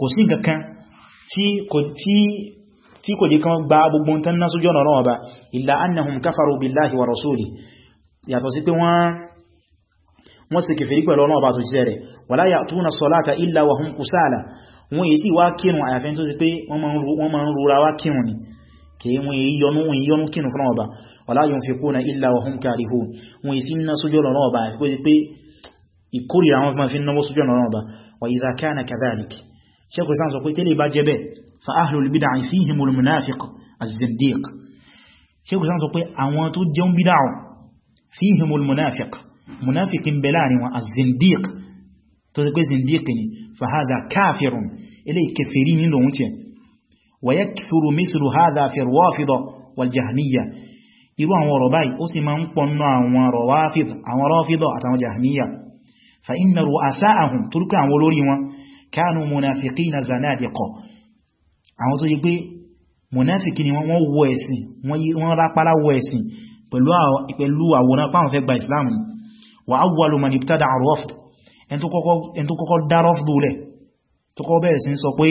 kò sí nǹkan tí kò jẹ́ kan gba gbogbo tán náà sójú ọ̀nà ọba illa annahum kafaru billahi wa rasuli yàtọ̀ sí pé wọ́n sì kèfèrí pẹ̀lú ọ̀nà ọba tó jíṣẹ́ rẹ̀ wala ya'tuna salata illa wa hum kusala wọ́n yìí sí wá kírun àyàfẹ́ tó sì pé wọ́n ma ń rúra wá kírun ni kìí wọ́n yìí yọnú yọnú kírun fún ọba wala yunfiquna illa wa hum karihun wọ́n yìí sí ná sójú ọ̀nà ọba àti pé ìkórìíra wọn fi náwó sójú ọ̀nà ọba wa idha kana kadhalik شيخ الإسلام سوى تلي باجبه فأهل البدع فيهم المنافق الزنديق شيخ الإسلام سوى أوان تجيون بدع فيهم المنافق منافق بلاني والزنديق تذكر زنديقني فهذا كافر إليه كفرين لونتين ويكثر مثل هذا في الرافضة والجهمية irú àwọn ọ̀rọ̀ báyìí ó sì máa ń pọnà àwọn rọ̀wáfíd àwọn rọ́fídọ̀ àtàwọn jahmiya fa inna ru'asa'ahum turku àwọn olórí wọn kánú munafiki na zanadikọ àwọn tó yí pé munafiki ni wọ́n wọ ẹ̀sìn wọ́n rápálá wọ ẹ̀sìn pẹ̀lú àwòrán pàwọn fẹ́ gba islam ni wa awwalu man ibtada rafd ẹn tó kọ́kọ́ dá rafdu lẹ̀ tó kọ́ bẹ̀rẹ̀ sí sọ pé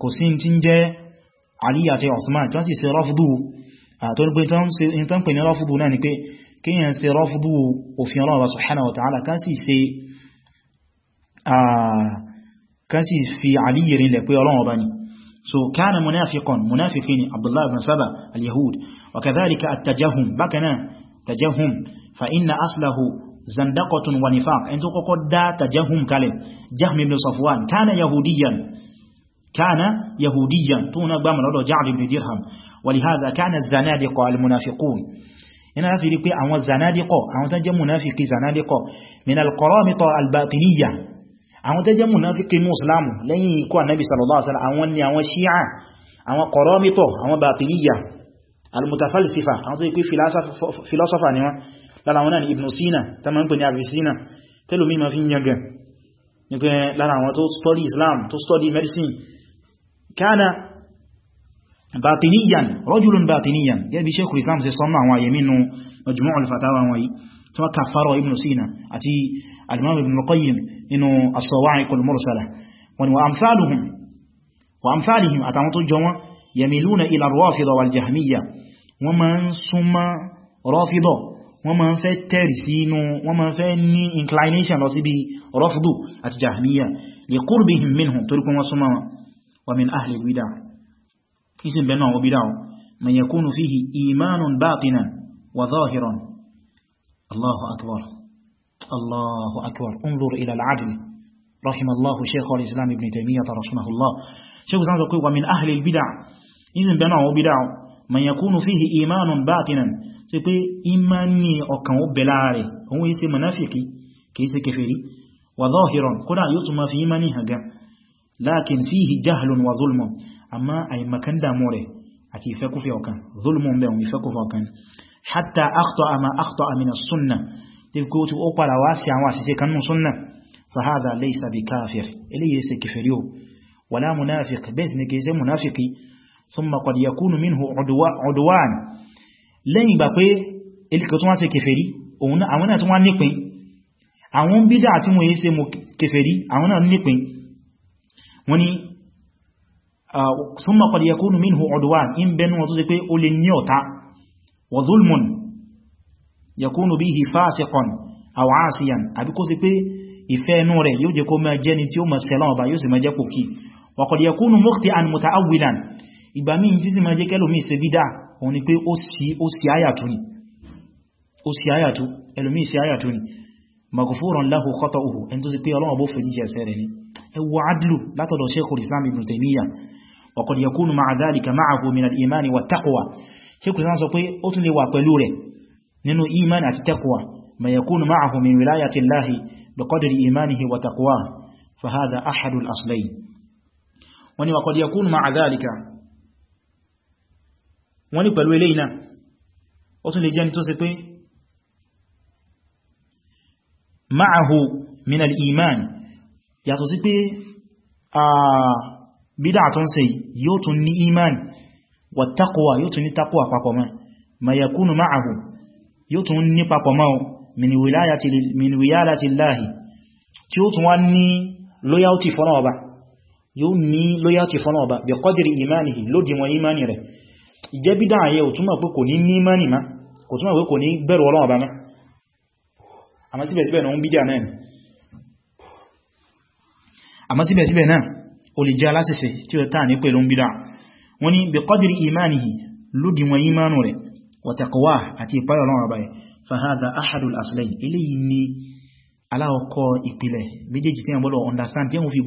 kò sí tí ń jẹ́ Ali àti Osman tí wọ́n sì ṣe rafdu tó kan sì fi àlì yìí rinlẹ̀ pé ọlọ́run ọba ni so kana munafiqan munafiqi ni abdullahi ibn saba al-yahud wa kadhalika at-tajahum bákanáà tajahum fa inna aslahu zandaqatun wa nifaq ẹni tó kọ́kọ́ dá tajahum kalẹ̀ jahm ibn safwan kana yahudiyan كان يهوديا تونا بام لودو جعب بن درهم ولهذا كان الزنادقة المنافقون هنا في ريبي àwọn زنادقة àwọn tán jẹ́ munafiki زنادقة من القرامطة الباطنية àwọn tẹ́jẹ́ mùnáfíkì mú ìsìláàmù lẹ́yìn ikú ànábì sallallahu alaihi wasallam àwọn ni àwọn ṣíà àwọn kọ̀rọ́mítọ̀ àwọn bàtíyà almutafalsifa àwọn tó ikú filosofa ni wọ́n lára wọn náà ni ibn sina ta ma ń pè ní avicenna tẹ́lù mímọ̀ fi yangẹ ni pé lára àwọn tó study islam tó study medicine kana bàtíyàn tí wọ́n kàfàrọ̀ ibn sina àti al-imam ibn al-qayyim nínú as-sawa'iq al-mursala wọn wa amsaluhum wa amsalihim àtàwọn tó jọ wọn yamiluna ila ar-rafida wal jahmiyya wọ́n ma ń súnmọ́ rafida wọ́n ma ń fẹ́ tẹ̀rì sí inú wọ́n ma ń fẹ́ ní inclination lọ sí bí rafdu àti jahmiyya li qurbihim minhum torí kún wọ́n súnmọ́ الله أكبر الله أكبر انظر إلى العدل رحم الله شيخ الإسلام ابن تيمية رحمه الله شيخ الإسلام يقول ومن أهل البدع إذن بنعه بدع من يكون فيه إيمان باطنا تقول إيماني أكن بلاري هو يسي منافقي كيسي كفري وظاهرا كنا يتم في إيماني هجا لكن فيه جهل وظلم أما أي مكان داموري أتي فكو في أكن ظلم بهم يفكو في أكن hatta akhta'a ma akhta'a min as-sunnah tí kó tí ó padà wá sí àwọn àṣìṣe kanú súnnà fa hadha laysa bi kafir eléyìí ṣe kèfèrí o wala munafiq bẹ́ẹ̀ ni kìí ṣe munafiki thumma qad yakunu minhu udwan lẹ́yìn gbà pé ilkì tó wá ṣe kèfèrí àwọn náà tó wá nípin àwọn bídá àti wọ́n nípin wọ́n ni ah, thumma qad yakunu minhu in bẹnu وظلم يكون به فاسقا أو عاصيا àbí kó ṣe pé ìfẹ́ inú rẹ̀ yóò jẹ́ kó máa jẹ́ ni tí ó máa ṣẹlọ ọba yóò sì máa jẹ́ kò kí وقد يكون مخطئا متأولا ìgbà míì tí sì máa jẹ́ kẹ́lòmí ṣe bídá òun ni pé ó sì áyàtú ni ó sì áyàtú ẹlòmí sí áyàtú ni maghfuran lahu khata'uhu ẹni tó sì pé ọlọ́wọ́ bó fẹ́ jíjẹ ẹsẹ̀ يكون مع ذلك معه من الإيمان والتقوى ṣe kùsán sọ pé ó tún lè wà pẹ̀lú rẹ̀ nínú iman àti taqwa ma yakunu ma'ahu min wilayati llahi bi qadri imanihi wa taqwa fa hadha ahadul aslayn wani wa qad yakunu yàtọ̀ sí pé a ah, bídà tó ń ṣe yóò tún ní iman wàtàkùwà yóò tún ní tàkùwà papọ̀ mọ́ ma yà kúnu ma'ahu yóò tún ní papọ̀ mọ́ min wilayati Allahi tí ó tún wá ní loyalty fọ́nà ọba yóò ní loyalty fọ́nà ọba bí qadri imanihi ló dìwọn imani rẹ̀ ìjẹ́ bídá ayẹ ò túnmọ̀ pé kò ní ní imani ma kò túnmọ̀ pé kò wọ́n ní bí qadri imanihi lódì wọn imánu rẹ̀ wa taqwa àti ìpáyọ̀ náà báyìí fa hadha ahadul aslayn eléyìí ni aláwọ̀kọ́ ìpìlẹ̀ méjèèjì tí wọ́n bọ́lọ̀ understand tí wọ́n fi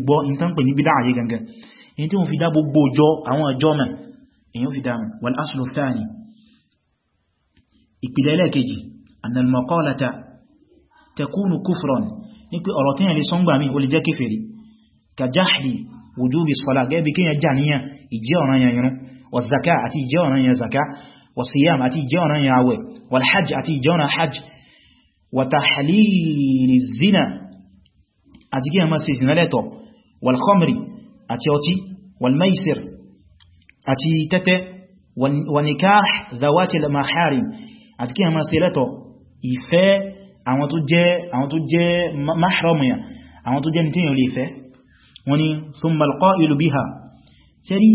gbọ́ وجوب الصلاة جاي بكين جانيا يجيونا ينو والزكاة أتي جونا يا زكاة والصيام أتي جونا يا عوي والحج أتي جونا حج وتحليل الزنا أتي كين ما سيزنا لتو والخمر أتي أتي والميسر أتي تتي ونكاح ذوات المحارم أتي كين ما سيلتو ìfẹ́ àwọn tó jẹ́ àwọn tó jẹ́ máhrọ́mù yà àwọn tó jẹ́ ní tí wọ́n ni thumma al-qa'ilu biha ṣe rí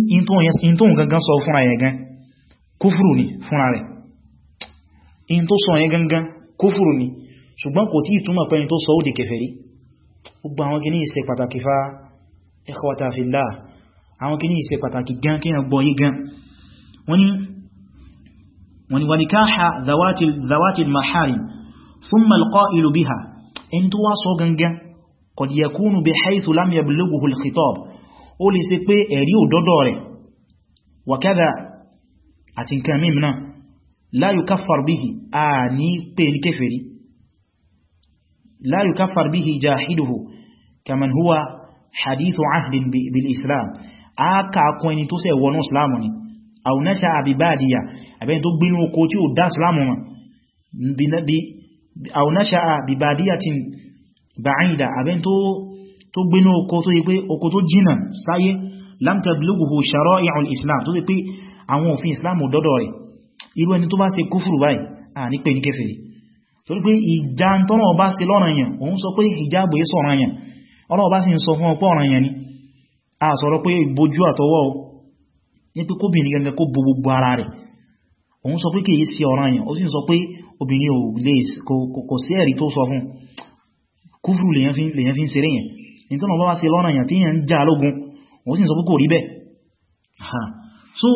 in tó gangan sọ fúnra yẹ gan kúfùrù ni fúnra rẹ̀ in tó sọ yẹ gangan kúfùrù ni ṣùgbọ́n kò tí ìtumọ̀ pẹ́ni tó sọ ó di kèfèrí gbogbo àwọn kìíní ìṣe pàtàkì قد يكون بحيث لم يبلغه الخطاب ó lè ṣe pé ẹ̀rí òdọ́dọ̀ rẹ̀ wàkádà àti nǹkan mìíràn la yukaffar bihi a ní pé ní kéfèrí la yukaffar bihi jahiduhu kaman huwa hadithu ahdin bil islam a kàkún ẹni tó ṣe wọnú islamu ni aw nasha'a bi badiya abẹ́ni tó gbínú oko tí ó dá islamu wọn bàáyìdà àbẹ́ tó gbénú oko tó yí pé oko tó jìnà sáyé lam tablughu shara'i'ul islam tó sì pé àwọn òfin islam dọ́dọ̀ rẹ̀ irú ẹni tó bá ṣe kúfùrù báyìí à ní pé ní kèfèrí torí pé ìjà ń tọ́nà ọba sí lọ́rọ̀ yẹn òun sọ pé ìjà àbòyé sọ̀rọ̀ yẹn ọlọ́ọ̀bá sì ń sọ fún kìí sí ọ̀rọ̀ ó sì sọ pé obìnrin ò lè kò sí ẹ̀rí tó sọ fún kúfùrù lèyàn fi ń ṣeré yẹn ní tọ́nà bá wá sí lọ́nà yàn tí yàn ń já lógun wọ́n sì sọ pé kò rí bẹ́ẹ̀ ha so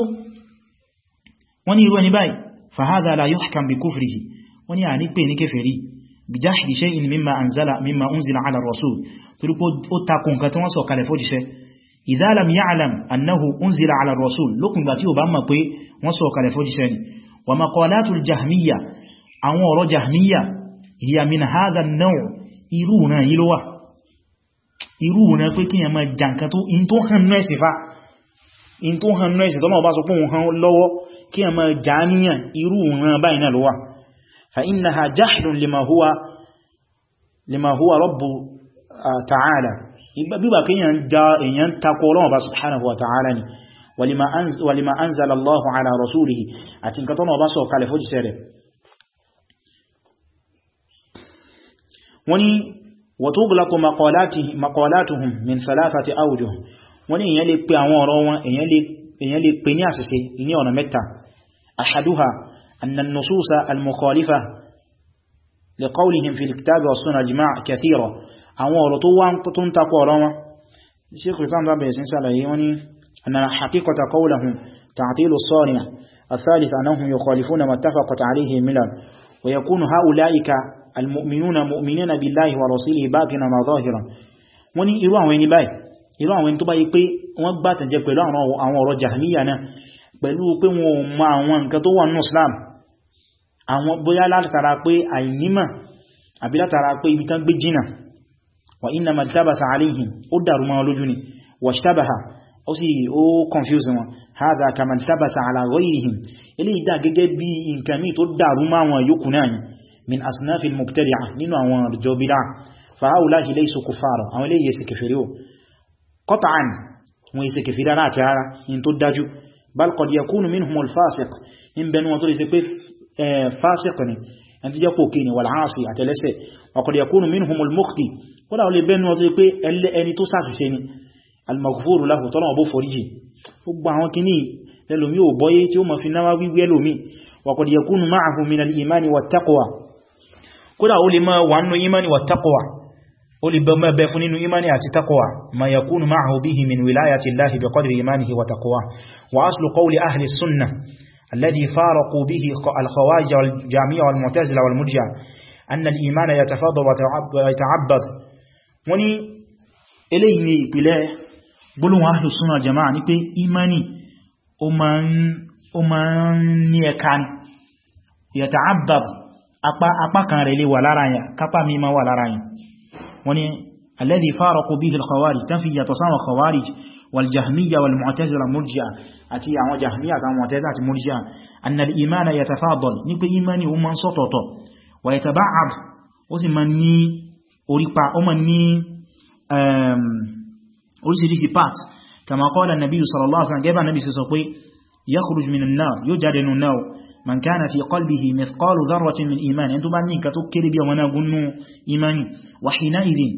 wọ́n ní irú ẹni báyìí fahadha la yuhkam bi kufrihi wọ́n ní pè ní kèfèrí bi jahdi shay'in mimma hiya min hadha an-naw' irú na yìí ló wà irú na pé kíyàn máa jànkà tó in tó hàn náà ìsìfà in tó hàn náà ìsìtọ́nà ọba sọ fún hàn lọ́wọ́ kíyàn máa jàníyàn irú na báyìí náà ló wà fa innaha jahdun lima huwa lima ta'ala bíbà kíyàn já takọ ọlọ́wọ́ bá sọ wani wàtúgbùlákò makọ̀látùhùn min salafati awjuh wọ́n ní èyàn lè pe àwọn ọ̀rọ̀ wọn èyàn lè pe ní àṣìṣe ní ọ̀nà mẹ́ta ahaduha annan nususa al-mukhalifa li qawlihim fil kitabi wa sunna jima'a kathira àwọn ọ̀rọ̀ tó wá tó ń takọ̀ ọ̀rọ̀ wọn ṣe kìrìsàn bá bẹ̀rẹ̀ sí sàlàyé wọ́n ní annan haqiqata qawlahum ta'tilu as-sani'a الثالث أنهم يخالفون ما اتفقت عليه الملل ويكون هؤلاء المؤمنون مؤمنين بالله ورسوله باطنا وظاهرا wọ́n ní irú àwọn ẹni báyìí irú àwọn ẹni tó bá yí pé wọ́n gbàtàn jẹ pẹ̀lú àwọn ọ̀rọ̀ jahiliya náà pẹ̀lú pé wọn ò mọ àwọn nǹkan tó wà ní Islam àwọn bóyá látara pé àìnímọ̀ àbí látara pé ibi tán gbé jìnà wà innama labasa alayhim ó dàrú mọ́ lójú ni washtabaha ó sì ó confuse wọn hadha kama labasa ala ghayrihim eléyìí dà gẹ́gẹ́ bí nǹkan míì tó dàrú mọ́ àwọn yòókù náà min asnaf al-mubtadi'a nínú àwọn àjọ bídá fa haulahi laysu kufara àwọn ilé yẹsẹ̀ kẹfẹ̀rẹ̀ o qat'an wọn yẹsẹ̀ kẹfẹ̀rẹ̀ ara àti ara in tó dájú bal qad yakunu minhum al-fasiq in bẹnu wọn tó lè ṣe pé fasiq ni ẹn tó jẹ́ kò kí ni wal-aasi àtẹ́lẹ́sẹ̀ wa qad yakunu minhum al-mukhti wọ́n láwọn lè bẹnu wọn tó lè pé ẹni tó sàṣìṣe ni al-maghfuru lahu tọ́lọ̀ ọbọ̀ foríjì gbogbo àwọn kìíní lẹ́lòmí ò bọ́yé tí ó ma fi náwà wíwẹ́ lòmí wa qad yakunu ma'ahu min kódà ó lè máa wà nínú imani wa taqwa ó lè bẹ mẹ́bẹ fún nínú imani àti taqwa ma yakunu ma'ahu bihi min wilayati Allahi bi qadri imanihi wa taqwa wa aslu qawli ahli sunnah alladhi faraqu bihi al-khawarij wal-jami'a wal-mu'tazila wal-murji'a anna apá apá kan rẹ̀ lè wà lára yẹn kápá mi ma wà lára yẹn wọ́n ni alladhi faraqu bihi al-khawarij tán fi yàtọ̀ sáwọn khawarij waljahmiya walmu'tazila murji'a àti àwọn jahmiya àti àwọn àti murji'a anna al-imana yatafadal ní pé imani ó máa ń sọ́tọ̀ọ̀tọ̀ wa yataba'ad ó sì máa ní orípa ó máa ní ehm, oríṣiríṣi part kama qala an-nabiy sallallahu alaihi wasallam gẹ́bà nabi sọ pé yakhruj min an-nar yóò jáde nù náà man kana fi qalbihi mithqalu dharratin min iman en tó bá ní nǹkan tó kéré bí ọmọ náà gúnnú imani wa hinaidhin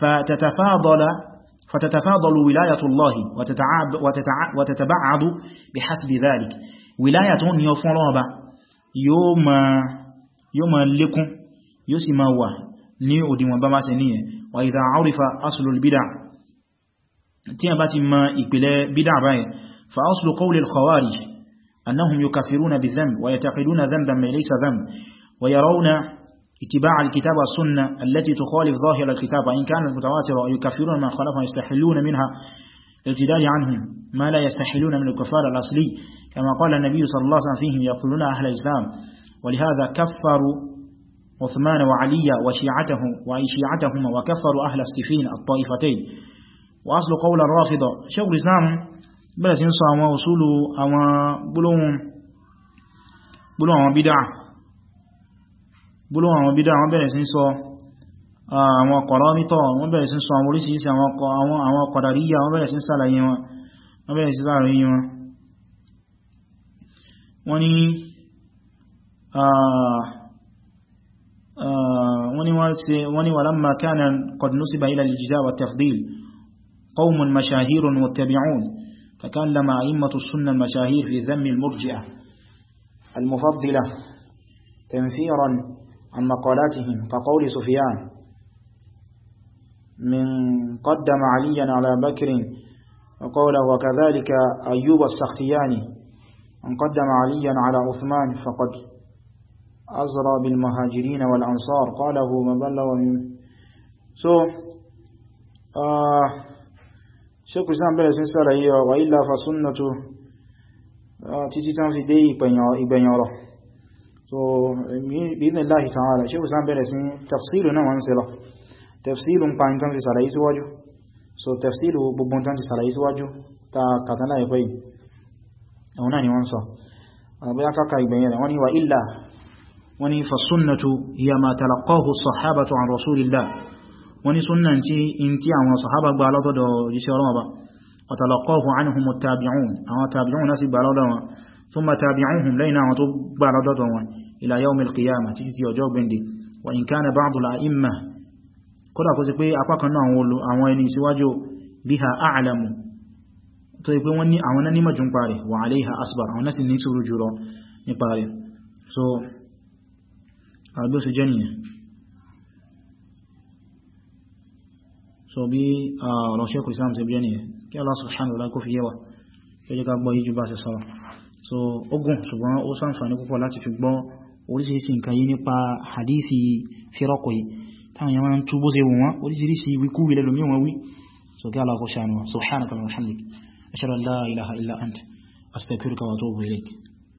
fatatafadala fatatafadalu wilayatu allahi wa tataba'adu bihasbi dhalik wilayatu ni o fún ọlọ́ọ̀ba yóò ma lékún yóò sì ma wà ní òdìwọ̀n bá wa idha arifa أنهم يكفرون بالذنب ويتقدون ذنبا ما ليس ذنب ويرون اتباع الكتاب والسنة التي تخالف ظاهر الكتاب وإن كانت متواترة يكفرون ما خالفها يستحلون منها الارتداد عنهم ما لا يستحلون من الكفار الأصلي كما قال النبي صلى الله عليه وسلم فيهم يقولون أهل الإسلام ولهذا كفروا عثمان وعلي وشيعته وشيعتهما وكفروا أهل السفين الطائفتين وأصل قول الرافضة شغل الإسلام bẹ̀rẹ̀ sí ń sọ àwọn òsúlù àwọn gbólóhùn àwọn bídá gbólóhùn àwọn bídá wọ́n bẹ̀rẹ̀ sí ń sọ àwọn kọ̀rọ̀mítọ̀ wọ́n bẹ̀rẹ̀ sí ń sọ àwọn orísìírísìí àwọn kọ̀dàríyà wọ́n bẹ̀rẹ̀ sí ń sàlàyé wọn wọ́n bẹ̀rẹ̀ sí sàlàyé wọn wọ́n ni wọ́n ni walamma kana qad nusiba ila al-ijza' wa at-tafdil qawmun mashahirun تكلم أئمة السنة المشاهير في ذم المرجئة المفضلة تنفيرا عن مقالاتهم كقول سفيان من قدم عليا على بكر وقوله وكذلك أيوب السختياني من قدم عليا على عثمان فقد أزرى بالمهاجرين والأنصار قاله مبلغ بلغ من so uh, sheikh islam bẹ̀rẹ̀ sí ṣàlàyé wa illa fa sunnatu títí tán fi dé ìgbẹ̀yàn ọ̀rọ̀ so bíbẹ̀ láì tààrà sheikh islam bẹ̀rẹ̀ sí tafsiru náà wọ́n sí lọ tafsiru ń pa ní tán fi ṣàlàyé síwájú so tafsiru gbogbo tán ti ṣàlàyé síwájú ta kàtà láì pẹ́ yìí àwọn náà ni wọ́n sọ àbúyá káka ìgbẹ̀yìn rẹ̀ wọ́n ni wa illa wọ́n ni fa sunnatu hiya ma talaqahu as-sahabatu an rasulillah wọ́n ní súnnà tí in tí àwọn sàhábà gba lọ́tọ̀dọ̀ jíṣẹ́ ọlọ́mọba ọ̀tàlọ́kọ́ọ̀fù ánìhùn mọ̀tàbíhùn àwọn tàbíhùn náà sì gba lọ́dọ̀ wọn ثم تابعوهم لين أن تبع لددهم إلى يوم القيامة تتي أجو بندي وإن كان بعض الأئمة كلا قصي بي أقاك نعول أعواني سواجو بها أعلم تيبي واني أعوانا نما جنباري وعليها أصبر أعوانا سنسر جرو نباري so أبو سجنية so bí ọ̀rọ̀ ṣe kùrìsá ṣe bí ẹni kí Allah subhanahu wa ta'ala kó fi yẹwa kí ó ká gbọ́ yíjú bá ṣe sọ so ogun ṣùgbọ́n ó ṣàǹfààní púpọ̀ láti fi gbọ́ oríṣiríṣi nǹkan yí nípa hadithi fírọ́kù yìí táwọn yẹn wọ́n túbó se wọ́n oríṣiríṣi wíkú ilẹ̀ lómi wọn so kí Allah kó ṣàánú subhanaka wa bihamdik ashhadu an wa atubu